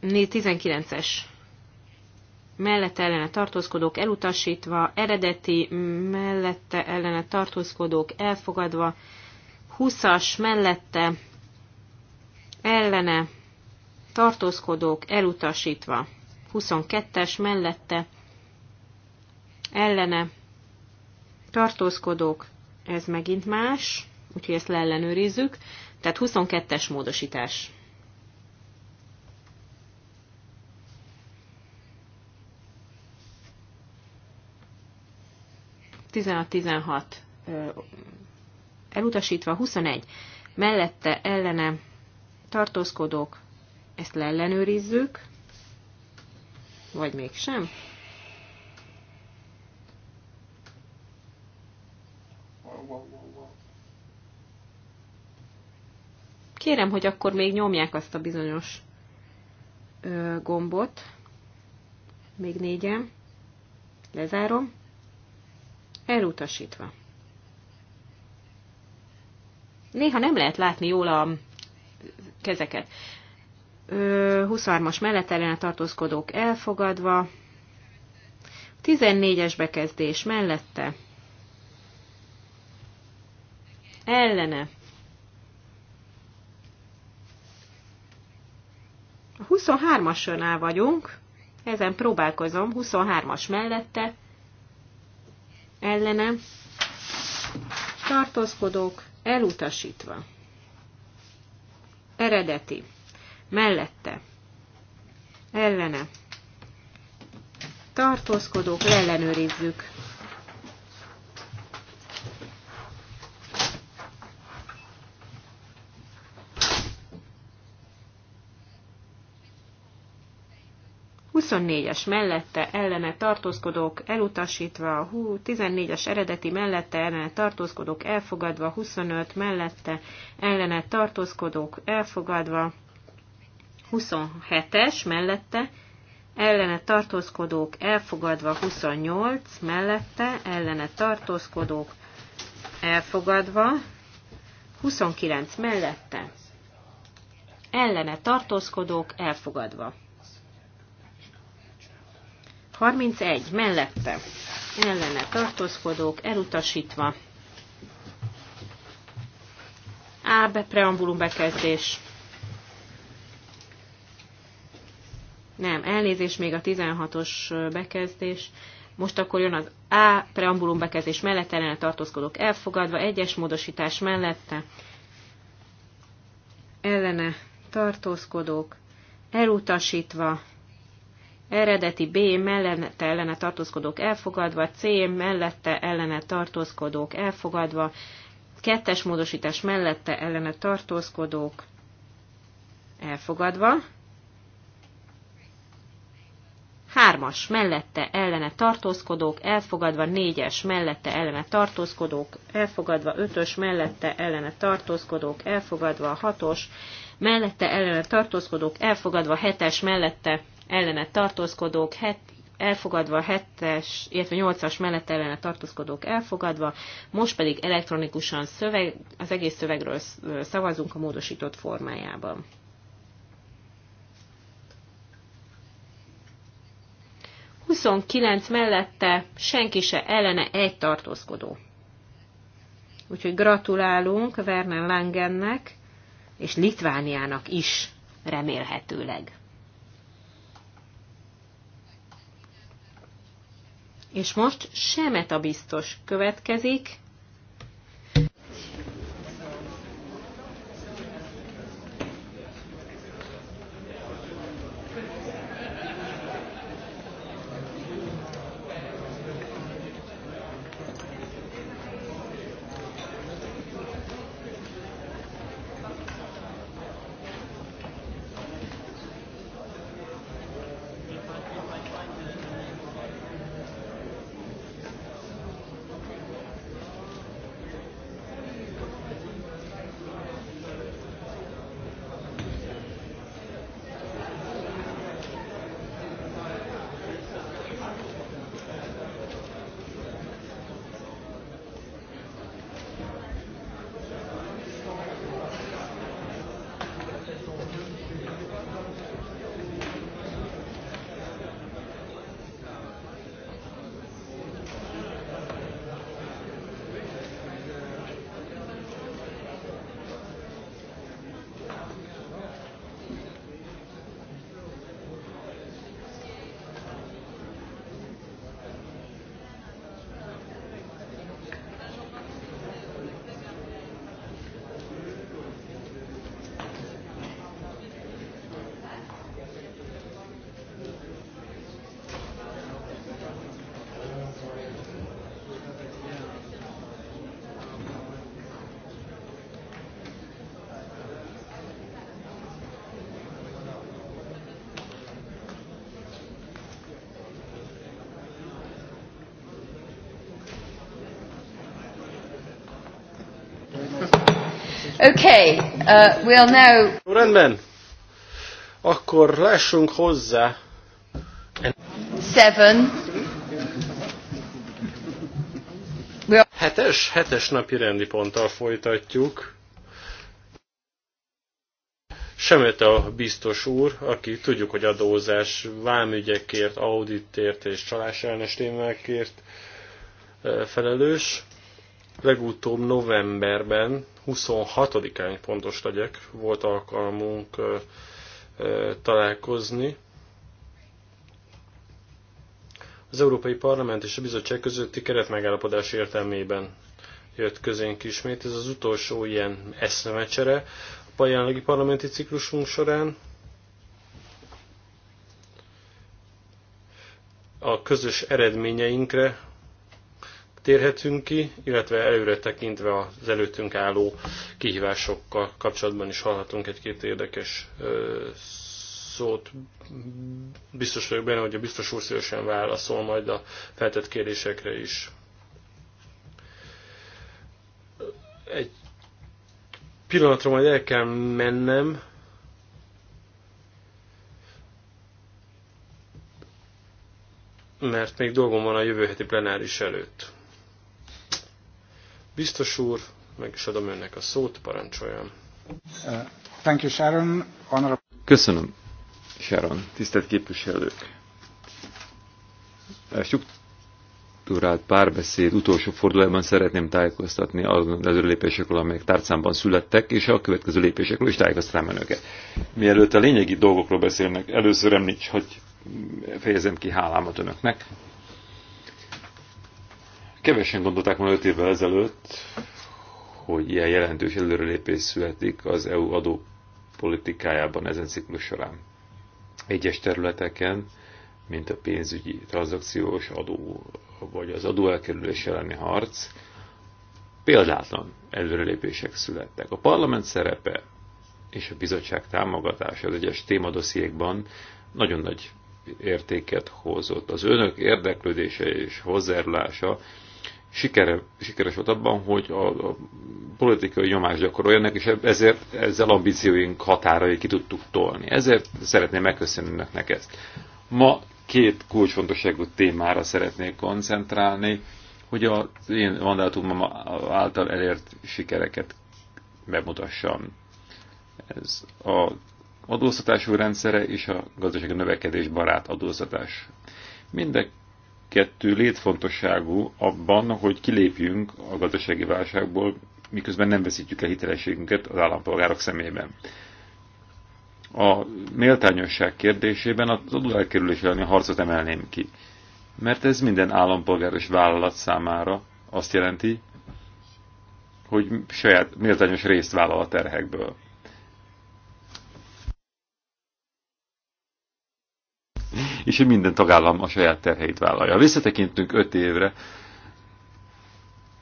Né 19-es mellette ellene tartózkodók elutasítva, eredeti mellette ellene tartózkodók elfogadva, 20-as mellette ellene tartózkodók elutasítva, 22-es mellette ellene tartózkodók, ez megint más, úgyhogy ezt leellenőrizzük. Tehát 22-es módosítás. Tizenhat-tizenhat elutasítva, 21 mellette ellene tartózkodók, ezt leellenőrizzük, vagy mégsem. kérem, hogy akkor még nyomják azt a bizonyos ö, gombot. Még négyen. Lezárom. Elutasítva. Néha nem lehet látni jól a kezeket. 23-as mellett ellene tartózkodók elfogadva. 14-es bekezdés mellette. Ellene A 23-asnál vagyunk, ezen próbálkozom, 23-as mellette, ellene, tartózkodók, elutasítva. Eredeti, mellette, ellene, tartózkodók, ellenőrizzük. 24-es mellette ellene tartózkodók elutasítva, 14-es eredeti mellette ellene tartózkodók elfogadva, 25 mellette ellene tartózkodók elfogadva, 27-es mellette ellene tartózkodók elfogadva, 28 mellette ellene tartózkodók elfogadva, 29 mellette ellene tartózkodók elfogadva. 31 mellette ellene tartózkodók elutasítva. A preambulum bekezdés. Nem, elnézés még a 16-os bekezdés. Most akkor jön az A preambulum bekezdés mellett ellene tartózkodók elfogadva, egyes módosítás mellette ellene tartózkodók elutasítva, eredeti B mellette ellene tartózkodók elfogadva, C mellette ellene tartózkodók elfogadva, kettes módosítás mellette ellene tartózkodók elfogadva, hármas mellette ellene tartózkodók elfogadva, négyes mellette ellene tartózkodók elfogadva, ötös mellette ellene tartózkodók elfogadva, hatos mellette ellene tartózkodók elfogadva, hetes mellette ellene tartózkodók, het, elfogadva 7-es, illetve 8-as mellett ellene tartózkodók elfogadva, most pedig elektronikusan szöveg, az egész szövegről szavazunk a módosított formájában. Huszonkilenc mellette senki se ellene egy tartózkodó. Úgyhogy gratulálunk Werner Langennek és Litvániának is remélhetőleg. És most a biztos következik, Okay, uh, we'll now... Rendben. Akkor lássunk hozzá. Seven. We'll... Hetes, hetes napi rendi ponttal folytatjuk. Semet a biztos úr, aki tudjuk, hogy adózás, vámügyekért, auditért és csalás ellenes eh, felelős Legutóbb novemberben, 26-án pontos legyek, volt alkalmunk találkozni. Az Európai Parlament és a Bizottság közötti keretmegállapodás értelmében jött közénk ismét. Ez az utolsó ilyen eszmecsere a jelenlegi parlamenti ciklusunk során. A közös eredményeinkre térhetünk ki, illetve előre tekintve az előttünk álló kihívásokkal kapcsolatban is hallhatunk egy-két érdekes szót. Biztos vagyok benne, hogy a biztos úr szívesen válaszol majd a feltett kérdésekre is. Egy pillanatra majd el kell mennem, mert még dolgom van a jövő heti plenáris előtt. Biztos úr, meg is adom önnek a szót, parancsoljon. Uh, thank you, Sharon. Honorable... Köszönöm, Sharon. Tisztelt képviselők. A struktúrált párbeszéd utolsó fordulóban szeretném tájékoztatni az előlépésekről, amelyek tárcámban születtek, és a következő lépésekről is tájékoztatnám önöket. Mielőtt a lényegi dolgokról beszélnek, először említs, hogy fejezem ki hálámat önöknek, Kevesen gondolták volna 5 évvel ezelőtt, hogy ilyen jelentős előrelépés születik az EU adó politikájában ezen ciklus során. Egyes területeken, mint a pénzügyi tranzakciós adó, vagy az adóelkerülés elleni harc, példátlan előrelépések születtek. A parlament szerepe és a bizottság támogatása az egyes témadossziékban nagyon nagy értéket hozott. Az önök érdeklődése és hozzájárulása sikere, sikeres volt abban, hogy a, a politikai nyomást gyakoroljanak, és ezért ezzel ambícióink határai ki tudtuk tolni. Ezért szeretném megköszönni önöknek ezt. Ma két kulcsfontosságú témára szeretnék koncentrálni, hogy az én mandátumom által elért sikereket bemutassam. Ez a adóztatású rendszere és a gazdasági növekedés barát adóztatás. Mindek kettő létfontosságú abban, hogy kilépjünk a gazdasági válságból, miközben nem veszítjük el hitelességünket az állampolgárok szemében. A méltányosság kérdésében az elkerülés elleni harcot emelném ki, mert ez minden állampolgáros vállalat számára azt jelenti, hogy saját méltányos részt vállal a terhekből. és hogy minden tagállam a saját terheit vállalja. Visszatekintünk öt évre,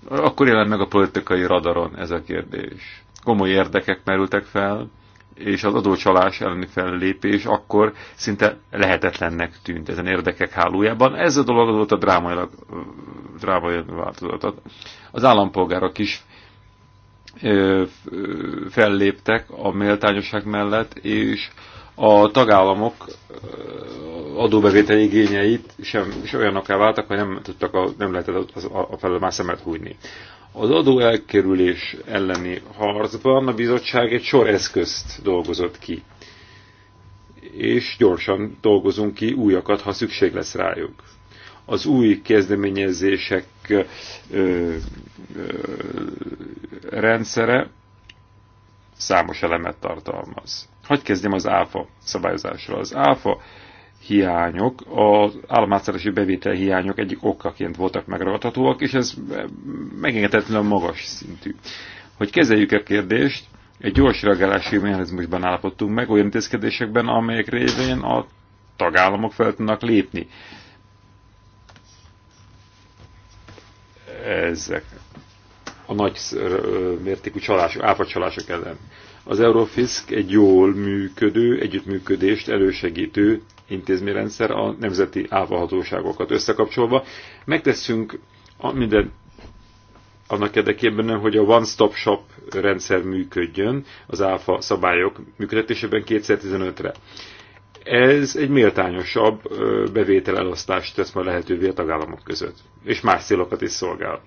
akkor jelent meg a politikai radaron ez a kérdés. Komoly érdekek merültek fel, és az adócsalás elleni fellépés akkor szinte lehetetlennek tűnt ezen érdekek hálójában. Ez a dolog volt a drámailag, drámai változatot. Az állampolgárok is ö, ö, felléptek a méltányosság mellett, és a tagállamok adóbevételi igényeit sem, sem olyanokká váltak, hogy nem, tudtak a, nem lehetett az, a, a felől már szemet hújni. Az adó elkerülés elleni harcban a bizottság egy sor eszközt dolgozott ki, és gyorsan dolgozunk ki újakat, ha szükség lesz rájuk. Az új kezdeményezések ö, ö, rendszere számos elemet tartalmaz. Hogy kezdjem az áfa szabályozásra? Az áfa hiányok, az államátszerési bevétel hiányok egyik okaként voltak megragadhatóak, és ez megengedhetetlenül magas szintű. Hogy kezeljük a kérdést, egy gyors reagálási mechanizmusban állapodtunk meg, olyan intézkedésekben, amelyek révén a tagállamok fel tudnak lépni. Ezek a nagy mértékű csalások, áfacsalások ellen. Az Eurofisk egy jól működő, együttműködést elősegítő intézményrendszer a nemzeti áfahatóságokat összekapcsolva. Megteszünk minden annak érdekében, hogy a one-stop shop rendszer működjön az áfa szabályok működtetésében 2015-re. Ez egy méltányosabb bevételelosztást tesz majd lehetővé a tagállamok között, és más célokat is szolgál.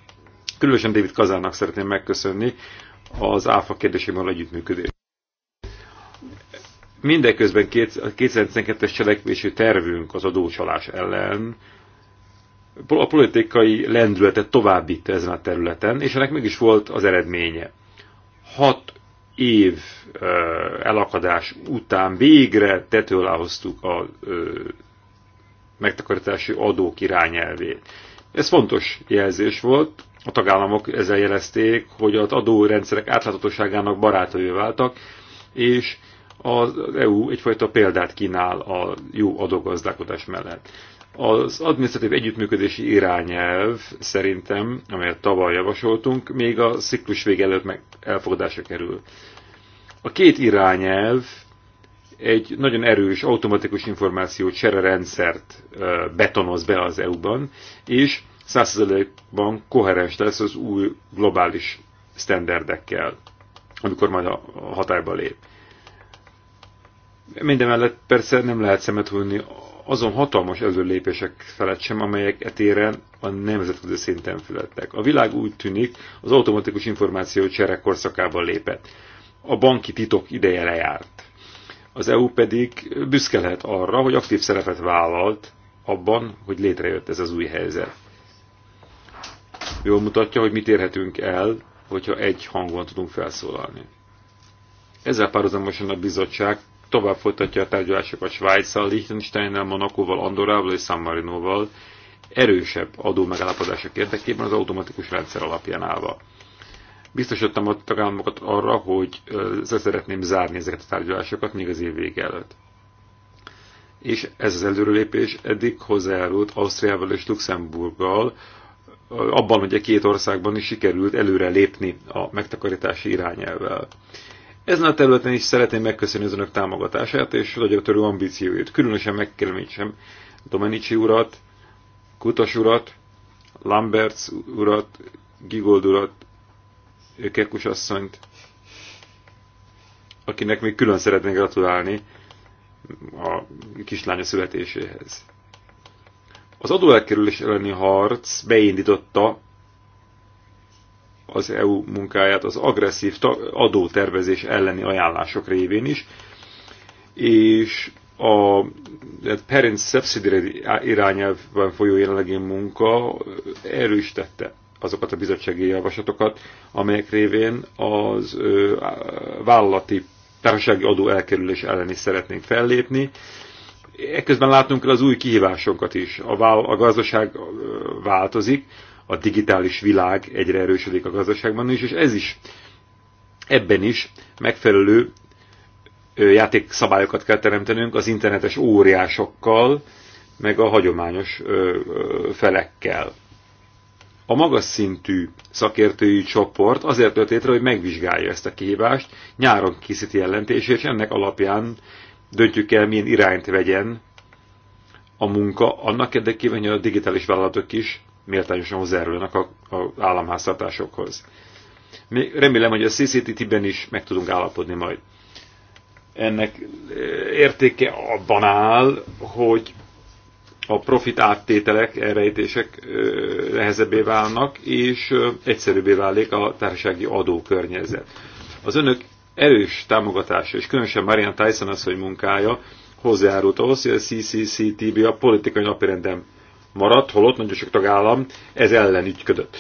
Különösen David Kazának szeretném megköszönni az ÁFA kérdésében együttműködést. Mindeközben a 2012-es cselekvési tervünk az adócsalás ellen a politikai lendületet továbbít ezen a területen, és ennek mégis volt az eredménye. Hat év elakadás után végre tetőláhoztuk a megtakarítási adók irányelvét. Ez fontos jelzés volt, a tagállamok ezzel jelezték, hogy az adórendszerek átláthatóságának barátai váltak, és az EU egyfajta példát kínál a jó adógazdálkodás mellett. Az adminisztratív együttműködési irányelv szerintem, amelyet tavaly javasoltunk, még a ciklus vége előtt meg elfogadásra kerül. A két irányelv egy nagyon erős automatikus információ csererendszert betonoz be az EU-ban, és 100%-ban koherens lesz az új globális sztenderdekkel, amikor majd a hatályba lép. mellett persze nem lehet szemet hújni azon hatalmas előlépések felett sem, amelyek etéren a nemzetközi szinten fülettek. A világ úgy tűnik, az automatikus információ csere korszakába lépett. A banki titok ideje lejárt. Az EU pedig büszke lehet arra, hogy aktív szerepet vállalt abban, hogy létrejött ez az új helyzet jól mutatja, hogy mit érhetünk el, hogyha egy hangon tudunk felszólalni. Ezzel párhuzamosan a bizottság tovább folytatja a tárgyalásokat Svájccal, Liechtensteinnel, Monakóval, Andorával és San Marinoval, erősebb adó megállapodások érdekében az automatikus rendszer alapján állva. Biztosítottam a tagállamokat arra, hogy ezzel szeretném zárni ezeket a tárgyalásokat még az év vége előtt. És ez az előrelépés eddig hozzájárult Ausztriával és Luxemburggal abban, hogy a két országban is sikerült előre lépni a megtakarítási irányelvvel. Ezen a területen is szeretném megköszönni az önök támogatását és nagyobb törő ambícióit. Különösen megkéremítsem Domenici urat, Kutas urat, Lamberts urat, Gigold urat, Kekus asszonyt, akinek még külön szeretnék gratulálni a kislánya születéséhez. Az adóelkerülés elleni harc beindította az EU munkáját az agresszív adótervezés elleni ajánlások révén is, és a Parents Subsidy irányában folyó jelenlegi munka erősítette azokat a bizottsági javaslatokat, amelyek révén az vállalati társasági adó elkerülés elleni szeretnénk fellépni, ekközben látnunk kell az új kihívásokat is. A, vál, a gazdaság változik, a digitális világ egyre erősödik a gazdaságban is, és ez is, ebben is megfelelő játékszabályokat kell teremtenünk az internetes óriásokkal, meg a hagyományos felekkel. A magas szintű szakértői csoport azért tölt létre, hogy megvizsgálja ezt a kihívást, nyáron készíti jelentését, és ennek alapján döntjük el, milyen irányt vegyen a munka, annak érdekében, hogy a digitális vállalatok is méltányosan hozzájárulnak az államháztartásokhoz. Még remélem, hogy a CCTT-ben is meg tudunk állapodni majd. Ennek eh, értéke abban áll, hogy a profit áttételek, elrejtések eh, nehezebbé válnak, és eh, egyszerűbbé válik a társasági adókörnyezet. Az önök erős támogatása, és különösen Marian Tyson hogy munkája hozzájárult ahhoz, hogy a CCCTB a politikai napirenden maradt, holott nagyon sok tagállam ez ellen ügyködött.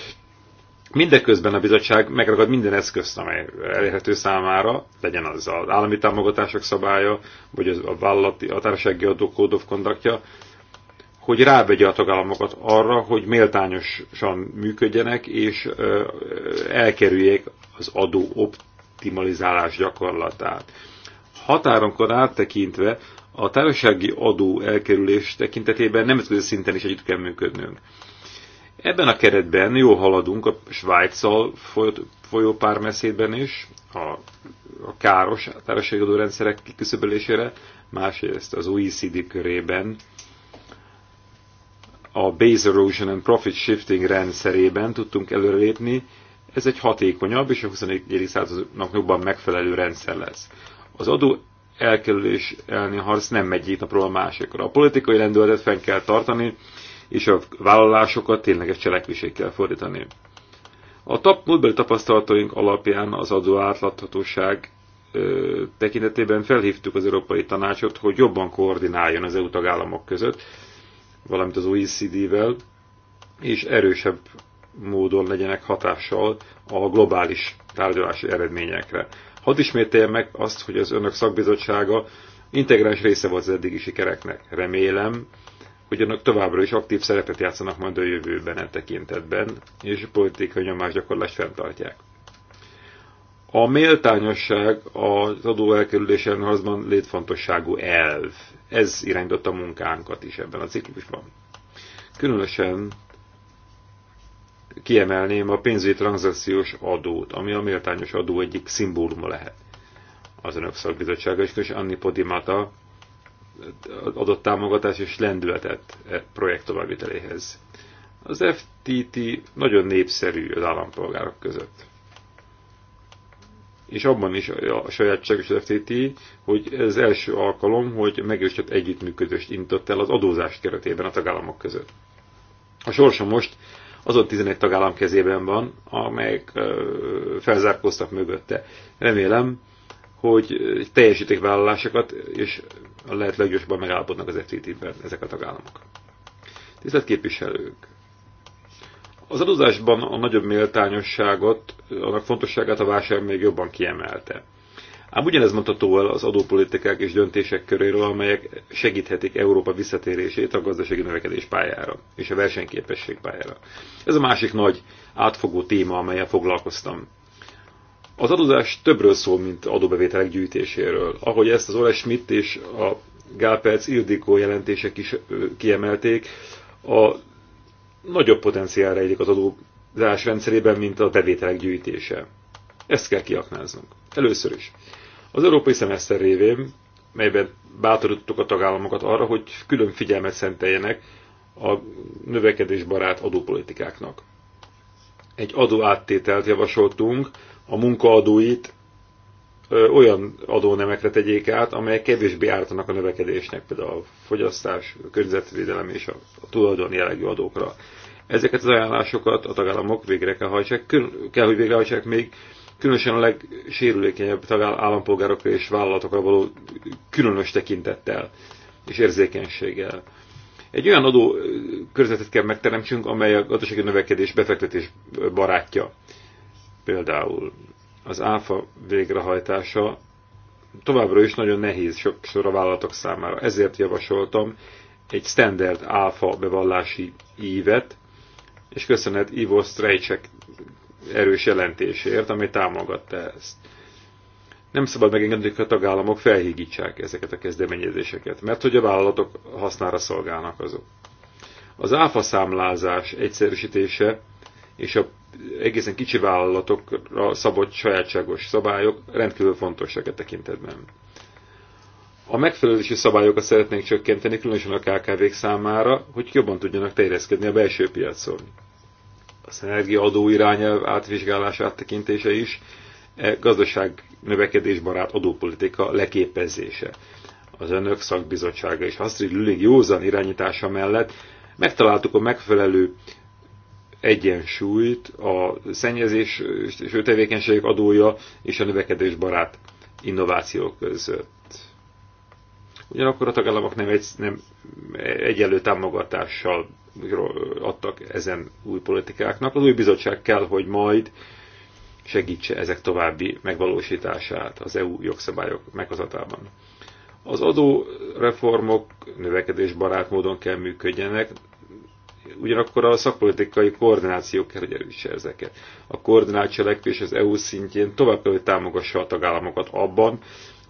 Mindeközben a bizottság megragad minden eszközt, amely elérhető számára, legyen az az állami támogatások szabálya, vagy az a vállalati, a társasági adó Code of Conductja, hogy rávegye a tagállamokat arra, hogy méltányosan működjenek, és elkerüljék az adó optimalizálás gyakorlatát. Határonkor áttekintve a társasági adó elkerülés tekintetében nemzetközi szinten is együtt kell működnünk. Ebben a keretben jól haladunk a Svájccal folyó párbeszédben is, a, a káros társasági adórendszerek kiküszöbölésére, másrészt az OECD körében, a Base Erosion and Profit Shifting rendszerében tudtunk előrelépni, ez egy hatékonyabb és a 21. századnak jobban megfelelő rendszer lesz. Az adó elkerülés elleni harc nem megy egyik napról a másikra. A politikai lendületet fenn kell tartani, és a vállalásokat tényleges cselekvésé kell fordítani. A tap, múltbeli tapasztalataink alapján az adó átláthatóság tekintetében felhívtuk az Európai Tanácsot, hogy jobban koordináljon az EU tagállamok között, valamint az OECD-vel, és erősebb módon legyenek hatással a globális tárgyalási eredményekre. Hadd ismételjem meg azt, hogy az önök szakbizottsága integráns része volt az eddigi sikereknek. Remélem, hogy önök továbbra is aktív szerepet játszanak majd a jövőben e tekintetben, és politikai nyomásgyakorlást fenntartják. A méltányosság az adó elkerülésen azban létfontosságú elv. Ez irányította a munkánkat is ebben a ciklusban. Különösen kiemelném a pénzügyi tranzakciós adót, ami a méltányos adó egyik szimbóluma lehet. Az önök szakbizottsága is, és Anni Podimata adott támogatás és lendületet e projekt továbbviteléhez. Az FTT nagyon népszerű az állampolgárok között. És abban is a sajátságos az FTT, hogy ez első alkalom, hogy megerősített együttműködést intott el az adózás keretében a tagállamok között. A sorsa most azon 11 tagállam kezében van, amelyek felzárkóztak mögötte. Remélem, hogy teljesítik vállalásokat, és a lehet leggyorsabban megállapodnak az FTT-ben ezek a tagállamok. Tisztelt képviselők! Az adózásban a nagyobb méltányosságot, annak fontosságát a válság még jobban kiemelte. Ám ugyanez mondható el az adópolitikák és döntések köréről, amelyek segíthetik Európa visszatérését a gazdasági növekedés pályára és a versenyképesség pályára. Ez a másik nagy átfogó téma, amelyel foglalkoztam. Az adózás többről szól, mint adóbevételek gyűjtéséről. Ahogy ezt az Ole Schmidt és a Gálperc Ildikó jelentések is kiemelték, a nagyobb potenciál rejlik az adózás rendszerében, mint a bevételek gyűjtése. Ezt kell kiaknáznunk. Először is. Az európai szemeszter révén, melyben bátorítottuk a tagállamokat arra, hogy külön figyelmet szenteljenek a növekedésbarát adópolitikáknak. Egy adóáttételt javasoltunk, a munkaadóit olyan adónemekre tegyék át, amelyek kevésbé ártanak a növekedésnek, például a fogyasztás, a környezetvédelem és a, a tulajdon jellegű adókra. Ezeket az ajánlásokat a tagállamok végre kell hajtsák, kell, hogy végrehajtsák még különösen a legsérülékenyebb állampolgárokra és vállalatokra való különös tekintettel és érzékenységgel. Egy olyan adó körzetet kell megteremtsünk, amely a gazdasági növekedés befektetés barátja. Például az áfa végrehajtása továbbra is nagyon nehéz sokszor a vállalatok számára. Ezért javasoltam egy standard áfa bevallási ívet, és köszönet Ivo Strejcsek erős jelentésért, ami támogatta ezt. Nem szabad megengedni, hogy a tagállamok felhígítsák ezeket a kezdeményezéseket, mert hogy a vállalatok hasznára szolgálnak azok. Az áfa számlázás egyszerűsítése és a egészen kicsi vállalatokra szabott sajátságos szabályok rendkívül fontosak e tekintetben. A megfelelési szabályokat szeretnénk csökkenteni, különösen a KKV-k számára, hogy jobban tudjanak terjeszkedni a belső piacon az energiaadó irányelv átvizsgálását tekintése is, e gazdaság növekedésbarát adópolitika leképezése. Az önök szakbizottsága és Astrid Lülig józan irányítása mellett megtaláltuk a megfelelő egyensúlyt a szennyezés és ő tevékenységek adója és a növekedésbarát innovációk között. Ugyanakkor a tagállamok nem, egy, nem egyenlő támogatással adtak ezen új politikáknak. Az új bizottság kell, hogy majd segítse ezek további megvalósítását az EU jogszabályok meghozatában. Az adóreformok növekedésbarát módon kell működjenek, ugyanakkor a szakpolitikai koordináció kell, hogy erőse ezeket. A koordinált cselekvés az EU szintjén tovább kell, hogy támogassa a tagállamokat abban,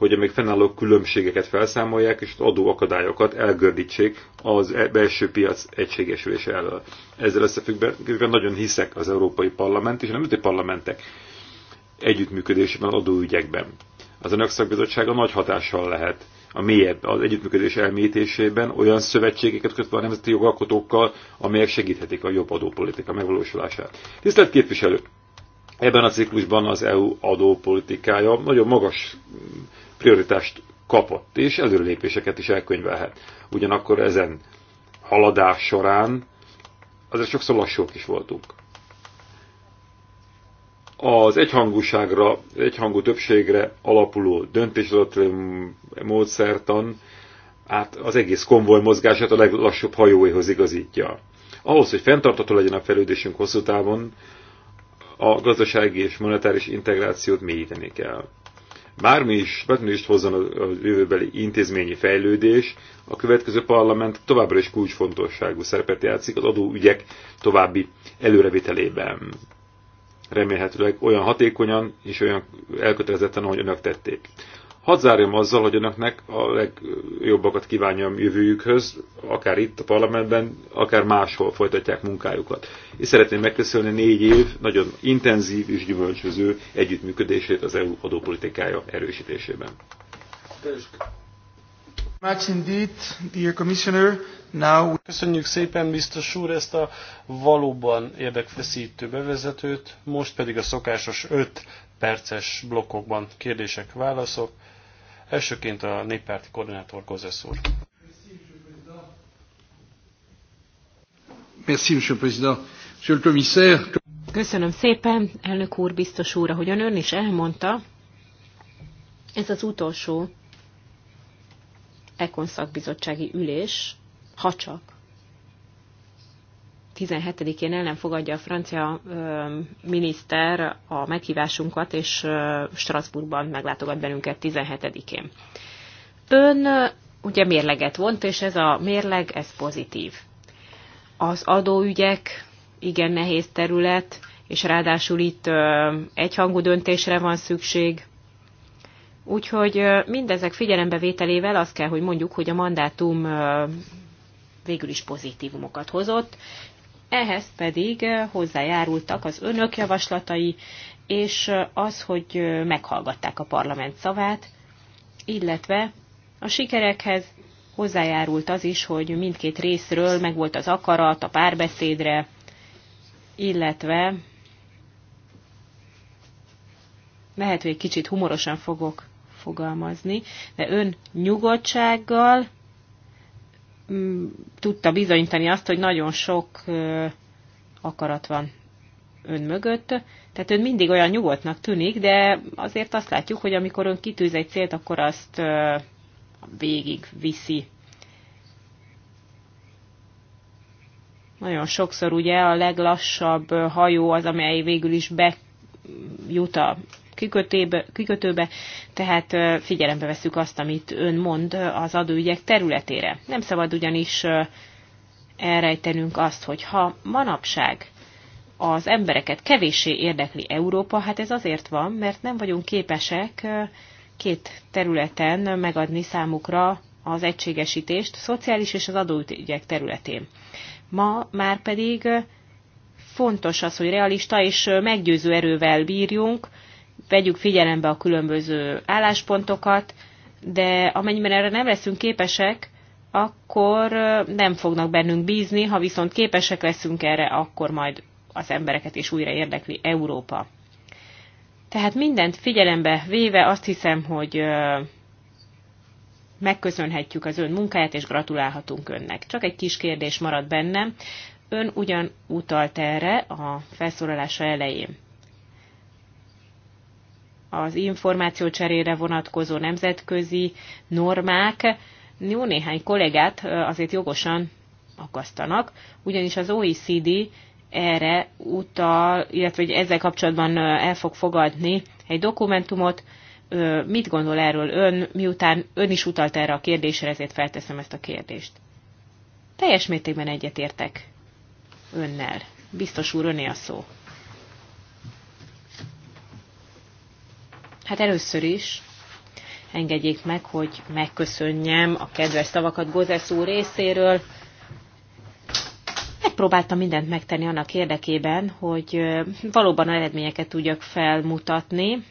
hogy a még fennálló különbségeket felszámolják, és az adóakadályokat elgördítsék az e- belső piac egységesülése elől. Ezzel összefüggve nagyon hiszek az Európai Parlament és a nemzeti parlamentek együttműködésében adóügyekben. Az önök szakbizottsága nagy hatással lehet a mélyebb, az együttműködés elmélyítésében olyan szövetségeket kötve a nemzeti jogalkotókkal, amelyek segíthetik a jobb adópolitika megvalósulását. Tisztelt képviselők! Ebben a ciklusban az EU adópolitikája nagyon magas prioritást kapott, és előrelépéseket is elkönyvelhet. Ugyanakkor ezen haladás során azért sokszor lassúak is voltunk. Az egyhangúságra, egyhangú többségre alapuló döntéshozatali módszertan hát az egész konvoj mozgását a leglassabb hajóihoz igazítja. Ahhoz, hogy fenntartható legyen a fejlődésünk hosszú távon, a gazdasági és monetáris integrációt mélyíteni kell bármi is, bármi is hozzon a jövőbeli intézményi fejlődés, a következő parlament továbbra is kulcsfontosságú szerepet játszik az adóügyek további előrevitelében. Remélhetőleg olyan hatékonyan és olyan elkötelezetten, ahogy önök tették. Hadd zárjam azzal, hogy önöknek a legjobbakat kívánjam jövőjükhöz, akár itt a parlamentben, akár máshol folytatják munkájukat. És szeretném megköszönni négy év nagyon intenzív és gyümölcsöző együttműködését az EU adópolitikája erősítésében. Köszönjük szépen, biztos úr, ezt a valóban érdekfeszítő bevezetőt, most pedig a szokásos öt perces blokkokban kérdések, válaszok. Elsőként a néppárti koordinátor Gozesz úr. Köszönöm szépen, elnök úr, biztos úr, ahogyan ön is elmondta, ez az utolsó Ekonszakbizottsági ülés, ha csak 17-én nem fogadja a francia miniszter a meghívásunkat, és Strasbourgban meglátogat bennünket 17-én. Ön ugye mérleget vont, és ez a mérleg, ez pozitív. Az adóügyek igen nehéz terület, és ráadásul itt egyhangú döntésre van szükség. Úgyhogy mindezek figyelembevételével azt kell, hogy mondjuk, hogy a mandátum végül is pozitívumokat hozott, ehhez pedig eh, hozzájárultak az önök javaslatai, és eh, az, hogy eh, meghallgatták a parlament szavát, illetve a sikerekhez hozzájárult az is, hogy mindkét részről megvolt az akarat a párbeszédre, illetve lehet, hogy egy kicsit humorosan fogok fogalmazni, de ön nyugodtsággal Mm, tudta bizonyítani azt, hogy nagyon sok akarat van ön mögött. Tehát ön mindig olyan nyugodtnak tűnik, de azért azt látjuk, hogy amikor ön kitűz egy célt, akkor azt végig viszi. Nagyon sokszor ugye a leglassabb hajó az, amely végül is bejut a kikötőbe, kikötőbe tehát figyelembe veszük azt, amit ön mond az adóügyek területére. Nem szabad ugyanis elrejtenünk azt, hogy ha manapság az embereket kevéssé érdekli Európa, hát ez azért van, mert nem vagyunk képesek két területen megadni számukra az egységesítést, szociális és az adóügyek területén. Ma már pedig fontos az, hogy realista és meggyőző erővel bírjunk, vegyük figyelembe a különböző álláspontokat, de amennyiben erre nem leszünk képesek, akkor nem fognak bennünk bízni, ha viszont képesek leszünk erre, akkor majd az embereket is újra érdekli Európa. Tehát mindent figyelembe véve azt hiszem, hogy megköszönhetjük az ön munkáját, és gratulálhatunk önnek. Csak egy kis kérdés maradt bennem. Ön ugyan utalt erre a felszólalása elején az információcserére vonatkozó nemzetközi normák jó néhány kollégát azért jogosan akasztanak, ugyanis az OECD erre utal, illetve hogy ezzel kapcsolatban el fog fogadni egy dokumentumot. Mit gondol erről ön, miután ön is utalt erre a kérdésre, ezért felteszem ezt a kérdést. Teljes mértékben egyetértek önnel. Biztos úr, öné a szó. Hát először is engedjék meg, hogy megköszönjem a kedves szavakat Gozesz úr részéről. Megpróbáltam mindent megtenni annak érdekében, hogy valóban eredményeket tudjak felmutatni,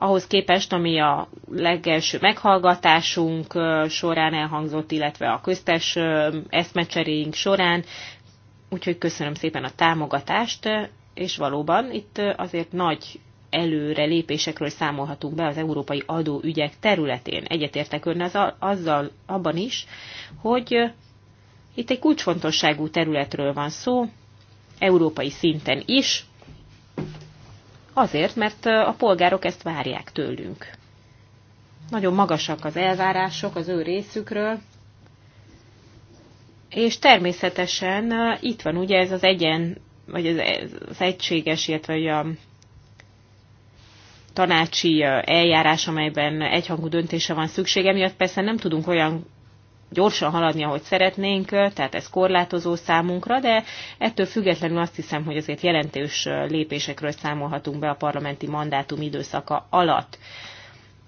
ahhoz képest, ami a legelső meghallgatásunk során elhangzott, illetve a köztes eszmecseréink során. Úgyhogy köszönöm szépen a támogatást, és valóban itt azért nagy előre lépésekről számolhatunk be az európai adóügyek területén. Egyetértek önne az, azzal abban is, hogy itt egy kulcsfontosságú területről van szó, európai szinten is, azért, mert a polgárok ezt várják tőlünk. Nagyon magasak az elvárások az ő részükről, és természetesen itt van ugye ez az egyen, vagy az, az egységes, illetve a tanácsi eljárás, amelyben egyhangú döntése van szüksége miatt persze nem tudunk olyan gyorsan haladni, ahogy szeretnénk, tehát ez korlátozó számunkra, de ettől függetlenül azt hiszem, hogy azért jelentős lépésekről számolhatunk be a parlamenti mandátum időszaka alatt.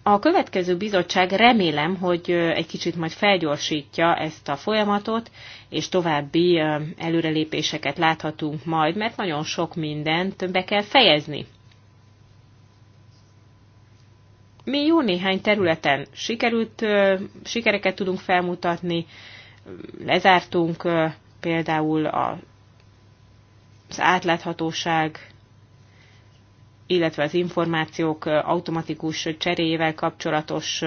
A következő bizottság remélem, hogy egy kicsit majd felgyorsítja ezt a folyamatot, és további előrelépéseket láthatunk majd, mert nagyon sok mindent be kell fejezni Mi jó néhány területen sikerült, sikereket tudunk felmutatni, lezártunk például a, az átláthatóság, illetve az információk automatikus cseréjével kapcsolatos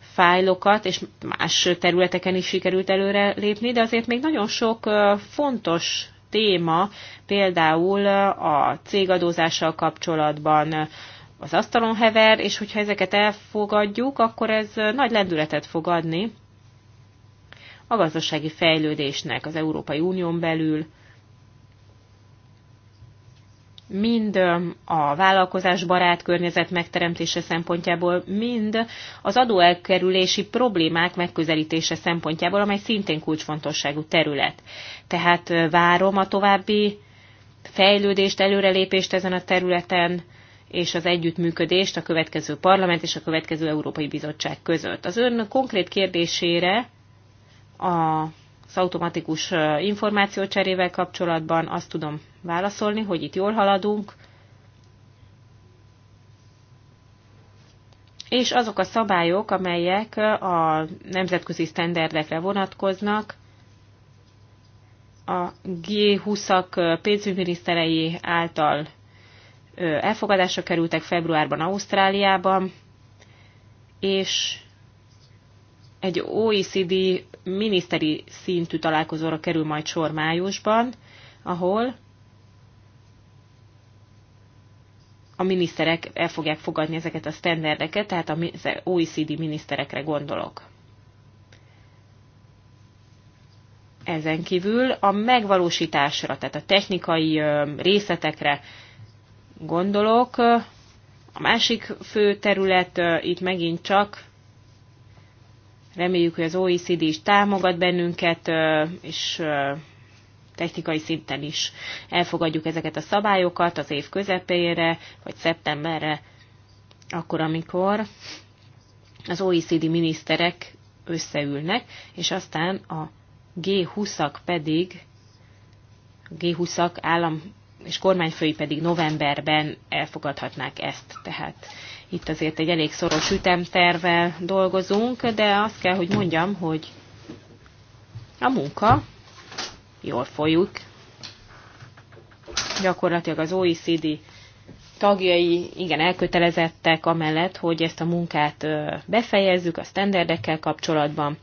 fájlokat, és más területeken is sikerült előre lépni, de azért még nagyon sok fontos téma, például a cégadózással kapcsolatban, az asztalon hever, és hogyha ezeket elfogadjuk, akkor ez nagy lendületet fog adni a gazdasági fejlődésnek az Európai Unión belül, mind a vállalkozásbarát környezet megteremtése szempontjából, mind az adóelkerülési problémák megközelítése szempontjából, amely szintén kulcsfontosságú terület. Tehát várom a további fejlődést, előrelépést ezen a területen, és az együttműködést a következő parlament és a következő Európai Bizottság között. Az ön konkrét kérdésére az automatikus információcserével kapcsolatban azt tudom válaszolni, hogy itt jól haladunk, és azok a szabályok, amelyek a nemzetközi sztenderdekre vonatkoznak, a G20-ak pénzügyminiszterei által elfogadásra kerültek februárban Ausztráliában, és egy OECD miniszteri szintű találkozóra kerül majd sor májusban, ahol a miniszterek el fogják fogadni ezeket a sztenderdeket, tehát a OECD miniszterekre gondolok. Ezen kívül a megvalósításra, tehát a technikai részletekre gondolok. A másik fő terület itt megint csak reméljük, hogy az OECD is támogat bennünket, és technikai szinten is elfogadjuk ezeket a szabályokat az év közepére, vagy szeptemberre, akkor, amikor az OECD miniszterek összeülnek, és aztán a G20-ak pedig, G20-ak állam és kormányfői pedig novemberben elfogadhatnák ezt. Tehát itt azért egy elég szoros ütemtervel dolgozunk, de azt kell, hogy mondjam, hogy a munka jól folyik. Gyakorlatilag az OECD tagjai igen elkötelezettek amellett, hogy ezt a munkát befejezzük a standardekkel kapcsolatban.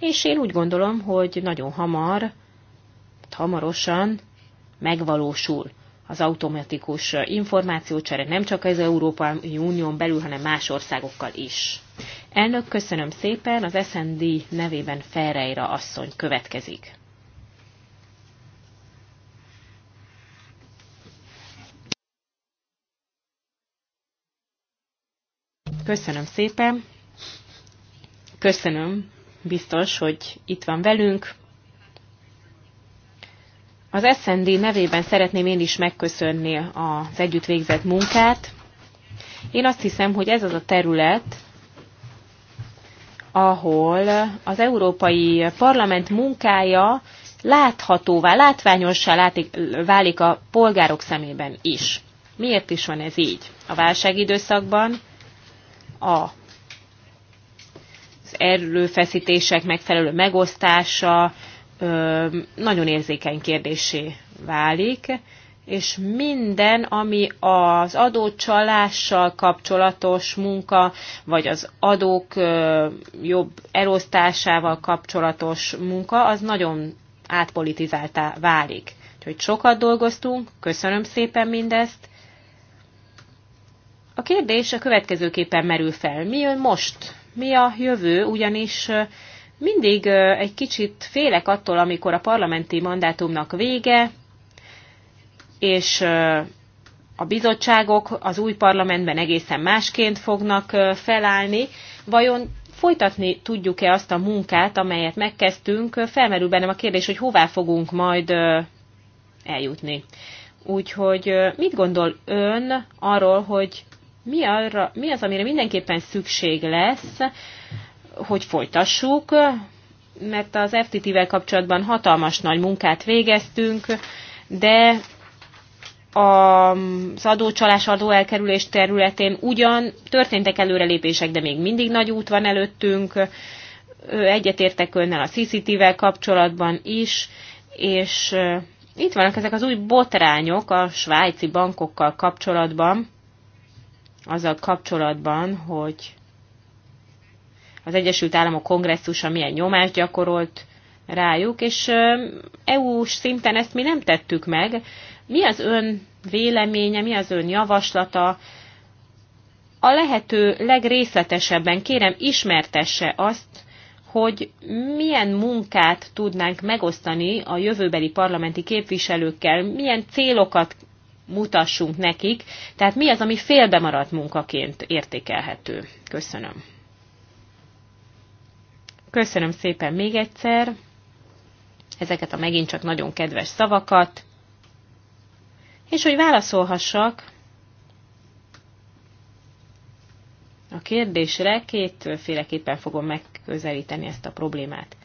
És én úgy gondolom, hogy nagyon hamar, hát hamarosan megvalósul az automatikus információcsere nem csak az Európai Unión belül, hanem más országokkal is. Elnök, köszönöm szépen, az SND nevében Ferreira asszony következik. Köszönöm szépen, köszönöm biztos, hogy itt van velünk, az SND nevében szeretném én is megköszönni az együtt végzett munkát. Én azt hiszem, hogy ez az a terület, ahol az Európai Parlament munkája láthatóvá, látványossá látik, válik a polgárok szemében is. Miért is van ez így? A válságidőszakban a az erőfeszítések megfelelő megosztása, nagyon érzékeny kérdésé válik, és minden, ami az adócsalással kapcsolatos munka, vagy az adók jobb elosztásával kapcsolatos munka, az nagyon átpolitizáltá válik. Úgyhogy sokat dolgoztunk, köszönöm szépen mindezt. A kérdés a következőképpen merül fel. Mi jön most? Mi a jövő? Ugyanis mindig egy kicsit félek attól, amikor a parlamenti mandátumnak vége, és a bizottságok az új parlamentben egészen másként fognak felállni. Vajon folytatni tudjuk-e azt a munkát, amelyet megkezdtünk? Felmerül bennem a kérdés, hogy hová fogunk majd eljutni. Úgyhogy mit gondol ön arról, hogy mi, arra, mi az, amire mindenképpen szükség lesz, hogy folytassuk, mert az FTT-vel kapcsolatban hatalmas nagy munkát végeztünk, de az adócsalás, adóelkerülés területén ugyan történtek előrelépések, de még mindig nagy út van előttünk. Egyetértek önnel a CCT-vel kapcsolatban is, és itt vannak ezek az új botrányok a svájci bankokkal kapcsolatban, azzal kapcsolatban, hogy az Egyesült Államok kongresszusa milyen nyomást gyakorolt rájuk, és EU-s szinten ezt mi nem tettük meg. Mi az ön véleménye, mi az ön javaslata? A lehető legrészletesebben kérem ismertesse azt, hogy milyen munkát tudnánk megosztani a jövőbeli parlamenti képviselőkkel, milyen célokat mutassunk nekik, tehát mi az, ami félbemaradt munkaként értékelhető. Köszönöm. Köszönöm szépen még egyszer ezeket a megint csak nagyon kedves szavakat, és hogy válaszolhassak a kérdésre, kétféleképpen fogom megközelíteni ezt a problémát.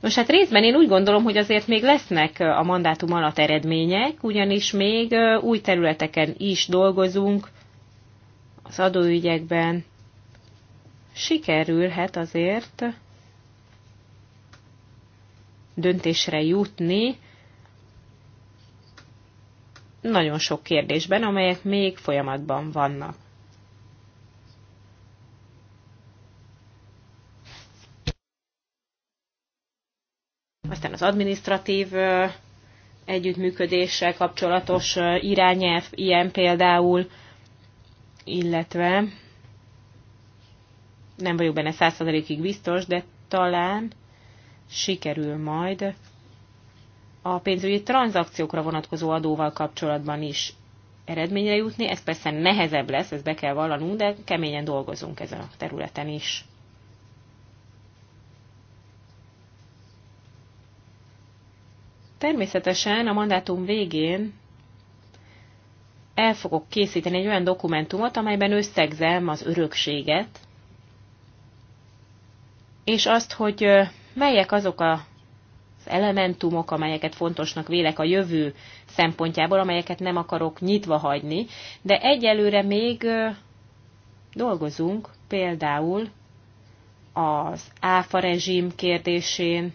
Nos, hát részben én úgy gondolom, hogy azért még lesznek a mandátum alatt eredmények, ugyanis még új területeken is dolgozunk, az adóügyekben sikerülhet azért döntésre jutni nagyon sok kérdésben, amelyek még folyamatban vannak. Aztán az administratív együttműködéssel kapcsolatos irányelv, ilyen például, illetve nem vagyok benne százszerzalékig biztos, de talán sikerül majd a pénzügyi tranzakciókra vonatkozó adóval kapcsolatban is eredményre jutni. Ez persze nehezebb lesz, ez be kell vallanunk, de keményen dolgozunk ezen a területen is. Természetesen a mandátum végén el fogok készíteni egy olyan dokumentumot, amelyben összegzem az örökséget, és azt, hogy melyek azok a az elementumok, amelyeket fontosnak vélek a jövő szempontjából, amelyeket nem akarok nyitva hagyni, de egyelőre még dolgozunk például az áfa rezsim kérdésén,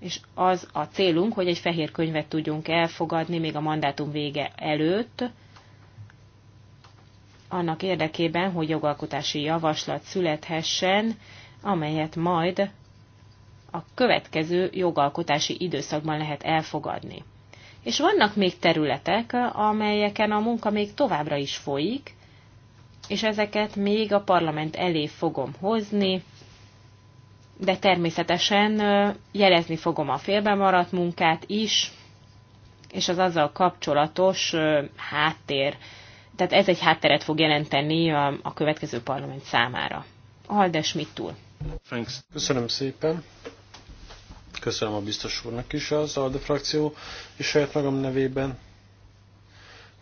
és az a célunk, hogy egy fehér könyvet tudjunk elfogadni még a mandátum vége előtt, annak érdekében, hogy jogalkotási javaslat születhessen, amelyet majd a következő jogalkotási időszakban lehet elfogadni. És vannak még területek, amelyeken a munka még továbbra is folyik, és ezeket még a parlament elé fogom hozni, de természetesen jelezni fogom a félbemaradt munkát is, és az azzal kapcsolatos háttér, tehát ez egy hátteret fog jelenteni a következő parlament számára. Aldes mit túl? Thanks. Köszönöm szépen. Köszönöm a biztos úrnak is az ALDE frakció, és saját magam nevében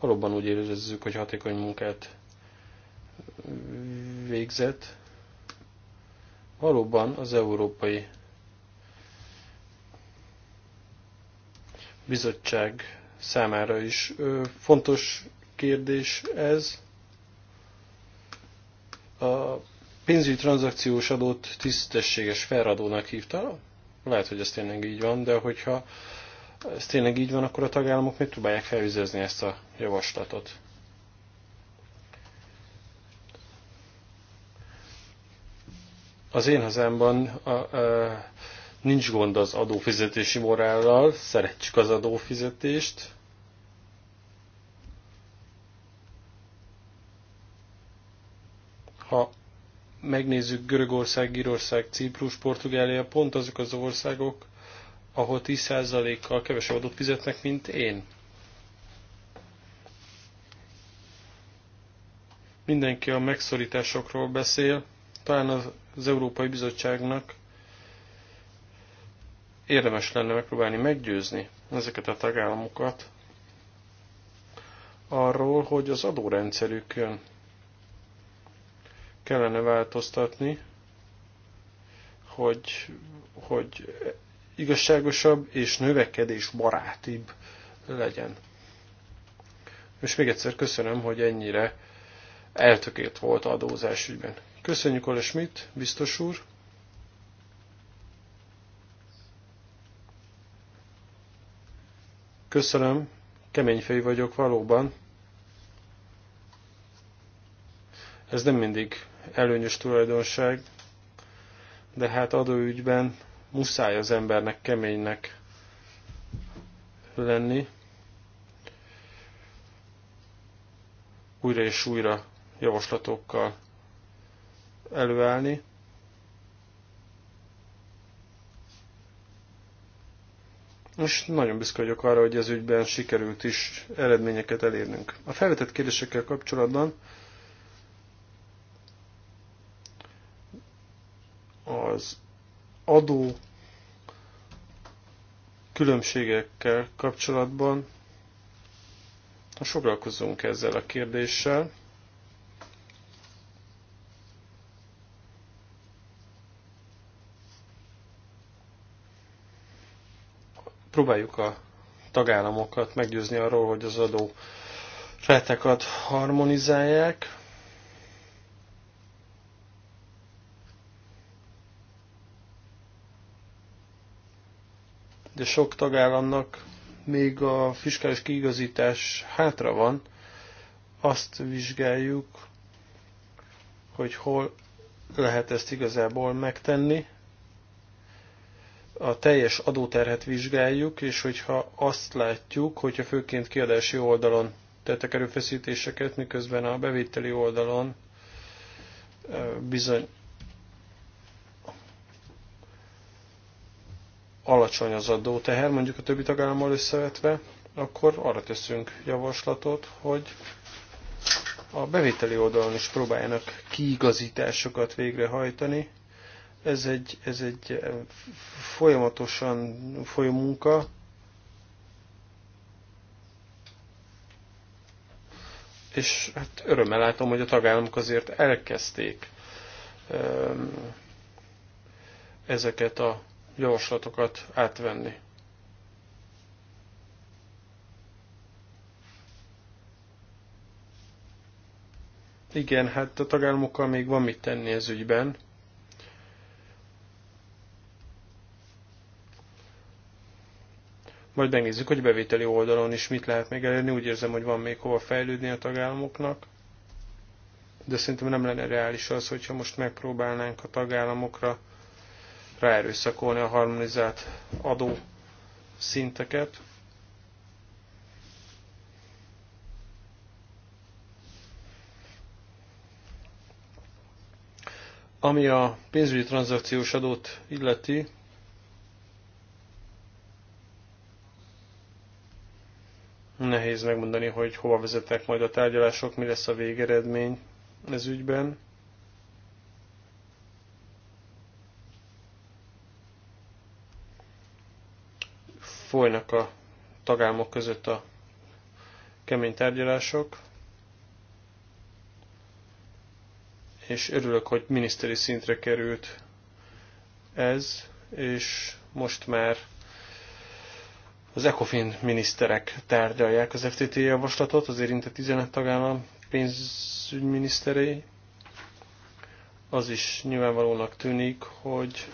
valóban úgy érezzük, hogy hatékony munkát végzett. Valóban az Európai Bizottság számára is fontos kérdés ez. A pénzügyi tranzakciós adót tisztességes feladónak hívta, lehet, hogy ez tényleg így van, de hogyha ez tényleg így van, akkor a tagállamok mit próbálják felvizezni ezt a javaslatot? Az én hazámban a, a, nincs gond az adófizetési morállal, szeretjük az adófizetést, ha megnézzük Görögország, Írország, Ciprus, Portugália, pont azok az országok, ahol 10%-kal kevesebb adót fizetnek, mint én. Mindenki a megszorításokról beszél, talán az Európai Bizottságnak érdemes lenne megpróbálni meggyőzni ezeket a tagállamokat arról, hogy az adórendszerükön kellene változtatni, hogy, hogy igazságosabb és növekedés barátibb legyen. És még egyszer köszönöm, hogy ennyire eltökélt volt a adózás ügyben. Köszönjük Ole Schmidt, biztos úr! Köszönöm, kemény fej vagyok valóban. Ez nem mindig előnyös tulajdonság, de hát adóügyben muszáj az embernek keménynek lenni. Újra és újra javaslatokkal előállni. És nagyon büszke vagyok arra, hogy ez ügyben sikerült is eredményeket elérnünk. A felvetett kérdésekkel kapcsolatban az adó különbségekkel kapcsolatban, ha foglalkozunk ezzel a kérdéssel, próbáljuk a tagállamokat meggyőzni arról, hogy az adó feltekat harmonizálják, de sok tagállamnak még a fiskális kiigazítás hátra van. Azt vizsgáljuk, hogy hol lehet ezt igazából megtenni. A teljes adóterhet vizsgáljuk, és hogyha azt látjuk, hogyha főként kiadási oldalon tettek erőfeszítéseket, miközben a bevételi oldalon bizony alacsony az adóteher, mondjuk a többi tagállammal összevetve, akkor arra teszünk javaslatot, hogy a bevételi oldalon is próbáljanak kiigazításokat végrehajtani. Ez egy, ez egy eh, folyamatosan folyó munka. És hát örömmel látom, hogy a tagállamok azért elkezdték ehm, ezeket a javaslatokat átvenni. Igen, hát a tagállamokkal még van mit tenni ez ügyben. Majd megnézzük, hogy bevételi oldalon is mit lehet még elérni. Úgy érzem, hogy van még hova fejlődni a tagállamoknak. De szerintem nem lenne reális az, hogyha most megpróbálnánk a tagállamokra ráerőszakolni a harmonizált adó szinteket. Ami a pénzügyi tranzakciós adót illeti, nehéz megmondani, hogy hova vezetnek majd a tárgyalások, mi lesz a végeredmény ez ügyben. folynak a tagállamok között a kemény tárgyalások, és örülök, hogy miniszteri szintre került ez, és most már az ECOFIN miniszterek tárgyalják az FTT javaslatot, az érintett 15 tagállam pénzügyminiszterei. Az is nyilvánvalónak tűnik, hogy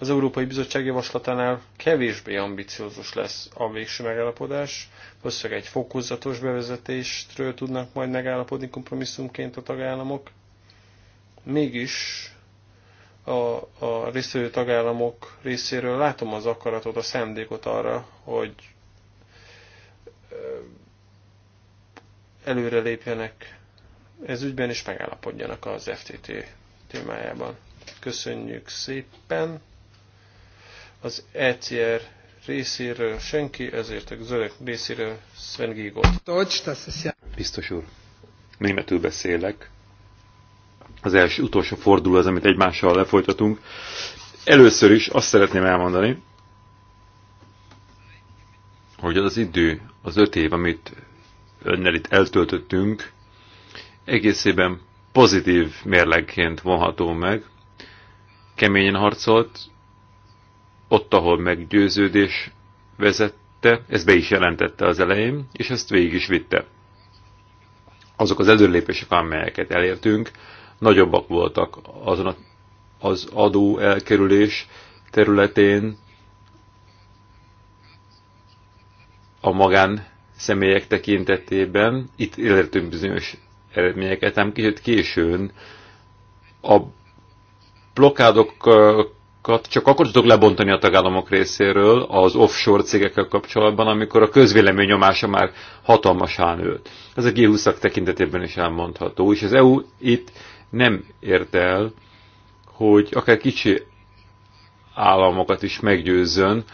az Európai Bizottság javaslatánál kevésbé ambiciózus lesz a végső megállapodás, valószínűleg egy fokozatos bevezetéstről tudnak majd megállapodni kompromisszumként a tagállamok. Mégis a, a résztvevő tagállamok részéről látom az akaratot, a szándékot arra, hogy előre lépjenek ez ügyben, és megállapodjanak az FTT témájában. Köszönjük szépen! az ECR részéről senki, ezért a zöldek részéről Sven Giegold. Biztos úr, németül beszélek. Az első utolsó forduló az, amit egymással lefolytatunk. Először is azt szeretném elmondani, hogy az az idő, az öt év, amit önnel itt eltöltöttünk, egészében pozitív mérlegként vonható meg. Keményen harcolt, ott, ahol meggyőződés vezette, ezt be is jelentette az elején, és ezt végig is vitte. Azok az előlépések, amelyeket elértünk, nagyobbak voltak azon a, az adó elkerülés területén, a magán személyek tekintetében. Itt elértünk bizonyos eredményeket, ám kicsit későn a blokádok csak akkor tudok lebontani a tagállamok részéről az offshore cégekkel kapcsolatban, amikor a közvélemény nyomása már hatalmasán nőtt. Ez a G20-ak tekintetében is elmondható, és az EU itt nem ért el, hogy akár kicsi államokat is meggyőzzön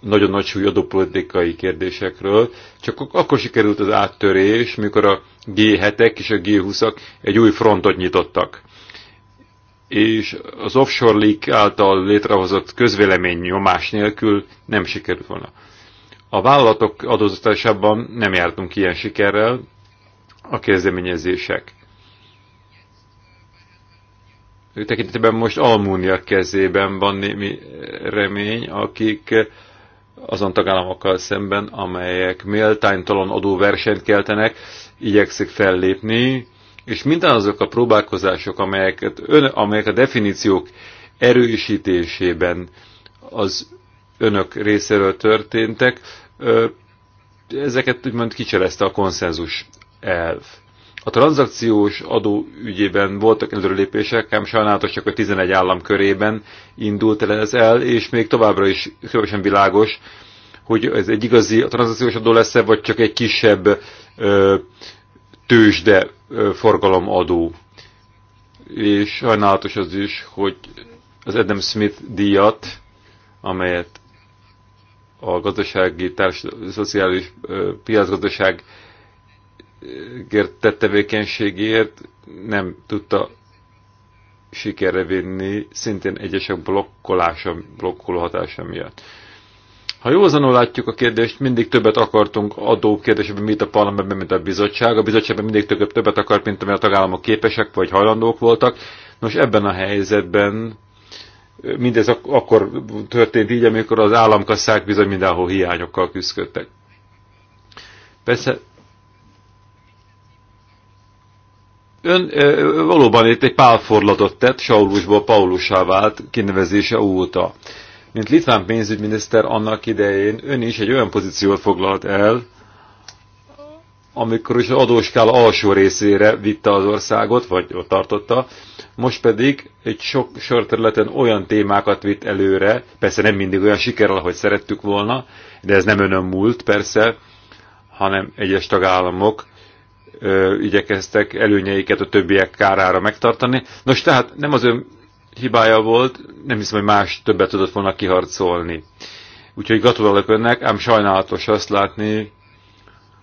nagyon nagy súly adópolitikai kérdésekről, csak akkor sikerült az áttörés, mikor a G7-ek és a G20-ak egy új frontot nyitottak és az offshore leak által létrehozott közvélemény nyomás nélkül nem sikerült volna. A vállalatok adózatásában nem jártunk ilyen sikerrel, a kezdeményezések. Ő tekintetében most Almúnia kezében van némi remény, akik azon tagállamokkal szemben, amelyek méltánytalan adóversenyt keltenek, igyekszik fellépni, és azok a próbálkozások, amelyeket, ön, amelyek a definíciók erősítésében az önök részéről történtek, ezeket úgymond kicselezte a konszenzus elv. A tranzakciós adó ügyében voltak előrelépések, ám sajnálatos csak a 11 állam körében indult el ez el, és még továbbra is különösen világos, hogy ez egy igazi a tranzakciós adó lesz-e, vagy csak egy kisebb ö, tőzsde forgalomadó. És sajnálatos az is, hogy az Adam Smith díjat, amelyet a gazdasági, társadalmi, szociális piacgazdaság tett tevékenységért nem tudta sikerre vinni, szintén egyesek blokkolása, blokkoló hatása miatt. Ha józanul látjuk a kérdést, mindig többet akartunk adó kérdésében, mint a parlamentben, mint a bizottság. A bizottságban mindig több, többet akart, mint amire a tagállamok képesek vagy hajlandók voltak. Nos, ebben a helyzetben mindez ak akkor történt így, amikor az államkasszák bizony mindenhol hiányokkal küzdöttek. Persze Ön ö, valóban itt egy pálforlatot tett, Saulusból Paulussá vált kinevezése óta. Mint litván pénzügyminiszter annak idején ön is egy olyan pozíciót foglalt el, amikor is az adóskál alsó részére vitte az országot, vagy ott tartotta, most pedig egy sok sor területen olyan témákat vitt előre, persze nem mindig olyan sikerrel, ahogy szerettük volna, de ez nem önön múlt persze, hanem egyes tagállamok ö, igyekeztek előnyeiket a többiek kárára megtartani. Nos, tehát nem az ön hibája volt, nem hiszem, hogy más többet tudott volna kiharcolni. Úgyhogy gratulálok önnek, ám sajnálatos azt látni,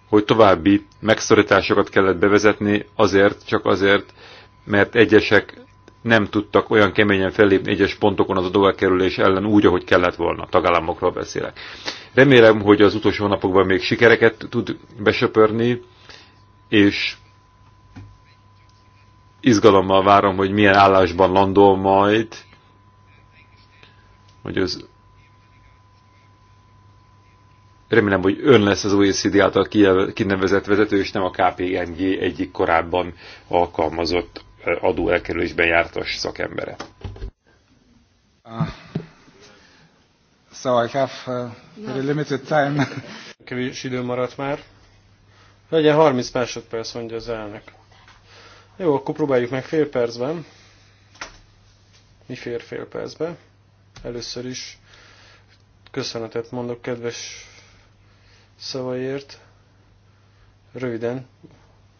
hogy további megszorításokat kellett bevezetni azért, csak azért, mert egyesek nem tudtak olyan keményen fellépni egyes pontokon az adóelkerülés ellen úgy, ahogy kellett volna, tagállamokról beszélek. Remélem, hogy az utolsó napokban még sikereket tud besöpörni, és izgalommal várom, hogy milyen állásban landol majd, hogy az remélem, hogy ön lesz az OECD által kinevezett vezető, és nem a KPMG egyik korábban alkalmazott adó elkerülésben jártas szakembere. Uh, so I have uh, very limited time. Kevés idő maradt már. Legyen 30 másodperc, mondja az elnök. Jó, akkor próbáljuk meg fél percben. Mi fér fél percben? Először is köszönetet mondok kedves szavaiért. Röviden,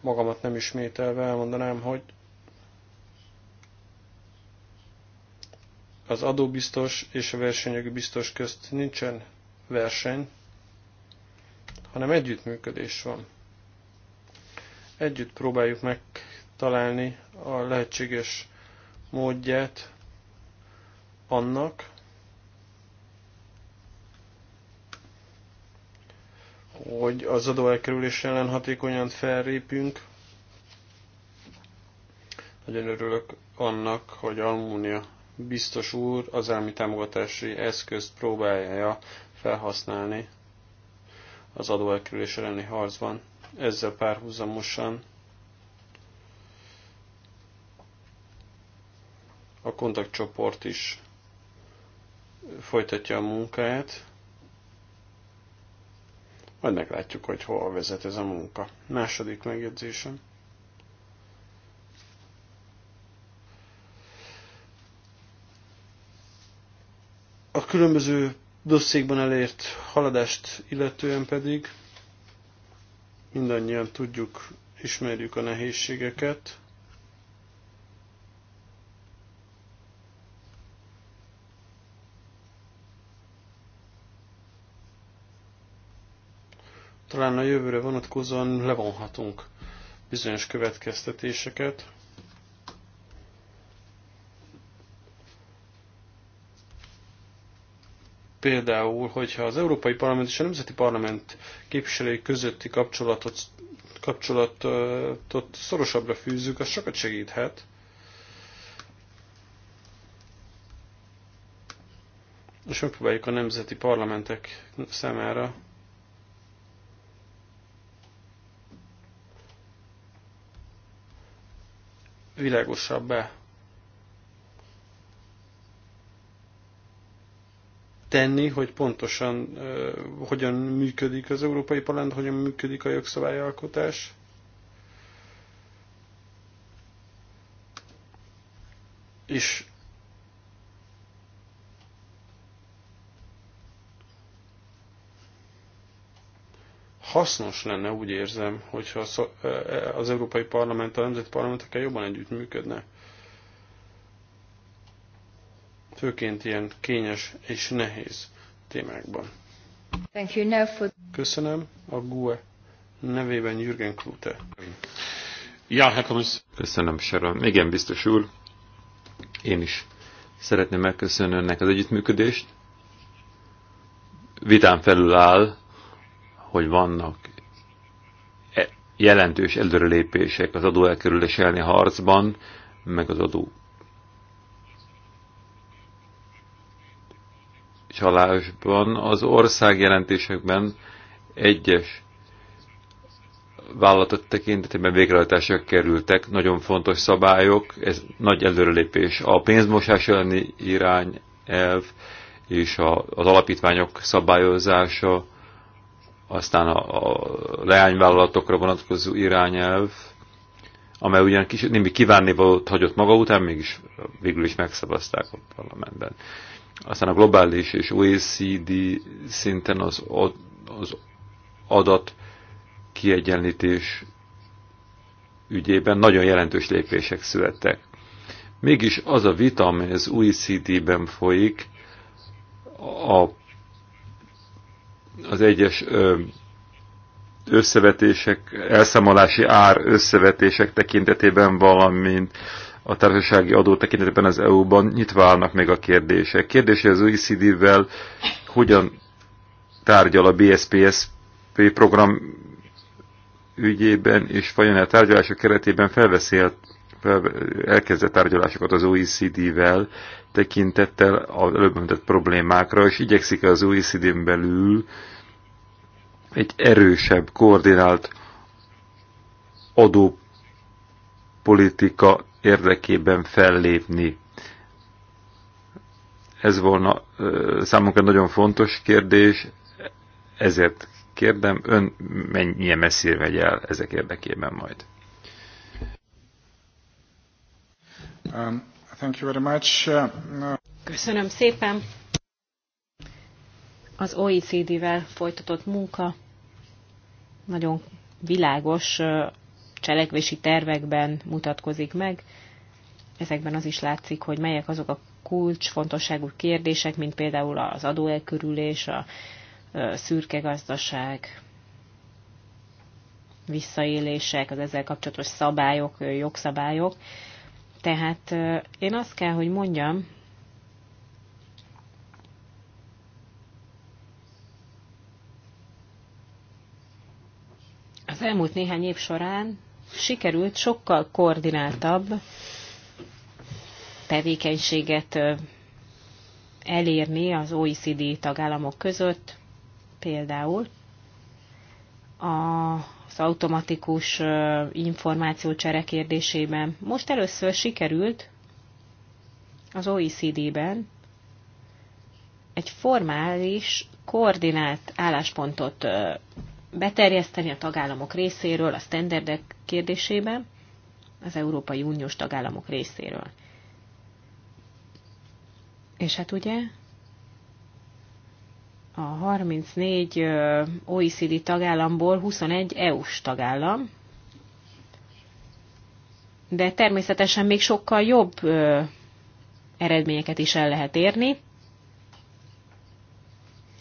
magamat nem ismételve elmondanám, hogy az adóbiztos és a versenyjogi biztos közt nincsen verseny, hanem együttműködés van. Együtt próbáljuk meg találni a lehetséges módját annak, hogy az adóelkerülés ellen hatékonyan fellépjünk. Nagyon örülök annak, hogy Almúnia biztos úr az állami támogatási eszközt próbálja felhasználni az adóelkerülés elleni harcban. Ezzel párhuzamosan A kontaktcsoport is folytatja a munkáját. Majd meglátjuk, hogy hol vezet ez a munka. Második megjegyzésem. A különböző dosszékban elért haladást illetően pedig mindannyian tudjuk, ismerjük a nehézségeket, talán a jövőre vonatkozóan levonhatunk bizonyos következtetéseket. Például, hogyha az Európai Parlament és a Nemzeti Parlament képviselői közötti kapcsolatot, kapcsolatot szorosabbra fűzzük, az sokat segíthet. És megpróbáljuk a nemzeti parlamentek számára világosabbá tenni, hogy pontosan uh, hogyan működik az Európai Parlament, hogyan működik a jogszabályalkotás. És hasznos lenne, úgy érzem, hogyha e, e, az Európai Parlament a nemzeti parlamentekkel jobban együttműködne. Főként ilyen kényes és nehéz témákban. Thank you. Now for... Köszönöm a GUE nevében Jürgen Klute. Ja, Köszönöm, Sharon. Igen, biztos úr. Én is szeretném megköszönni önnek az együttműködést. Vitán felül áll hogy vannak e- jelentős előrelépések az elkerülés elleni harcban, meg az adó csalásban, az ország jelentésekben egyes vállalatot tekintetében végrehajtásra kerültek nagyon fontos szabályok, ez nagy előrelépés. A pénzmosás elleni irányelv és a, az alapítványok szabályozása, aztán a, a leányvállalatokra vonatkozó irányelv, amely ugyan kis, némi kívánnivalót hagyott maga után, mégis végül is megszavazták a parlamentben. Aztán a globális és OECD szinten az, az adat kiegyenlítés ügyében nagyon jelentős lépések születtek. Mégis az a vita, amely az OECD-ben folyik, a az egyes összevetések, elszámolási ár összevetések tekintetében, valamint a társasági adó tekintetében az EU-ban nyitva állnak még a kérdések. Kérdés, hogy az OECD-vel hogyan tárgyal a BSPSP program ügyében, és vajon a tárgyalások keretében felveszél, fel, elkezdte tárgyalásokat az OECD-vel tekintettel az előbb problémákra, és igyekszik az OECD-n belül egy erősebb, koordinált adópolitika érdekében fellépni. Ez volna számunkra nagyon fontos kérdés, ezért kérdem, ön mennyire messzire megy el ezek érdekében majd. Um, thank you very much. Uh, Köszönöm szépen. Az OECD-vel folytatott munka nagyon világos cselekvési tervekben mutatkozik meg. Ezekben az is látszik, hogy melyek azok a kulcsfontosságú kérdések, mint például az adóelkörülés, a szürke gazdaság, visszaélések, az ezzel kapcsolatos szabályok, jogszabályok. Tehát én azt kell, hogy mondjam, az elmúlt néhány év során sikerült sokkal koordináltabb tevékenységet elérni az OECD tagállamok között, például az automatikus információcsere kérdésében. Most először sikerült az OECD-ben egy formális, koordinált álláspontot beterjeszteni a tagállamok részéről a standardek kérdésében, az Európai Uniós tagállamok részéről. És hát ugye a 34 OECD tagállamból 21 EU-s tagállam, de természetesen még sokkal jobb eredményeket is el lehet érni.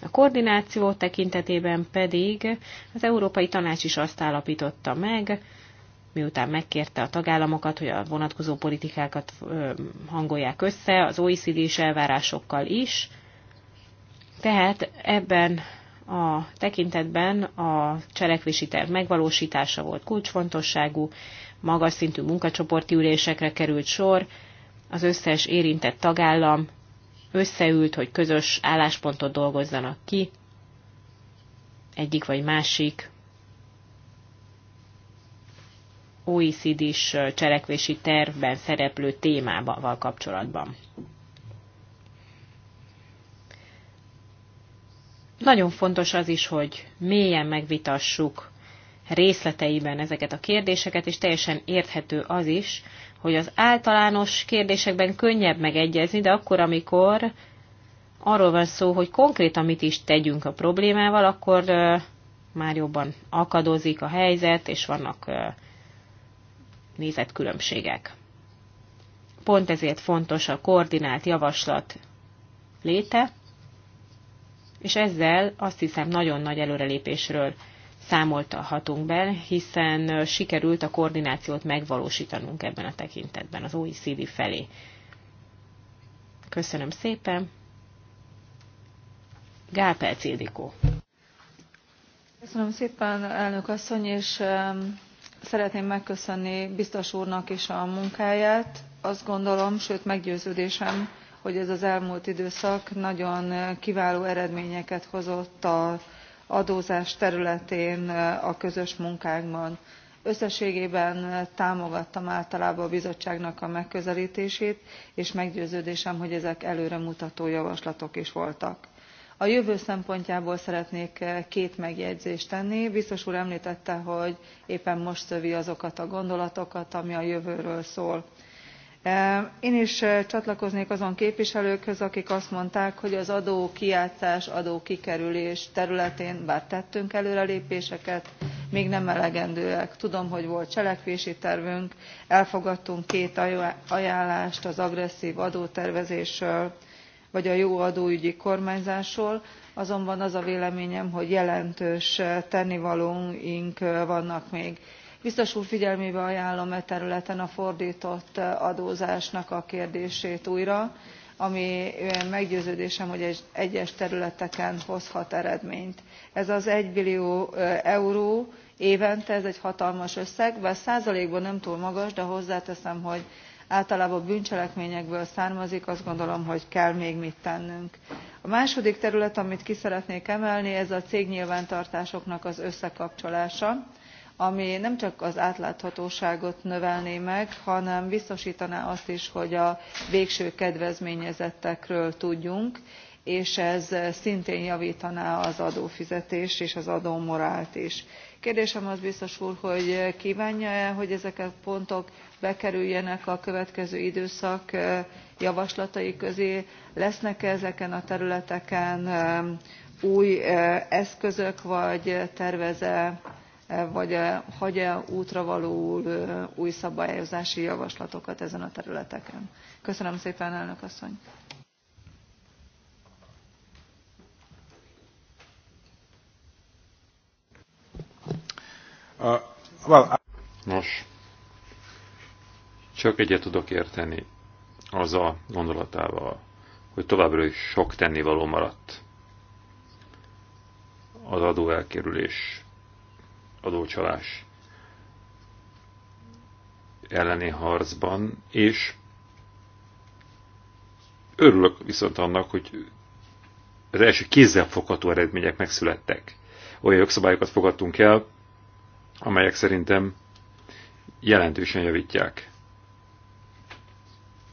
A koordináció tekintetében pedig az Európai Tanács is azt állapította meg, miután megkérte a tagállamokat, hogy a vonatkozó politikákat hangolják össze, az OECD-s elvárásokkal is. Tehát ebben a tekintetben a cselekvési terv megvalósítása volt kulcsfontosságú, magas szintű munkacsoporti ülésekre került sor, az összes érintett tagállam összeült, hogy közös álláspontot dolgozzanak ki, egyik vagy másik OECD-s cselekvési tervben szereplő témával kapcsolatban. Nagyon fontos az is, hogy mélyen megvitassuk részleteiben ezeket a kérdéseket, és teljesen érthető az is, hogy az általános kérdésekben könnyebb megegyezni, de akkor, amikor arról van szó, hogy konkrétan mit is tegyünk a problémával, akkor már jobban akadozik a helyzet, és vannak nézetkülönbségek. Pont ezért fontos a koordinált javaslat léte, és ezzel azt hiszem nagyon nagy előrelépésről számolhatunk be, hiszen sikerült a koordinációt megvalósítanunk ebben a tekintetben az OECD felé. Köszönöm szépen. Gápel Cédikó. Köszönöm szépen, elnök asszony, és szeretném megköszönni biztos úrnak is a munkáját. Azt gondolom, sőt meggyőződésem, hogy ez az elmúlt időszak nagyon kiváló eredményeket hozott a adózás területén a közös munkánkban. összességében támogattam általában a bizottságnak a megközeltését és meggyőződésem hogy ezek előremutató javaslatok is voltak. a jövő szempontjából szeretnék két megjegyzést tenni. biztos úr emltette hogy éppen most szövi azokat a gondolatokat ami a jövőről szól én is csatlakoznék azon képviselőkhöz akik azt mondták hogy az adókijátszás adókikerülés területén bár tettünk előrelépéseket még nem elegendőek. tudom hogy volt cselekvési tervünk elfogadtunk két ajánlást az agresszv adótervezésről vagy a jó adóügyi kormányzásról azonban az a véleményem hogy jelentős tennivalóink vannak még biztos úr figyelmébe ajánlom e területen a fordtott e, adózásnak a kérdését újra ami e, meggyőződésem hogy egyes területeken hozhat eredményt. ez az one billió e, euró évente ez egy hatalmas összeg bár százalékban nem túl magas de hozzáteszem hogy általában bűncselekményekből származik azt gondolom hogy kell még mit tennünk. a második terület amit ki szeretnék emelni ez a cégnyilvántartásoknak az összekapcsolása ami nem csak az átláthatóságot növelné meg hanem biztostaná azt is hogy a végső kedvezményezettekről tudjunk és ez szintén javtaná az adófizetést és az adómorált is. kérdésem az biztos úr hogy kvánja e hogy ezek a pontok bekerüljenek a következő időszak javaslatai közé lesznek e ezeken a területeken új eszközök vagy tervez e vagy eh, hagy-e útravalóul eh, új szabályozási javaslatokat ezen a területeken. Köszönöm szépen, elnök asszony! Uh, well, I... Nos, csak egyet tudok érteni az a gondolatával, hogy továbbra is sok tennivaló maradt az adó elkerülés adócsalás elleni harcban, és örülök viszont annak, hogy az első kézzelfogható eredmények megszülettek. Olyan jogszabályokat fogadtunk el, amelyek szerintem jelentősen javítják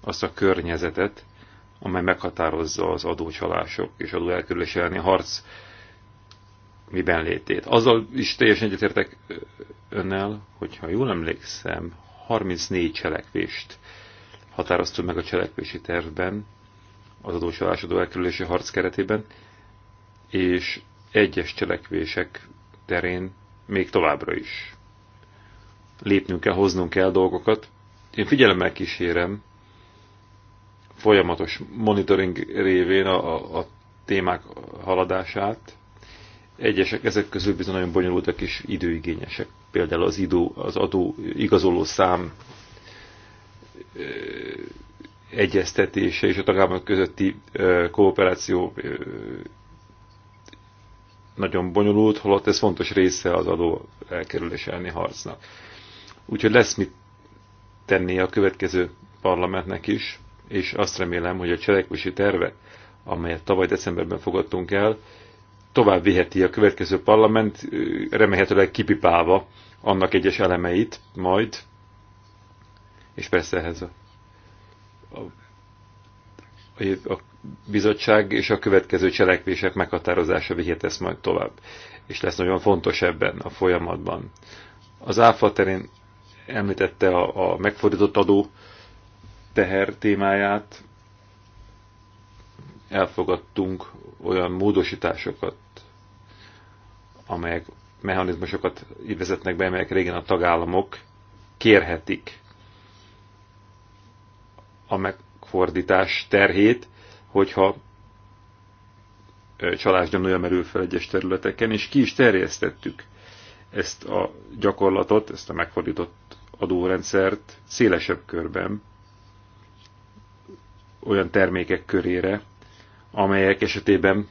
azt a környezetet, amely meghatározza az adócsalások és adóelkerülés elleni harc miben létét. Azzal is teljesen egyetértek önnel, hogyha jól emlékszem, 34 cselekvést határoztunk meg a cselekvési tervben, az adócsalás adó elkerülési harc keretében, és egyes cselekvések terén még továbbra is. Lépnünk kell, hoznunk kell dolgokat. Én figyelemmel kísérem, folyamatos monitoring révén a, a, a témák haladását, Egyesek ezek közül bizony nagyon bonyolultak és időigényesek. Például az, idő, az adó igazoló szám egyeztetése és a tagállamok közötti kooperáció nagyon bonyolult, holott ez fontos része az adó elkerülés elleni harcnak. Úgyhogy lesz mit tenni a következő parlamentnek is, és azt remélem, hogy a cselekvési terve, amelyet tavaly decemberben fogadtunk el, tovább viheti a következő parlament, remélhetőleg kipipálva annak egyes elemeit majd, és persze ehhez a, a, a bizottság és a következő cselekvések meghatározása vihet ezt majd tovább, és lesz nagyon fontos ebben a folyamatban. Az áfa terén említette a, a megfordított adó teher témáját, elfogadtunk olyan módosításokat, amelyek mechanizmusokat vezetnek be, amelyek régen a tagállamok kérhetik a megfordítás terhét, hogyha csalásgyanúja merül fel egyes területeken, és ki is terjesztettük ezt a gyakorlatot, ezt a megfordított adórendszert szélesebb körben, olyan termékek körére, amelyek esetében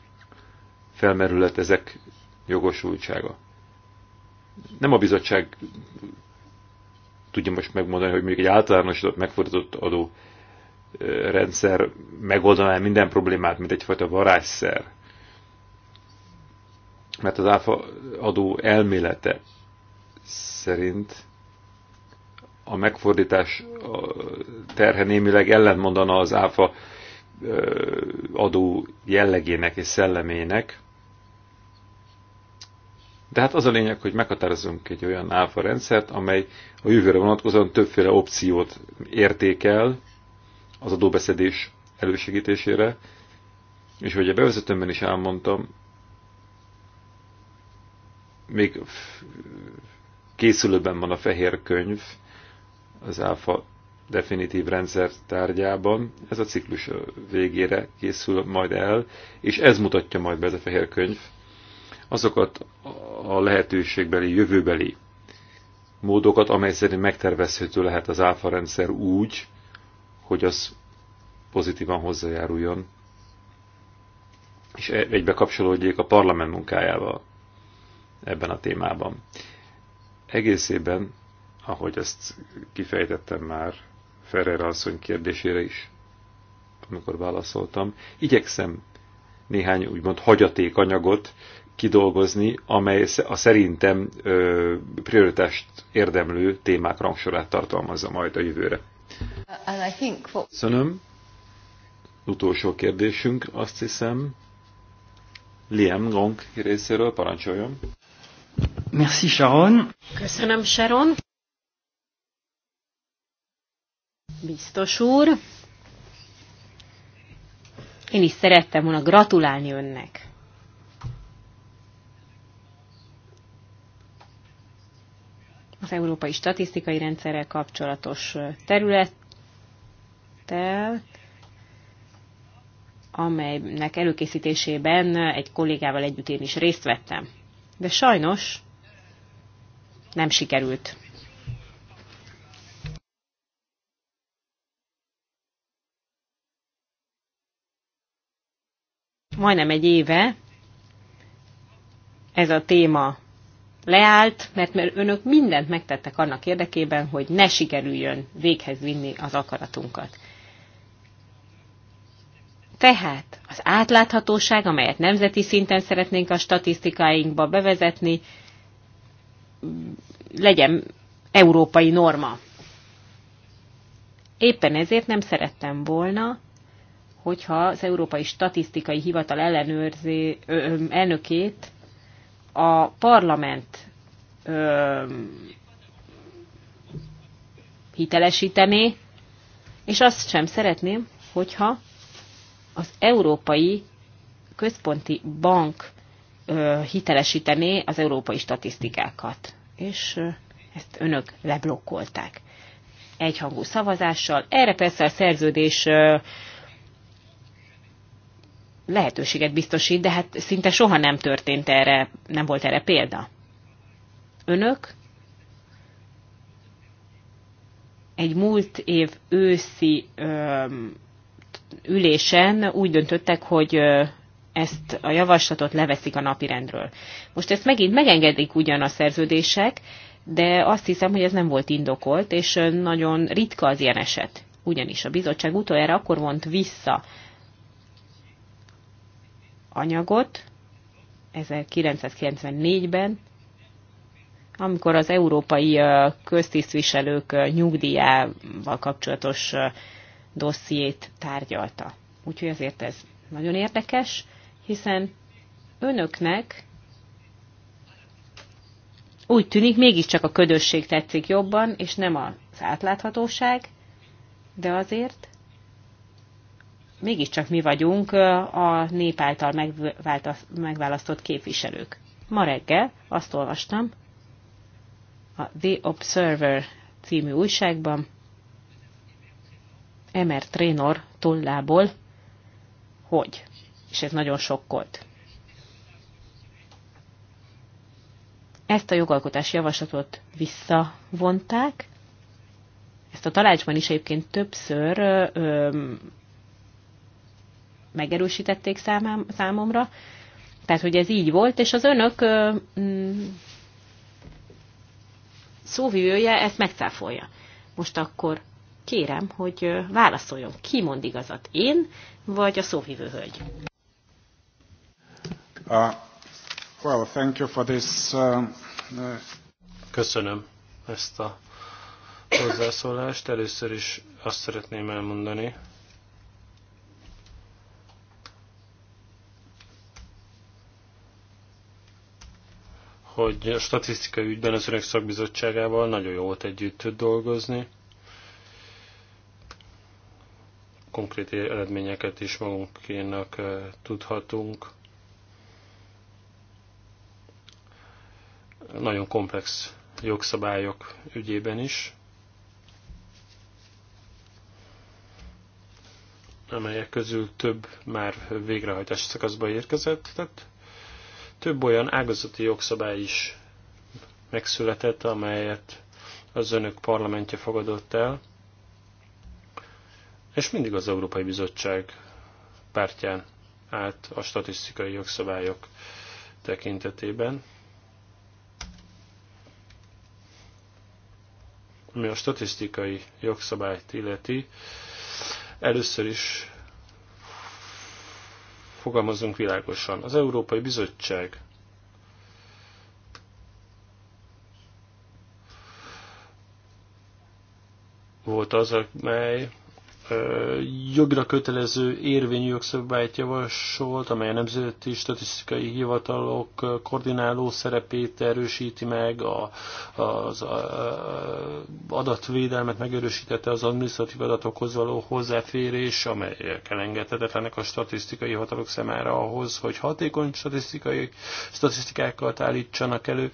felmerülhet ezek jogosultsága. Nem a bizottság tudja most megmondani, hogy mondjuk egy általánosított, megfordított adó rendszer megoldaná minden problémát, mint egyfajta varázsszer. Mert az áfa adó elmélete szerint a megfordítás terhe némileg ellentmondana az áfa adó jellegének és szellemének, de hát az a lényeg, hogy meghatározunk egy olyan áfa rendszert, amely a jövőre vonatkozóan többféle opciót értékel az adóbeszedés elősegítésére, és hogy a bevezetőmben is elmondtam, még készülőben van a fehér könyv az áfa definitív rendszer tárgyában. Ez a ciklus végére készül majd el, és ez mutatja majd be ez a fehér könyv, azokat a lehetőségbeli, jövőbeli módokat, amely szerint megtervezhető lehet az áfa rendszer úgy, hogy az pozitívan hozzájáruljon, és egybe kapcsolódjék a parlament munkájával ebben a témában. Egészében, ahogy ezt kifejtettem már Ferrer asszony kérdésére is, amikor válaszoltam, igyekszem néhány úgymond hagyaték anyagot kidolgozni, amely a szerintem ö, prioritást érdemlő témák rangsorát tartalmazza majd a jövőre. Köszönöm. Utolsó kérdésünk, azt hiszem, Liam Gong részéről parancsoljon. Merci Sharon. Köszönöm Sharon. Biztos úr. Én is szerettem volna gratulálni önnek az európai statisztikai rendszerrel kapcsolatos területtel, amelynek előkészítésében egy kollégával együtt én is részt vettem. De sajnos nem sikerült. Majdnem egy éve ez a téma leállt, mert, mert önök mindent megtettek annak érdekében, hogy ne sikerüljön véghez vinni az akaratunkat. Tehát az átláthatóság, amelyet nemzeti szinten szeretnénk a statisztikáinkba bevezetni, legyen európai norma. Éppen ezért nem szerettem volna, hogyha az Európai Statisztikai Hivatal ellenőrzi ö, ö, elnökét a parlament ö, hitelesítené, és azt sem szeretném, hogyha az Európai Központi Bank ö, hitelesítené az európai statisztikákat. És ö, ezt önök leblokkolták. Egyhangú szavazással. Erre persze a szerződés ö, lehetőséget biztosít, de hát szinte soha nem történt erre, nem volt erre példa. Önök egy múlt év őszi ö, ülésen úgy döntöttek, hogy ö, ezt a javaslatot leveszik a napirendről. Most ezt megint megengedik ugyan a szerződések, de azt hiszem, hogy ez nem volt indokolt, és nagyon ritka az ilyen eset. Ugyanis a bizottság utoljára akkor vont vissza anyagot 1994-ben, amikor az európai köztisztviselők nyugdíjával kapcsolatos dossziét tárgyalta. Úgyhogy azért ez nagyon érdekes, hiszen önöknek úgy tűnik, mégiscsak a ködösség tetszik jobban, és nem az átláthatóság, de azért mégiscsak mi vagyunk a nép által megválasztott képviselők. Ma reggel azt olvastam a The Observer című újságban, Emer Trénor tollából, hogy, és ez nagyon sokkolt. Ezt a jogalkotás javaslatot visszavonták, ezt a talácsban is egyébként többször ö, ö, megerősítették számám, számomra. Tehát, hogy ez így volt, és az önök mm, szóvivője ezt megcáfolja. Most akkor kérem, hogy válaszoljon, ki mond igazat, én vagy a szóvivő hölgy? Uh, well, thank you for this, uh, uh... Köszönöm ezt a hozzászólást. Először is azt szeretném elmondani, hogy a statisztikai ügyben az Önök szakbizottságával nagyon jó volt együtt dolgozni. Konkrét eredményeket is magunkénak eh, tudhatunk. Nagyon komplex jogszabályok ügyében is. amelyek közül több már végrehajtási szakaszba érkezett, tehát több olyan ágazati jogszabály is megszületett, amelyet az önök parlamentje fogadott el, és mindig az Európai Bizottság pártján állt a statisztikai jogszabályok tekintetében. Ami a statisztikai jogszabályt illeti, először is fogalmazunk világosan. Az Európai Bizottság volt az, amely jogra kötelező érvényű jogszabályt javasolt, amely a Nemzeti Statisztikai Hivatalok koordináló szerepét erősíti meg, a, az a, adatvédelmet megerősítette az adminisztratív adatokhoz való hozzáférés, amelyek elengedhetetlenek a statisztikai hivatalok szemére ahhoz, hogy hatékony statisztikai statisztikákat állítsanak elő.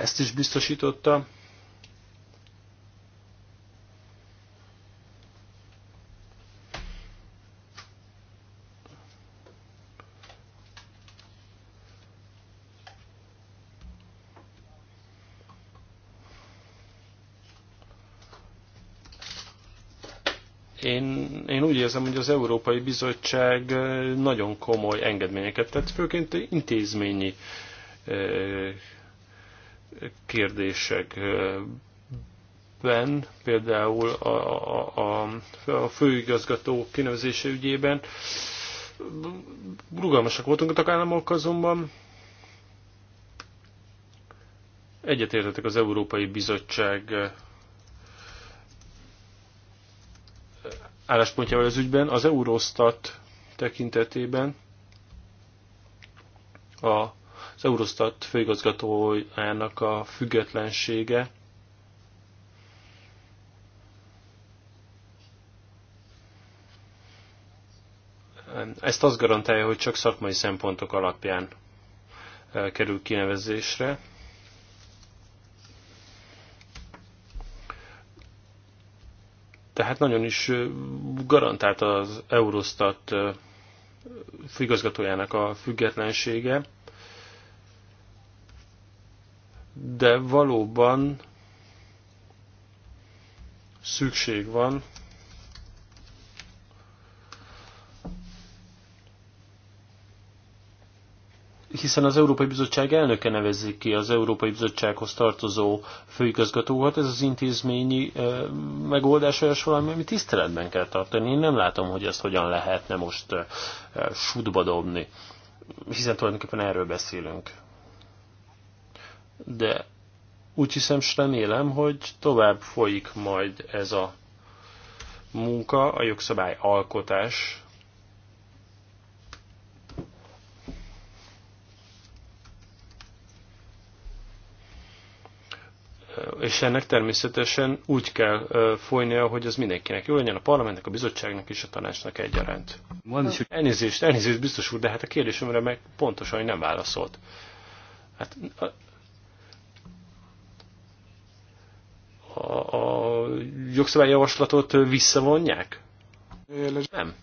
Ezt is biztosította. Én, én úgy érzem, hogy az Európai Bizottság nagyon komoly engedményeket tett, főként intézményi kérdésekben, például a, a, a főigazgató kinevezése ügyében. Rugalmasak voltunk a tagállamok azonban, egyetértetek az Európai Bizottság álláspontjával az ügyben. Az Eurostat tekintetében a, az Eurostat főigazgatójának a függetlensége ezt azt garantálja, hogy csak szakmai szempontok alapján eh, kerül kinevezésre. Tehát nagyon is garantált az Eurostat igazgatójának a függetlensége, de valóban szükség van hiszen az Európai Bizottság elnöke nevezik ki az Európai Bizottsághoz tartozó főigazgatókat, ez az intézményi megoldás olyas valami, ami tiszteletben kell tartani. Én nem látom, hogy ezt hogyan lehetne most sútba dobni, hiszen tulajdonképpen erről beszélünk. De úgy hiszem, és remélem, hogy tovább folyik majd ez a munka, a jogszabály alkotás és ennek természetesen úgy kell folynia, hogy az mindenkinek jó legyen, a parlamentnek, a bizottságnak és a tanácsnak egyaránt. Elnézést, elnézést biztos úr, de hát a kérdésemre meg pontosan nem válaszolt. Hát a, a, a jogszabályjavaslatot visszavonják? Nem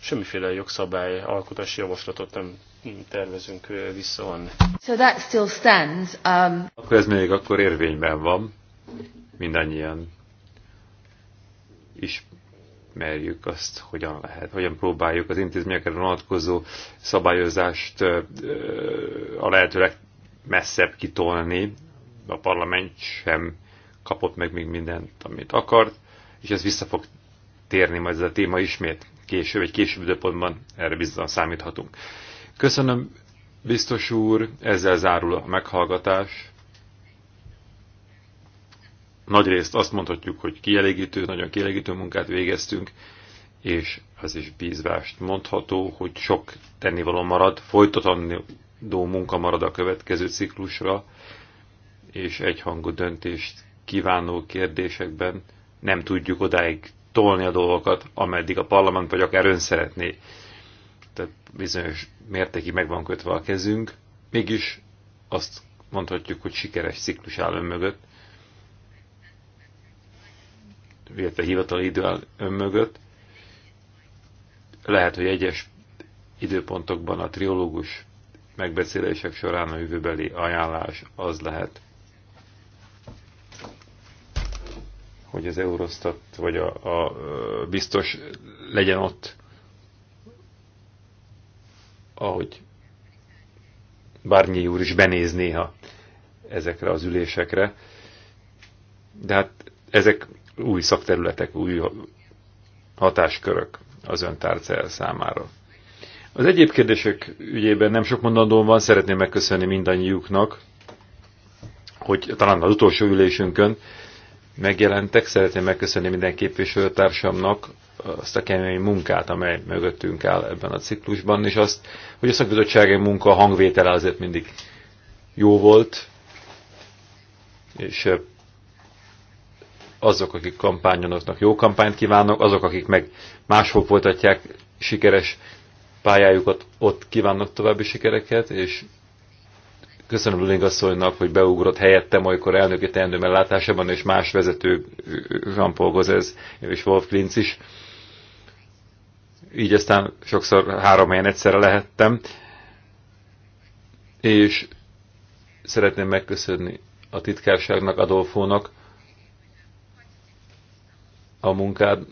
semmiféle jogszabály alkotási javaslatot nem tervezünk visszavonni. So that still stands. Um... Akkor ez még akkor érvényben van. Mindannyian ismerjük azt, hogyan lehet, hogyan próbáljuk az intézményekre vonatkozó szabályozást a lehető legmesszebb kitolni. A parlament sem kapott meg még mindent, amit akart, és ez vissza fog térni majd ez a téma ismét később, egy később időpontban erre biztosan számíthatunk. Köszönöm, biztos úr, ezzel zárul a meghallgatás. Nagyrészt azt mondhatjuk, hogy kielégítő, nagyon kielégítő munkát végeztünk, és az is bízvást mondható, hogy sok tennivaló marad, folytatandó munka marad a következő ciklusra, és egyhangú döntést kívánó kérdésekben nem tudjuk odáig tolni a dolgokat, ameddig a parlament vagy akár ön szeretné. Tehát bizonyos mértékig meg van kötve a kezünk. Mégis azt mondhatjuk, hogy sikeres ciklus áll ön mögött, illetve hivatali idő áll ön mögött. Lehet, hogy egyes időpontokban a triológus megbeszélések során a jövőbeli ajánlás az lehet, hogy az Eurostat vagy a, a biztos legyen ott, ahogy Bárnyi úr is benéz néha ezekre az ülésekre. De hát ezek új szakterületek, új hatáskörök az ön tárcája számára. Az egyéb kérdések ügyében nem sok mondandóm van, szeretném megköszönni mindannyiuknak, hogy talán az utolsó ülésünkön megjelentek. Szeretném megköszönni minden képviselőtársamnak azt a kemény munkát, amely mögöttünk áll ebben a ciklusban, és azt, hogy a szakbizottsági munka hangvétele azért mindig jó volt, és eh, azok, akik kampányonoknak jó kampányt kívánok, azok, akik meg máshol folytatják sikeres pályájukat, ott kívánnak további sikereket, és Köszönöm Luling asszonynak, hogy beugrott helyettem, amikor elnöki teendőm ellátásában, és más vezető, Jean-Paul Gozes és Wolf Klinz is. Így aztán sokszor három helyen egyszerre lehettem. És szeretném megköszönni a titkárságnak, Adolfónak a munkád.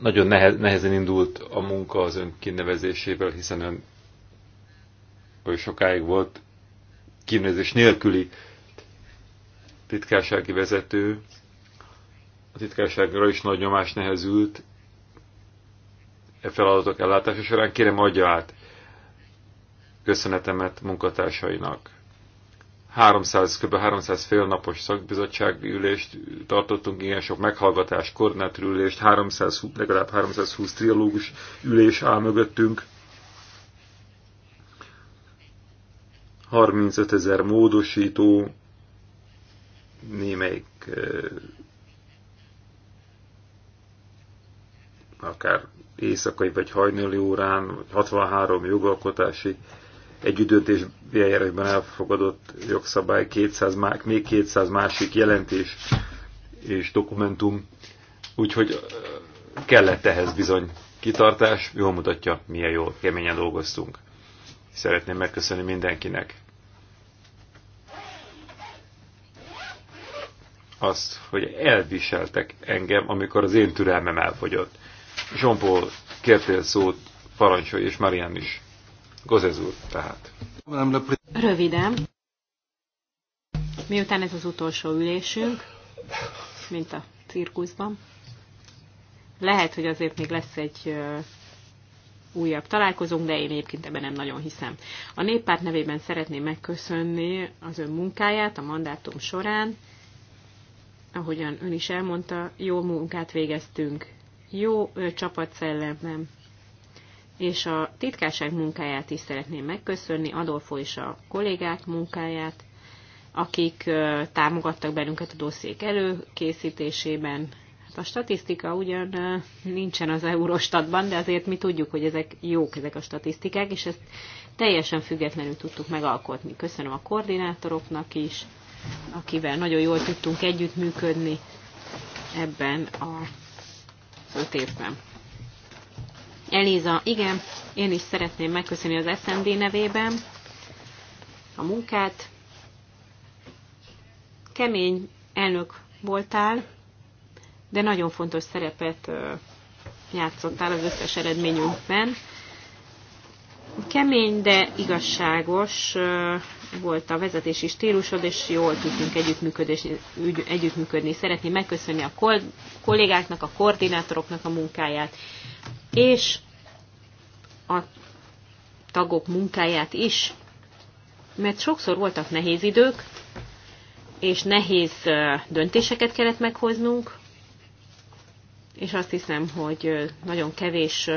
Nagyon nehezen indult a munka az ön kinevezésével, hiszen ön oly sokáig volt kinevezés nélküli titkársági vezető, a titkárságra is nagy nyomás nehezült e feladatok ellátása során, kérem adja át köszönetemet munkatársainak. 300, kb. 300 fél napos szakbizottsági ülést tartottunk, igen sok meghallgatás, ülést, 300, legalább 320 triológus ülés áll mögöttünk. 35 ezer módosító, némelyik akár éjszakai vagy hajnali órán, 63 jogalkotási együttdöntés eljárásban elfogadott jogszabály, 200, még 200 másik jelentés és dokumentum, úgyhogy kellett ehhez bizony kitartás, jól mutatja, milyen jól, keményen dolgoztunk. Szeretném megköszönni mindenkinek, azt, hogy elviseltek engem, amikor az én türelmem elfogyott. Jean-Paul, kértél szót, parancsolj, és Marian is. Gozez úr, tehát. Röviden. Miután ez az utolsó ülésünk, mint a cirkuszban, lehet, hogy azért még lesz egy újabb találkozunk, de én egyébként ebben nem nagyon hiszem. A néppárt nevében szeretném megköszönni az ön munkáját a mandátum során ahogyan ön is elmondta, jó munkát végeztünk, jó szellemben, és a titkárság munkáját is szeretném megköszönni, Adolfo és a kollégák munkáját, akik támogattak bennünket a dossziék előkészítésében. Hát a statisztika ugyan nincsen az Eurostatban, de azért mi tudjuk, hogy ezek jók ezek a statisztikák, és ezt teljesen függetlenül tudtuk megalkotni. Köszönöm a koordinátoroknak is, akivel nagyon jól tudtunk együttműködni ebben a öt évben. Eliza, igen, én is szeretném megköszönni az SMD nevében a munkát. Kemény elnök voltál, de nagyon fontos szerepet játszottál az összes eredményünkben. Kemény, de igazságos volt a vezetési stílusod, és jól tudtunk együttműködni, Szeretném megköszönni a kollégáknak, a koordinátoroknak a munkáját, és a tagok munkáját is, mert sokszor voltak nehéz idők, és nehéz döntéseket kellett meghoznunk, és azt hiszem, hogy nagyon kevés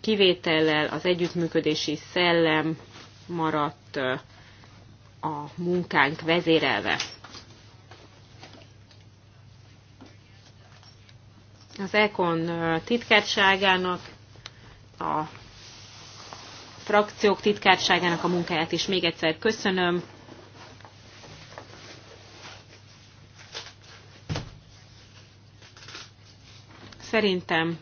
kivétellel az együttműködési szellem maradt a munkánk vezérelve. Az Ekon titkárságának, a frakciók titkárságának a munkáját is még egyszer köszönöm. Szerintem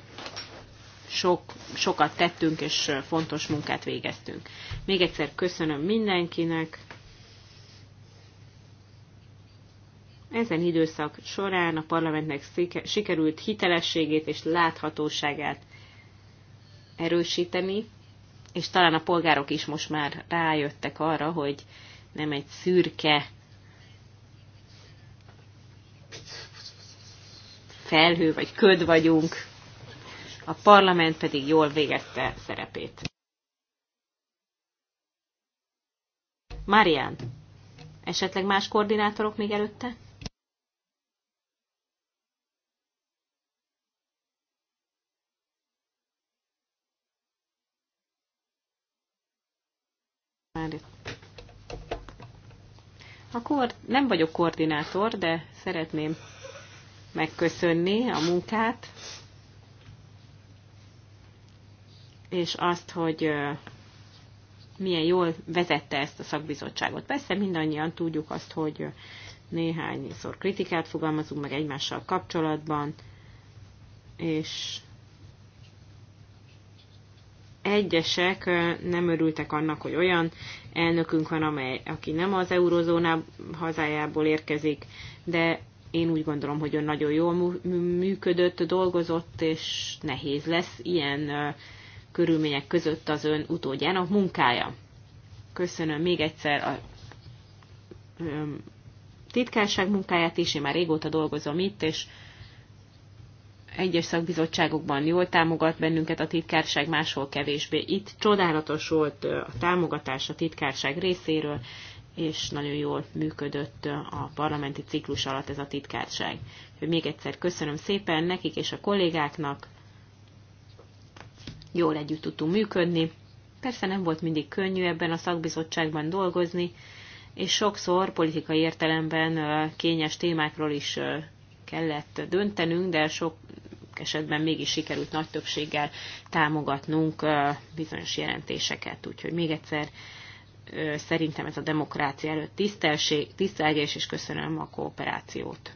sok, sokat tettünk és fontos munkát végeztünk. Még egyszer köszönöm mindenkinek. Ezen időszak során a parlamentnek sikerült hitelességét és láthatóságát erősíteni, és talán a polgárok is most már rájöttek arra, hogy nem egy szürke felhő vagy köd vagyunk, a parlament pedig jól végezte szerepét. Marian, esetleg más koordinátorok még előtte? Akkor nem vagyok koordinátor, de szeretném megköszönni a munkát, és azt, hogy milyen jól vezette ezt a szakbizottságot. Persze mindannyian tudjuk azt, hogy néhányszor kritikát fogalmazunk meg egymással kapcsolatban, és egyesek nem örültek annak, hogy olyan elnökünk van, amely, aki nem az eurozóná hazájából érkezik, de én úgy gondolom, hogy ő nagyon jól működött, dolgozott, és nehéz lesz ilyen körülmények között az ön utódjának munkája. Köszönöm még egyszer a titkárság munkáját is, én már régóta dolgozom itt, és egyes szakbizottságokban jól támogat bennünket a titkárság, máshol kevésbé. Itt csodálatos volt a támogatás a titkárság részéről, és nagyon jól működött a parlamenti ciklus alatt ez a titkárság. Még egyszer köszönöm szépen nekik és a kollégáknak, jól együtt tudtunk működni. Persze nem volt mindig könnyű ebben a szakbizottságban dolgozni, és sokszor politikai értelemben kényes témákról is kellett döntenünk, de sok esetben mégis sikerült nagy többséggel támogatnunk bizonyos jelentéseket. Úgyhogy még egyszer szerintem ez a demokrácia előtt tisztelgés, és köszönöm a kooperációt.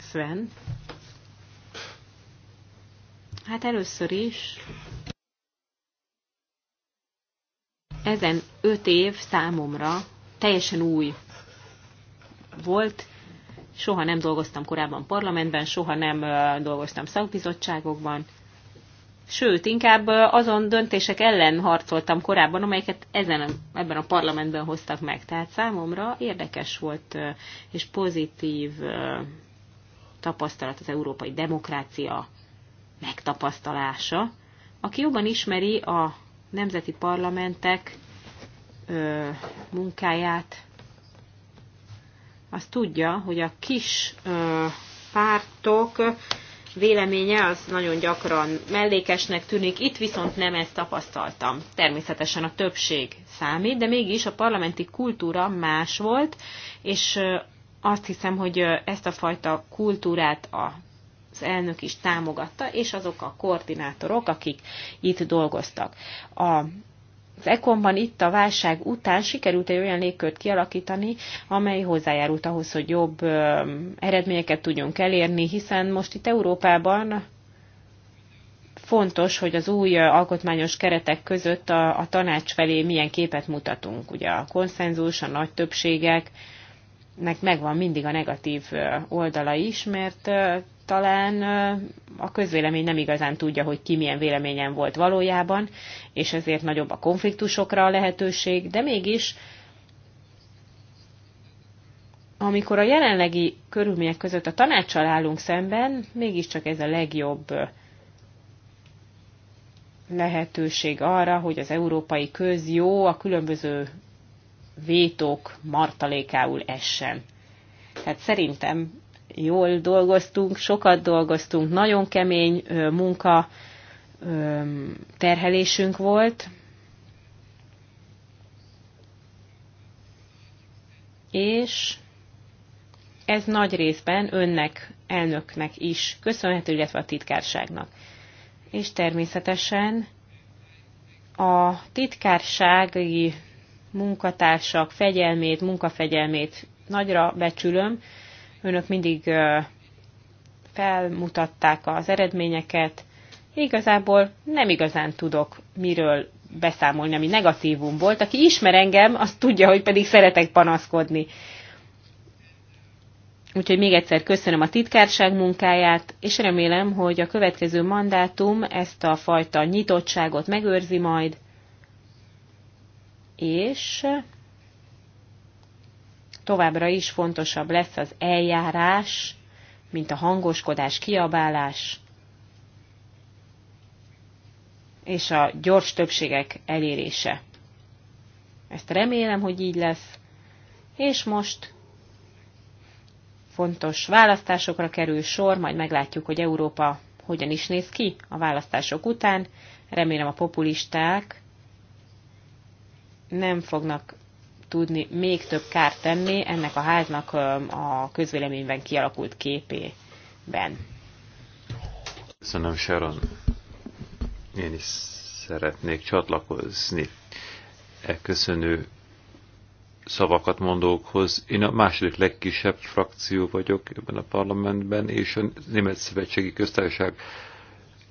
Sven. Hát először is ezen öt év számomra teljesen új volt. Soha nem dolgoztam korábban parlamentben, soha nem dolgoztam szakbizottságokban. Sőt, inkább azon döntések ellen harcoltam korábban, amelyeket ezen, ebben a parlamentben hoztak meg. Tehát számomra érdekes volt és pozitív tapasztalat az európai demokrácia megtapasztalása. Aki jobban ismeri a nemzeti parlamentek ö, munkáját, az tudja, hogy a kis ö, pártok véleménye az nagyon gyakran mellékesnek tűnik, itt viszont nem ezt tapasztaltam. Természetesen a többség számít, de mégis a parlamenti kultúra más volt, és azt hiszem, hogy ezt a fajta kultúrát a az elnök is támogatta, és azok a koordinátorok, akik itt dolgoztak. A az Ekonban itt a válság után sikerült egy olyan légkört kialakítani, amely hozzájárult ahhoz, hogy jobb ö, eredményeket tudjunk elérni, hiszen most itt Európában fontos, hogy az új alkotmányos keretek között a, a tanács felé milyen képet mutatunk. Ugye a konszenzus, a nagy többségeknek megvan mindig a negatív oldala is, mert talán a közvélemény nem igazán tudja, hogy ki milyen véleményen volt valójában, és ezért nagyobb a konfliktusokra a lehetőség, de mégis amikor a jelenlegi körülmények között a tanácssal állunk szemben, mégiscsak ez a legjobb lehetőség arra, hogy az európai közjó a különböző vétók martalékául essen. Tehát szerintem jól dolgoztunk, sokat dolgoztunk, nagyon kemény munka terhelésünk volt, és ez nagy részben önnek, elnöknek is köszönhető, illetve a titkárságnak. És természetesen a titkársági munkatársak fegyelmét, munkafegyelmét nagyra becsülöm, Önök mindig felmutatták az eredményeket. Igazából nem igazán tudok miről beszámolni, ami negatívum volt. Aki ismer engem, az tudja, hogy pedig szeretek panaszkodni. Úgyhogy még egyszer köszönöm a titkárság munkáját, és remélem, hogy a következő mandátum ezt a fajta nyitottságot megőrzi majd, és továbbra is fontosabb lesz az eljárás, mint a hangoskodás, kiabálás és a gyors többségek elérése. Ezt remélem, hogy így lesz. És most fontos választásokra kerül sor, majd meglátjuk, hogy Európa hogyan is néz ki a választások után. Remélem a populisták nem fognak tudni, még több kárt tenni ennek a háznak a közvéleményben kialakult képében. Köszönöm, Sharon. Én is szeretnék csatlakozni e köszönő szavakat mondókhoz. Én a második legkisebb frakció vagyok ebben a parlamentben, és a Német Szövetségi Köztársaság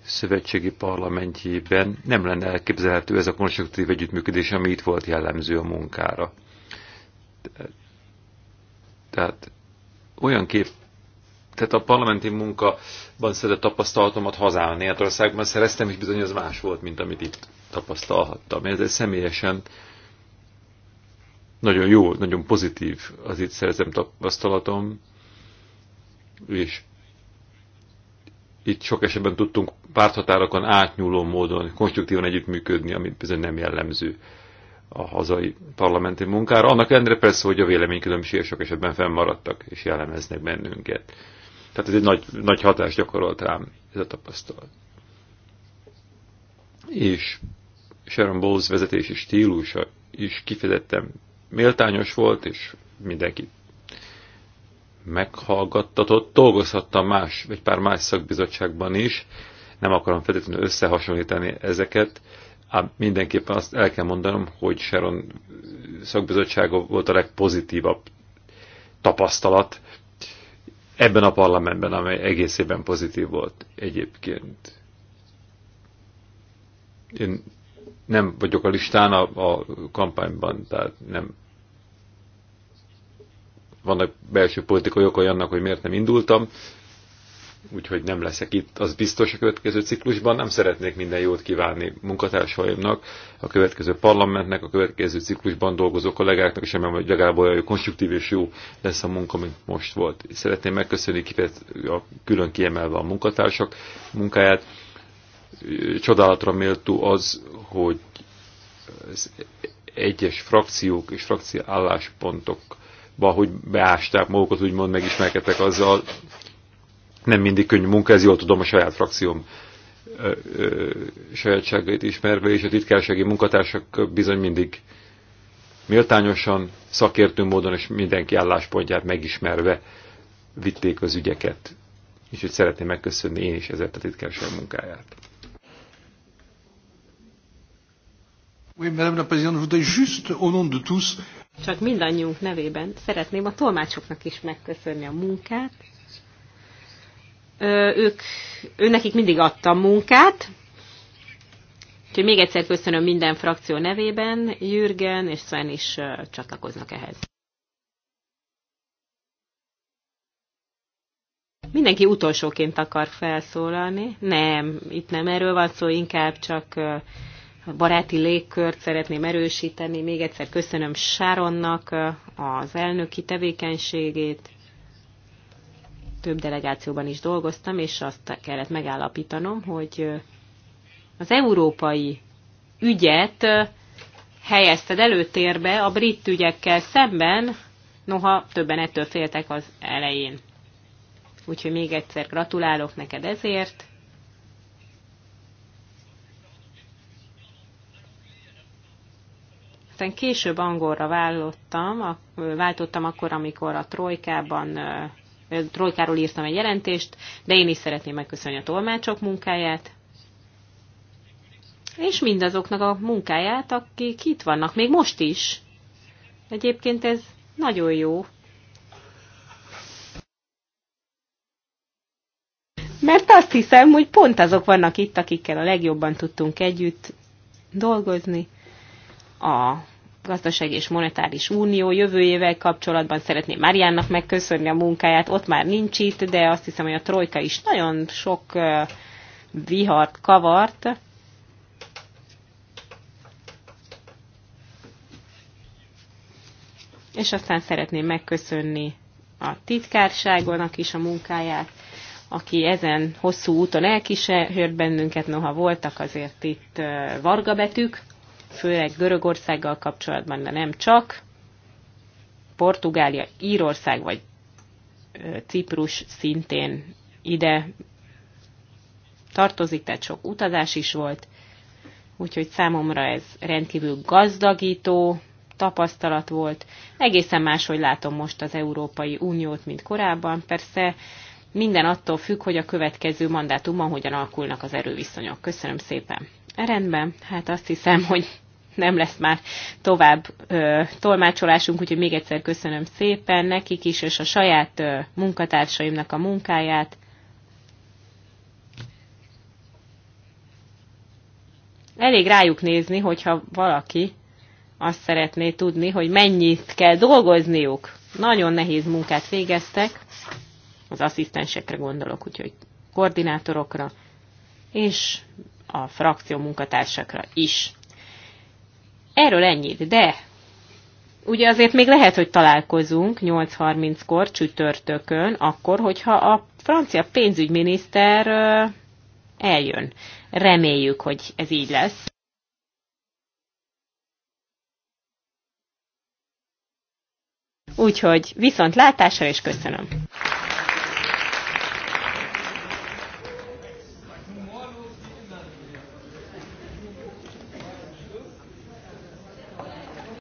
szövetségi parlamentjében nem lenne elképzelhető ez a konstruktív együttműködés, ami itt volt jellemző a munkára. Tehát olyan kép, tehát a parlamenti munkaban szedett tapasztalatomat hazán Németországban szereztem, és bizony az más volt, mint amit itt tapasztalhattam. Ez személyesen nagyon jó, nagyon pozitív az itt szerzem tapasztalatom, és itt sok esetben tudtunk párthatárokon átnyúló módon konstruktívan együttműködni, amit bizony nem jellemző a hazai parlamenti munkára. Annak ellenére persze, hogy a véleménykülönbségek sok esetben fennmaradtak és jellemeznek bennünket. Tehát ez egy nagy, nagy hatást gyakorolt rám ez a tapasztalat. És Sharon Bowles vezetési stílusa is kifejezetten méltányos volt, és mindenki meghallgattatott. Dolgozhattam más, egy pár más szakbizottságban is, nem akarom feltétlenül összehasonlítani ezeket, Ám mindenképpen azt el kell mondanom, hogy Sharon szakbizottsága volt a legpozitívabb tapasztalat ebben a parlamentben, amely egészében pozitív volt egyébként. Én nem vagyok a listán a, a kampányban, tehát nem vannak belső politikai okai annak, hogy miért nem indultam, úgyhogy nem leszek itt, az biztos a következő ciklusban. Nem szeretnék minden jót kívánni munkatársaimnak, a következő parlamentnek, a következő ciklusban dolgozó kollégáknak, és remélem, hogy legalább olyan konstruktív és jó lesz a munka, mint most volt. Szeretném megköszönni a külön kiemelve a munkatársak munkáját. Csodálatra méltó az, hogy az egyes frakciók és frakció álláspontok hogy beásták magukat, úgymond megismerkedtek azzal, nem mindig könnyű munka, ez jól tudom a saját frakcióm sajátságait ismerve, és a titkársági munkatársak bizony mindig méltányosan, szakértő módon és mindenki álláspontját megismerve vitték az ügyeket. És úgy szeretném megköszönni én is ezért a titkárság munkáját. Oui, Madame la Présidente, voudrais juste, au nom de tous, csak mindannyiunk nevében szeretném a tolmácsoknak is megköszönni a munkát, ők, ő nekik mindig adtam munkát. Úgyhogy még egyszer köszönöm minden frakció nevében, Jürgen és Sven is csatlakoznak ehhez. Mindenki utolsóként akar felszólalni. Nem, itt nem erről van szó, inkább csak baráti légkört szeretném erősíteni. Még egyszer köszönöm Sáronnak az elnöki tevékenységét több delegációban is dolgoztam, és azt kellett megállapítanom, hogy az európai ügyet helyezted előtérbe a brit ügyekkel szemben, noha többen ettől féltek az elején. Úgyhogy még egyszer gratulálok neked ezért. Aztán később angolra váltottam, váltottam akkor, amikor a trojkában trojkáról írtam egy jelentést, de én is szeretném megköszönni a tolmácsok munkáját, és mindazoknak a munkáját, akik itt vannak, még most is. Egyébként ez nagyon jó. Mert azt hiszem, hogy pont azok vannak itt, akikkel a legjobban tudtunk együtt dolgozni. A gazdasági és monetáris unió jövőjével kapcsolatban szeretném Mariannak megköszönni a munkáját. Ott már nincs itt, de azt hiszem, hogy a trojka is nagyon sok vihart kavart. És aztán szeretném megköszönni a titkárságonak is a munkáját, aki ezen hosszú úton elkísért bennünket, noha voltak azért itt vargabetűk főleg Görögországgal kapcsolatban, de nem csak. Portugália, Írország vagy Ciprus szintén ide tartozik, tehát sok utazás is volt, úgyhogy számomra ez rendkívül gazdagító tapasztalat volt. Egészen máshogy látom most az Európai Uniót, mint korábban. Persze minden attól függ, hogy a következő mandátumban hogyan alakulnak az erőviszonyok. Köszönöm szépen! Rendben, hát azt hiszem, hogy nem lesz már tovább ö, tolmácsolásunk, úgyhogy még egyszer köszönöm szépen nekik is, és a saját ö, munkatársaimnak a munkáját. Elég rájuk nézni, hogyha valaki azt szeretné tudni, hogy mennyit kell dolgozniuk. Nagyon nehéz munkát végeztek, az asszisztensekre gondolok, úgyhogy koordinátorokra, és a frakció munkatársakra is. Erről ennyit, de ugye azért még lehet, hogy találkozunk 8.30-kor csütörtökön, akkor, hogyha a francia pénzügyminiszter eljön. Reméljük, hogy ez így lesz. Úgyhogy viszont látásra és köszönöm!